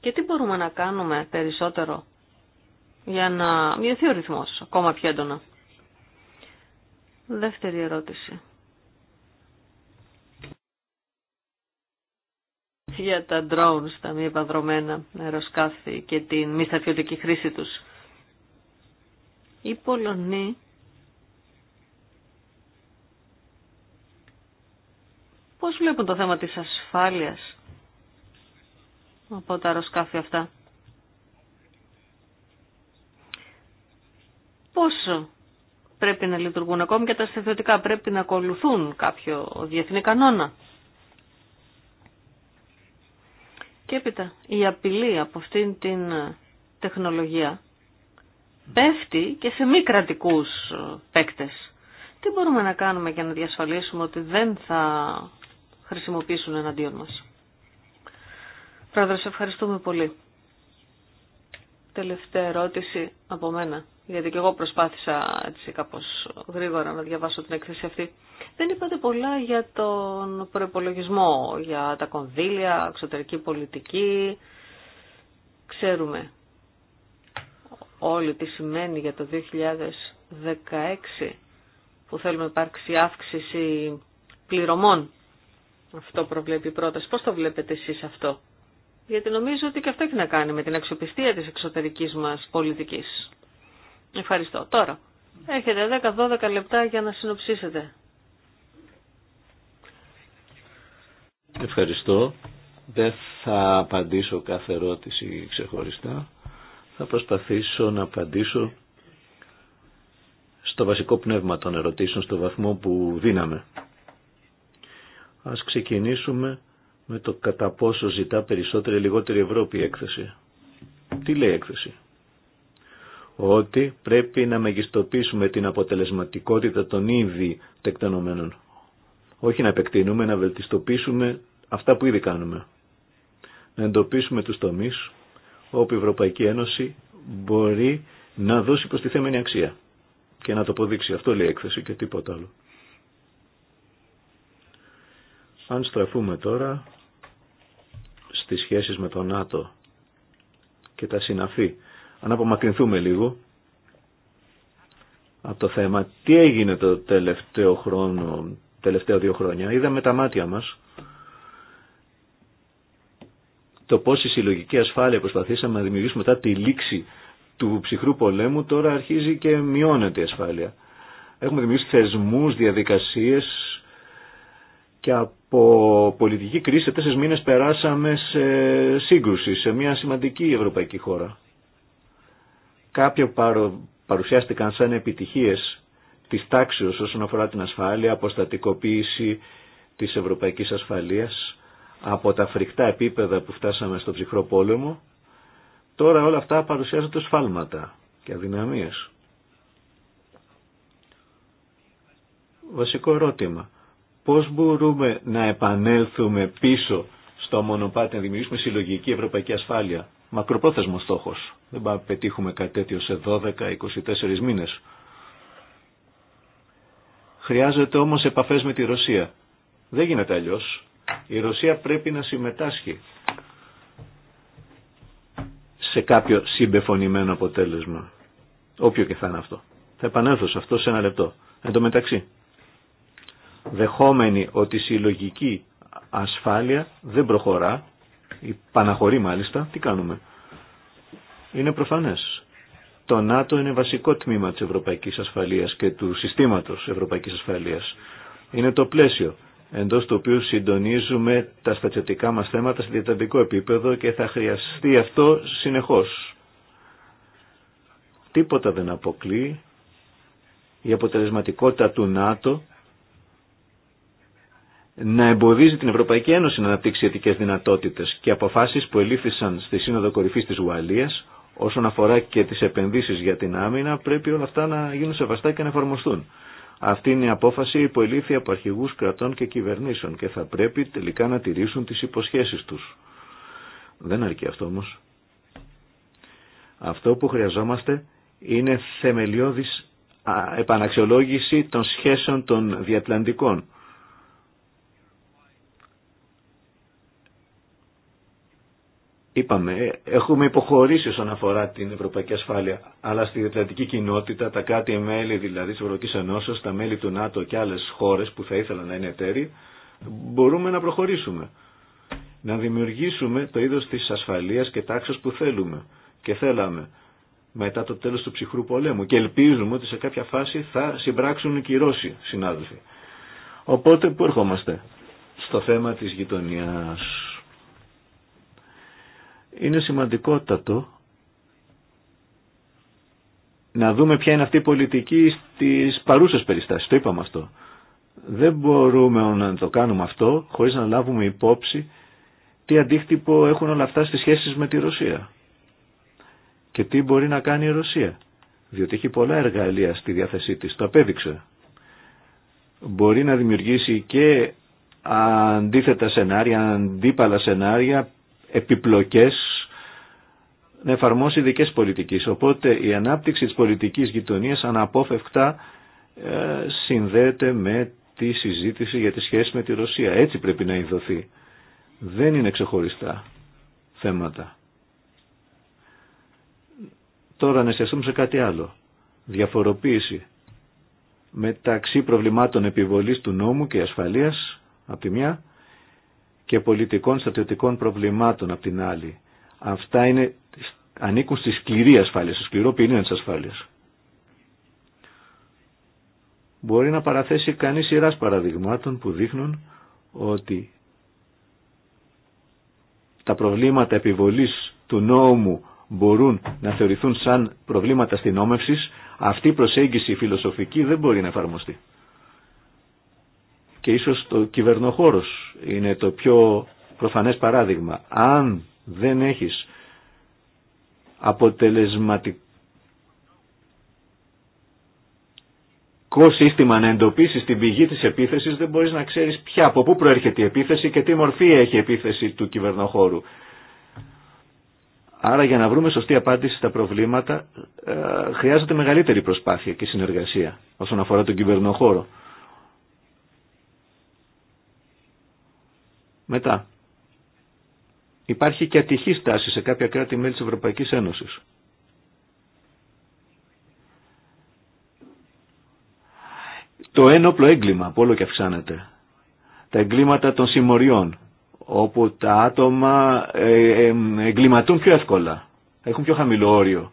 Και τι μπορούμε να κάνουμε περισσότερο για να μειωθεί ο ρυθμός ακόμα πιο έντονα. Δεύτερη ερώτηση. για τα drones, τα μη επαδρομένα αεροσκάφη και τη μη στρατιωτική χρήση τους. Οι Πολωνοί πώς βλέπουν το θέμα της ασφάλειας από τα αεροσκάφη αυτά. Πόσο πρέπει να λειτουργούν ακόμη και τα στρατιωτικά πρέπει να ακολουθούν κάποιο διεθνή κανόνα. Και έπειτα η απειλή από αυτήν την ε, τεχνολογία πέφτει και σε μη κρατικού ε, παίκτες. Τι μπορούμε να κάνουμε για να διασφαλίσουμε ότι δεν θα χρησιμοποιήσουν εναντίον μας. Πρόεδρε, ευχαριστούμε πολύ. Τελευταία ερώτηση από μένα γιατί και εγώ προσπάθησα έτσι κάπως γρήγορα να διαβάσω την έκθεση αυτή. Δεν είπατε πολλά για τον προπολογισμό, για τα κονδύλια, εξωτερική πολιτική. Ξέρουμε όλοι τι σημαίνει για το 2016 που θέλουμε να υπάρξει αύξηση πληρωμών. Αυτό προβλέπει η πρόταση. Πώς το βλέπετε εσείς αυτό. Γιατί νομίζω ότι και αυτό έχει να κάνει με την αξιοπιστία της εξωτερικής μας πολιτικής. Ευχαριστώ. Τώρα, έχετε 10-12 λεπτά για να συνοψίσετε. Ευχαριστώ. Δεν θα απαντήσω κάθε ερώτηση ξεχωριστά. Θα προσπαθήσω να απαντήσω στο βασικό πνεύμα των ερωτήσεων, στο βαθμό που δίναμε. Ας ξεκινήσουμε με το κατά πόσο ζητά περισσότερη ή λιγότερη Ευρώπη η έκθεση. Τι λέει η έκθεση ότι πρέπει να μεγιστοποιήσουμε την αποτελεσματικότητα των ήδη τεκτενωμένων. Όχι να επεκτείνουμε, να βελτιστοποιήσουμε αυτά που ήδη κάνουμε. Να εντοπίσουμε τους τομείς όπου η Ευρωπαϊκή Ένωση μπορεί να δώσει προστιθέμενη αξία και να το αποδείξει. Αυτό λέει η έκθεση και τίποτα άλλο. Αν στραφούμε τώρα στις σχέσεις με τον ΝΑΤΟ και τα συναφή αν απομακρυνθούμε λίγο από το θέμα, τι έγινε το τελευταίο χρόνο, τελευταία δύο χρόνια, είδαμε τα μάτια μας το πώς η συλλογική ασφάλεια προσπαθήσαμε να δημιουργήσουμε μετά τη λήξη του ψυχρού πολέμου, τώρα αρχίζει και μειώνεται η ασφάλεια. Έχουμε δημιουργήσει θεσμούς, διαδικασίες και από πολιτική κρίση σε τέσσερις μήνες περάσαμε σε σύγκρουση, σε μια σημαντική ευρωπαϊκή χώρα κάποιο παρουσιάστηκαν σαν επιτυχίες της τάξης όσον αφορά την ασφάλεια, αποστατικοποίηση της ευρωπαϊκής ασφαλείας από τα φρικτά επίπεδα που φτάσαμε στο ψυχρό πόλεμο, τώρα όλα αυτά παρουσιάζονται φάλματα και αδυναμίες. Βασικό ερώτημα. Πώς μπορούμε να επανέλθουμε πίσω στο μονοπάτι να δημιουργήσουμε συλλογική ευρωπαϊκή ασφάλεια Μακροπρόθεσμο στόχος. Δεν πάμε πετύχουμε κάτι τέτοιο σε 12-24 μήνες. Χρειάζεται όμως επαφές με τη Ρωσία. Δεν γίνεται αλλιώ. Η Ρωσία πρέπει να συμμετάσχει σε κάποιο συμπεφωνημένο αποτέλεσμα. Όποιο και θα είναι αυτό. Θα επανέλθω σε αυτό σε ένα λεπτό. Εν τω μεταξύ, δεχόμενοι ότι η συλλογική ασφάλεια δεν προχωρά η Παναχωρή μάλιστα, τι κάνουμε. Είναι προφανές. Το ΝΑΤΟ είναι βασικό τμήμα της Ευρωπαϊκής Ασφαλείας και του συστήματος Ευρωπαϊκής Ασφαλείας. Είναι το πλαίσιο εντός του οποίου συντονίζουμε τα στατιωτικά μας θέματα σε διεταντικό επίπεδο και θα χρειαστεί αυτό συνεχώς. Τίποτα δεν αποκλεί η αποτελεσματικότητα του ΝΑΤΟ να εμποδίζει την Ευρωπαϊκή Ένωση να αναπτύξει αιτικές δυνατότητες και αποφάσεις που ελήφθησαν στη Σύνοδο Κορυφής της Ουαλίας όσον αφορά και τις επενδύσεις για την άμυνα πρέπει όλα αυτά να γίνουν σεβαστά και να εφαρμοστούν. Αυτή είναι η απόφαση που ελήφθη από αρχηγούς κρατών και κυβερνήσεων και θα πρέπει τελικά να τηρήσουν τις υποσχέσεις τους. Δεν αρκεί αυτό όμως. Αυτό που χρειαζόμαστε είναι θεμελιώδης επαναξιολόγηση των σχέσεων των διατλαντικών Είπαμε, έχουμε υποχωρήσει όσον αφορά την ευρωπαϊκή ασφάλεια, αλλά στη διατλαντική κοινότητα, τα κράτη-μέλη δηλαδή τη Ευρωπαϊκή Ενώσεω, τα μέλη του ΝΑΤΟ και άλλε χώρε που θα ήθελαν να είναι εταίροι, μπορούμε να προχωρήσουμε. Να δημιουργήσουμε το είδο τη ασφαλεία και τάξη που θέλουμε και θέλαμε μετά το τέλο του ψυχρού πολέμου. Και ελπίζουμε ότι σε κάποια φάση θα συμπράξουν και οι Ρώσοι συνάδελφοι. Οπότε, πού ερχόμαστε στο θέμα τη γειτονιά είναι σημαντικότατο να δούμε ποια είναι αυτή η πολιτική στις παρούσες περιστάσεις. Το είπαμε αυτό. Δεν μπορούμε να το κάνουμε αυτό χωρίς να λάβουμε υπόψη τι αντίκτυπο έχουν όλα αυτά στις σχέσεις με τη Ρωσία και τι μπορεί να κάνει η Ρωσία. Διότι έχει πολλά εργαλεία στη διάθεσή της, το απέδειξε. Μπορεί να δημιουργήσει και αντίθετα σενάρια, αντίπαλα σενάρια, επιπλοκές να εφαρμόσει ειδικέ πολιτικές. Οπότε η ανάπτυξη της πολιτικής γειτονίας αναπόφευκτα ε, συνδέεται με τη συζήτηση για τη σχέση με τη Ρωσία. Έτσι πρέπει να ειδωθεί. Δεν είναι ξεχωριστά θέματα. Τώρα να εστιαστούμε σε κάτι άλλο. Διαφοροποίηση μεταξύ προβλημάτων επιβολής του νόμου και ασφαλείας από τη μια και πολιτικών στρατιωτικών προβλημάτων απ' την άλλη. Αυτά είναι, ανήκουν στη σκληρή ασφάλεια, στο σκληρό πυρήνα της ασφάλειας. Μπορεί να παραθέσει κανείς σειράς παραδειγμάτων που δείχνουν ότι τα προβλήματα επιβολής του νόμου μπορούν να θεωρηθούν σαν προβλήματα στην αυτή η προσέγγιση φιλοσοφική δεν μπορεί να εφαρμοστεί και ίσως το κυβερνοχώρος είναι το πιο προφανές παράδειγμα. Αν δεν έχεις αποτελεσματικό σύστημα να εντοπίσεις την πηγή της επίθεσης δεν μπορείς να ξέρεις πια από πού προέρχεται η επίθεση και τι μορφή έχει η επίθεση του κυβερνοχώρου. Άρα για να βρούμε σωστή απάντηση στα προβλήματα ε, χρειάζεται μεγαλύτερη προσπάθεια και συνεργασία όσον αφορά τον κυβερνοχώρο. Μετά, υπάρχει και ατυχή στάση σε κάποια κράτη-μέλη της Ευρωπαϊκής Ένωσης. Το ένοπλο έγκλημα που όλο και αυξάνεται. Τα εγκλήματα των συμμοριών, όπου τα άτομα ε, ε, εγκληματούν πιο εύκολα, έχουν πιο χαμηλό όριο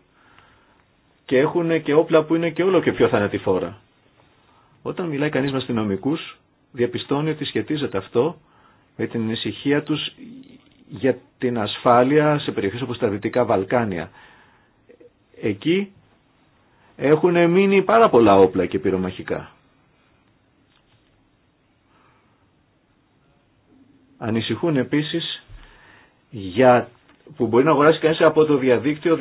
και έχουν και όπλα που είναι και όλο και πιο θανατηφόρα. Όταν μιλάει κανείς με αστυνομικού, διαπιστώνει ότι σχετίζεται αυτό με την ησυχία τους για την ασφάλεια σε περιοχές όπως τα Δυτικά Βαλκάνια. Εκεί έχουν μείνει πάρα πολλά όπλα και πυρομαχικά. Ανησυχούν επίσης για που μπορεί να αγοράσει κανείς από το διαδίκτυο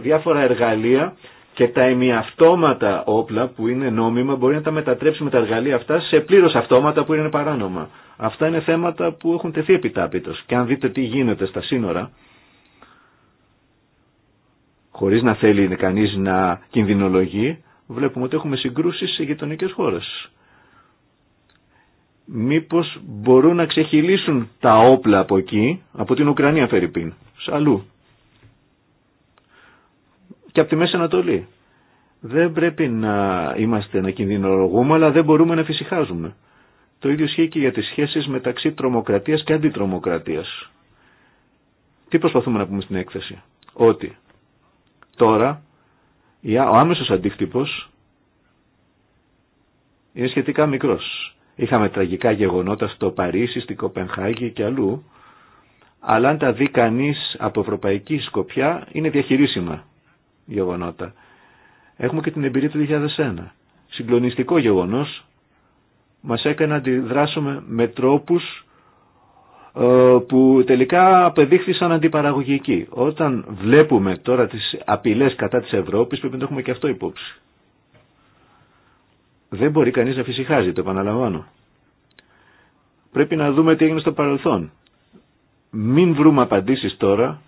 διάφορα εργαλεία και τα ημιαυτόματα όπλα που είναι νόμιμα μπορεί να τα μετατρέψει με τα εργαλεία αυτά σε πλήρω αυτόματα που είναι παράνομα. Αυτά είναι θέματα που έχουν τεθεί επιτάπητος. Και αν δείτε τι γίνεται στα σύνορα, χωρίς να θέλει κανείς να κινδυνολογεί, βλέπουμε ότι έχουμε συγκρούσεις σε γειτονικέ χώρε Μήπως μπορούν να ξεχυλήσουν τα όπλα από εκεί, από την Ουκρανία Φερρυπίν, αλλού και από τη Μέση Ανατολή. Δεν πρέπει να είμαστε να κινδυνολογούμε, αλλά δεν μπορούμε να φυσικάζουμε. Το ίδιο ισχύει και για τις σχέσεις μεταξύ τρομοκρατίας και αντιτρομοκρατίας. Τι προσπαθούμε να πούμε στην έκθεση. Ότι τώρα ο άμεσος αντίκτυπος είναι σχετικά μικρός. Είχαμε τραγικά γεγονότα στο Παρίσι, στην Κοπενχάγη και αλλού, αλλά αν τα δει κανεί από ευρωπαϊκή σκοπιά είναι διαχειρίσιμα γεγονότα. Έχουμε και την εμπειρία του 2001. Συγκλονιστικό γεγονός μας έκανε να αντιδράσουμε με τρόπους ε, που τελικά απεδείχθησαν αντιπαραγωγικοί. Όταν βλέπουμε τώρα τις απειλές κατά της Ευρώπης πρέπει να το έχουμε και αυτό υπόψη. Δεν μπορεί κανείς να φυσικάζει, το επαναλαμβάνω. Πρέπει να δούμε τι έγινε στο παρελθόν. Μην βρούμε απαντήσεις τώρα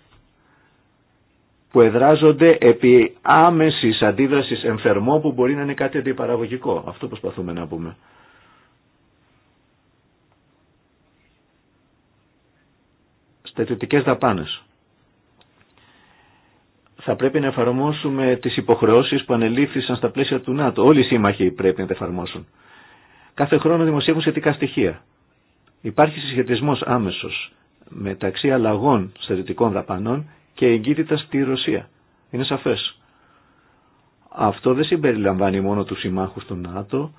που εδράζονται επί άμεσης αντίδρασης εμφερμό που μπορεί να είναι κάτι αντιπαραγωγικό. Αυτό προσπαθούμε να πούμε. Στατιωτικές δαπάνες. Θα πρέπει να εφαρμόσουμε τις υποχρεώσεις που ανελήφθησαν στα πλαίσια του ΝΑΤΟ. Όλοι οι σύμμαχοι πρέπει να τα εφαρμόσουν. Κάθε χρόνο δημοσιεύουν σχετικά στοιχεία. Υπάρχει συσχετισμός άμεσος μεταξύ αλλαγών στρατιωτικών δαπανών και εγκύτητα στη Ρωσία. Είναι σαφές. Αυτό δεν συμπεριλαμβάνει μόνο τους συμμάχους του ΝΑΤΟ.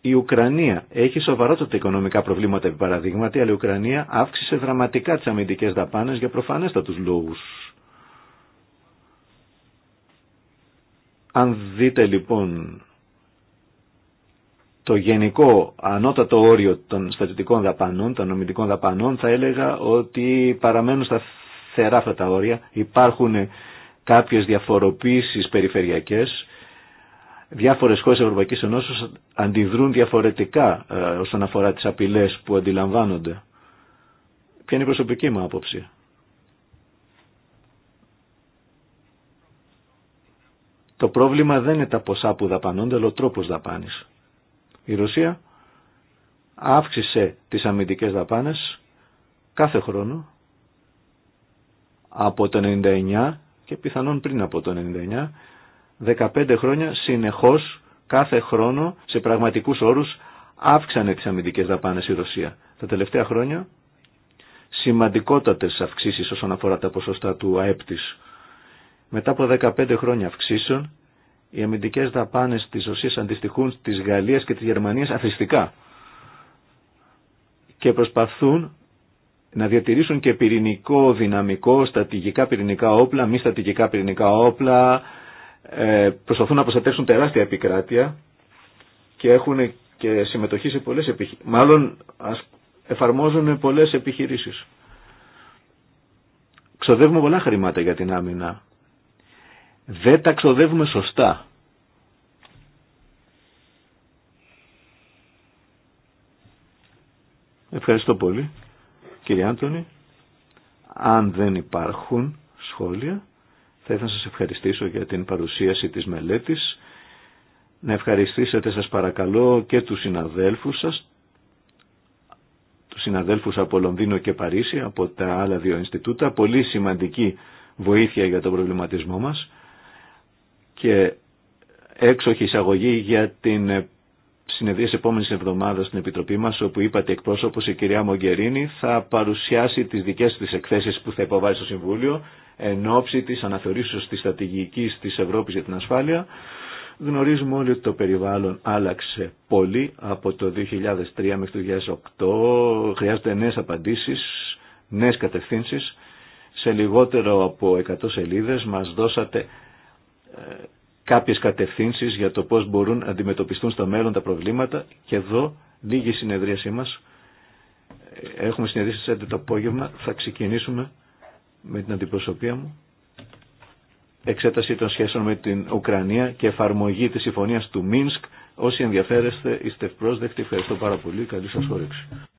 Η Ουκρανία έχει σοβαρότατα οικονομικά προβλήματα, επί παραδείγματι, αλλά η Ουκρανία αύξησε δραματικά τις αμυντικές δαπάνες για προφανέστατους λόγους. Αν δείτε λοιπόν το γενικό ανώτατο όριο των στατιωτικών δαπανών, των αμυντικών δαπανών, θα έλεγα ότι παραμένουν σταθερά αυτά όρια. Υπάρχουν κάποιες διαφοροποίησεις περιφερειακές. Διάφορες χώρες Ευρωπαϊκής Ενώσεως αντιδρούν διαφορετικά ε, όσον αφορά τις απειλές που αντιλαμβάνονται. Ποια είναι η προσωπική μου άποψη. Το πρόβλημα δεν είναι τα ποσά που δαπανώνται, αλλά ο τρόπος δαπάνης. Η Ρωσία αύξησε τις αμυντικές δαπάνες κάθε χρόνο από το 99 και πιθανόν πριν από το 99, 15 χρόνια συνεχώς κάθε χρόνο σε πραγματικούς όρους αύξανε τις αμυντικές δαπάνες η Ρωσία. Τα τελευταία χρόνια σημαντικότατες αυξήσεις όσον αφορά τα ποσοστά του ΑΕΠ της. Μετά από 15 χρόνια αυξήσεων, οι αμυντικές δαπάνες της Ρωσίας αντιστοιχούν της Γαλλίας και της Γερμανίας αθρηστικά και προσπαθούν να διατηρήσουν και πυρηνικό δυναμικό, στατηγικά πυρηνικά όπλα, μη στατηγικά πυρηνικά όπλα, ε, προσπαθούν να προστατεύσουν τεράστια επικράτεια και έχουν και συμμετοχή σε πολλές επιχειρήσεις. Μάλλον εφαρμόζουν πολλές επιχειρήσεις. Ξοδεύουμε πολλά χρήματα για την άμυνα. Δεν τα ξοδεύουμε σωστά. Ευχαριστώ πολύ. Κύριε Άντωνη, αν δεν υπάρχουν σχόλια, θα ήθελα να σας ευχαριστήσω για την παρουσίαση της μελέτης. Να ευχαριστήσετε σας παρακαλώ και τους συναδέλφους σας, τους συναδέλφους από Λονδίνο και Παρίσι, από τα άλλα δύο Ινστιτούτα. Πολύ σημαντική βοήθεια για τον προβληματισμό μας και έξοχη εισαγωγή για την συνεδρίες επόμενης εβδομάδας στην Επιτροπή μας, όπου είπατε εκπρόσωπος η κυρία Μογκερίνη θα παρουσιάσει τις δικές της εκθέσεις που θα υποβάλει στο Συμβούλιο εν ώψη της αναθεωρήσεως της στρατηγικής της Ευρώπης για την ασφάλεια. Γνωρίζουμε όλοι ότι το περιβάλλον άλλαξε πολύ από το 2003 μέχρι το 2008. Χρειάζονται νέες απαντήσεις, νέες κατευθύνσεις. Σε λιγότερο από 100 σελίδες μας δώσατε ε, κάποιες κατευθύνσεις για το πώς μπορούν να αντιμετωπιστούν στο μέλλον τα προβλήματα και εδώ λίγη συνεδρίασή μας. Έχουμε συνεδρίσει σε το απόγευμα. Θα ξεκινήσουμε με την αντιπροσωπεία μου. Εξέταση των σχέσεων με την Ουκρανία και εφαρμογή της συμφωνίας του Μίνσκ. Όσοι ενδιαφέρεστε είστε πρόσδεκτοι. Ευχαριστώ πάρα πολύ. Καλή σας όρεξη.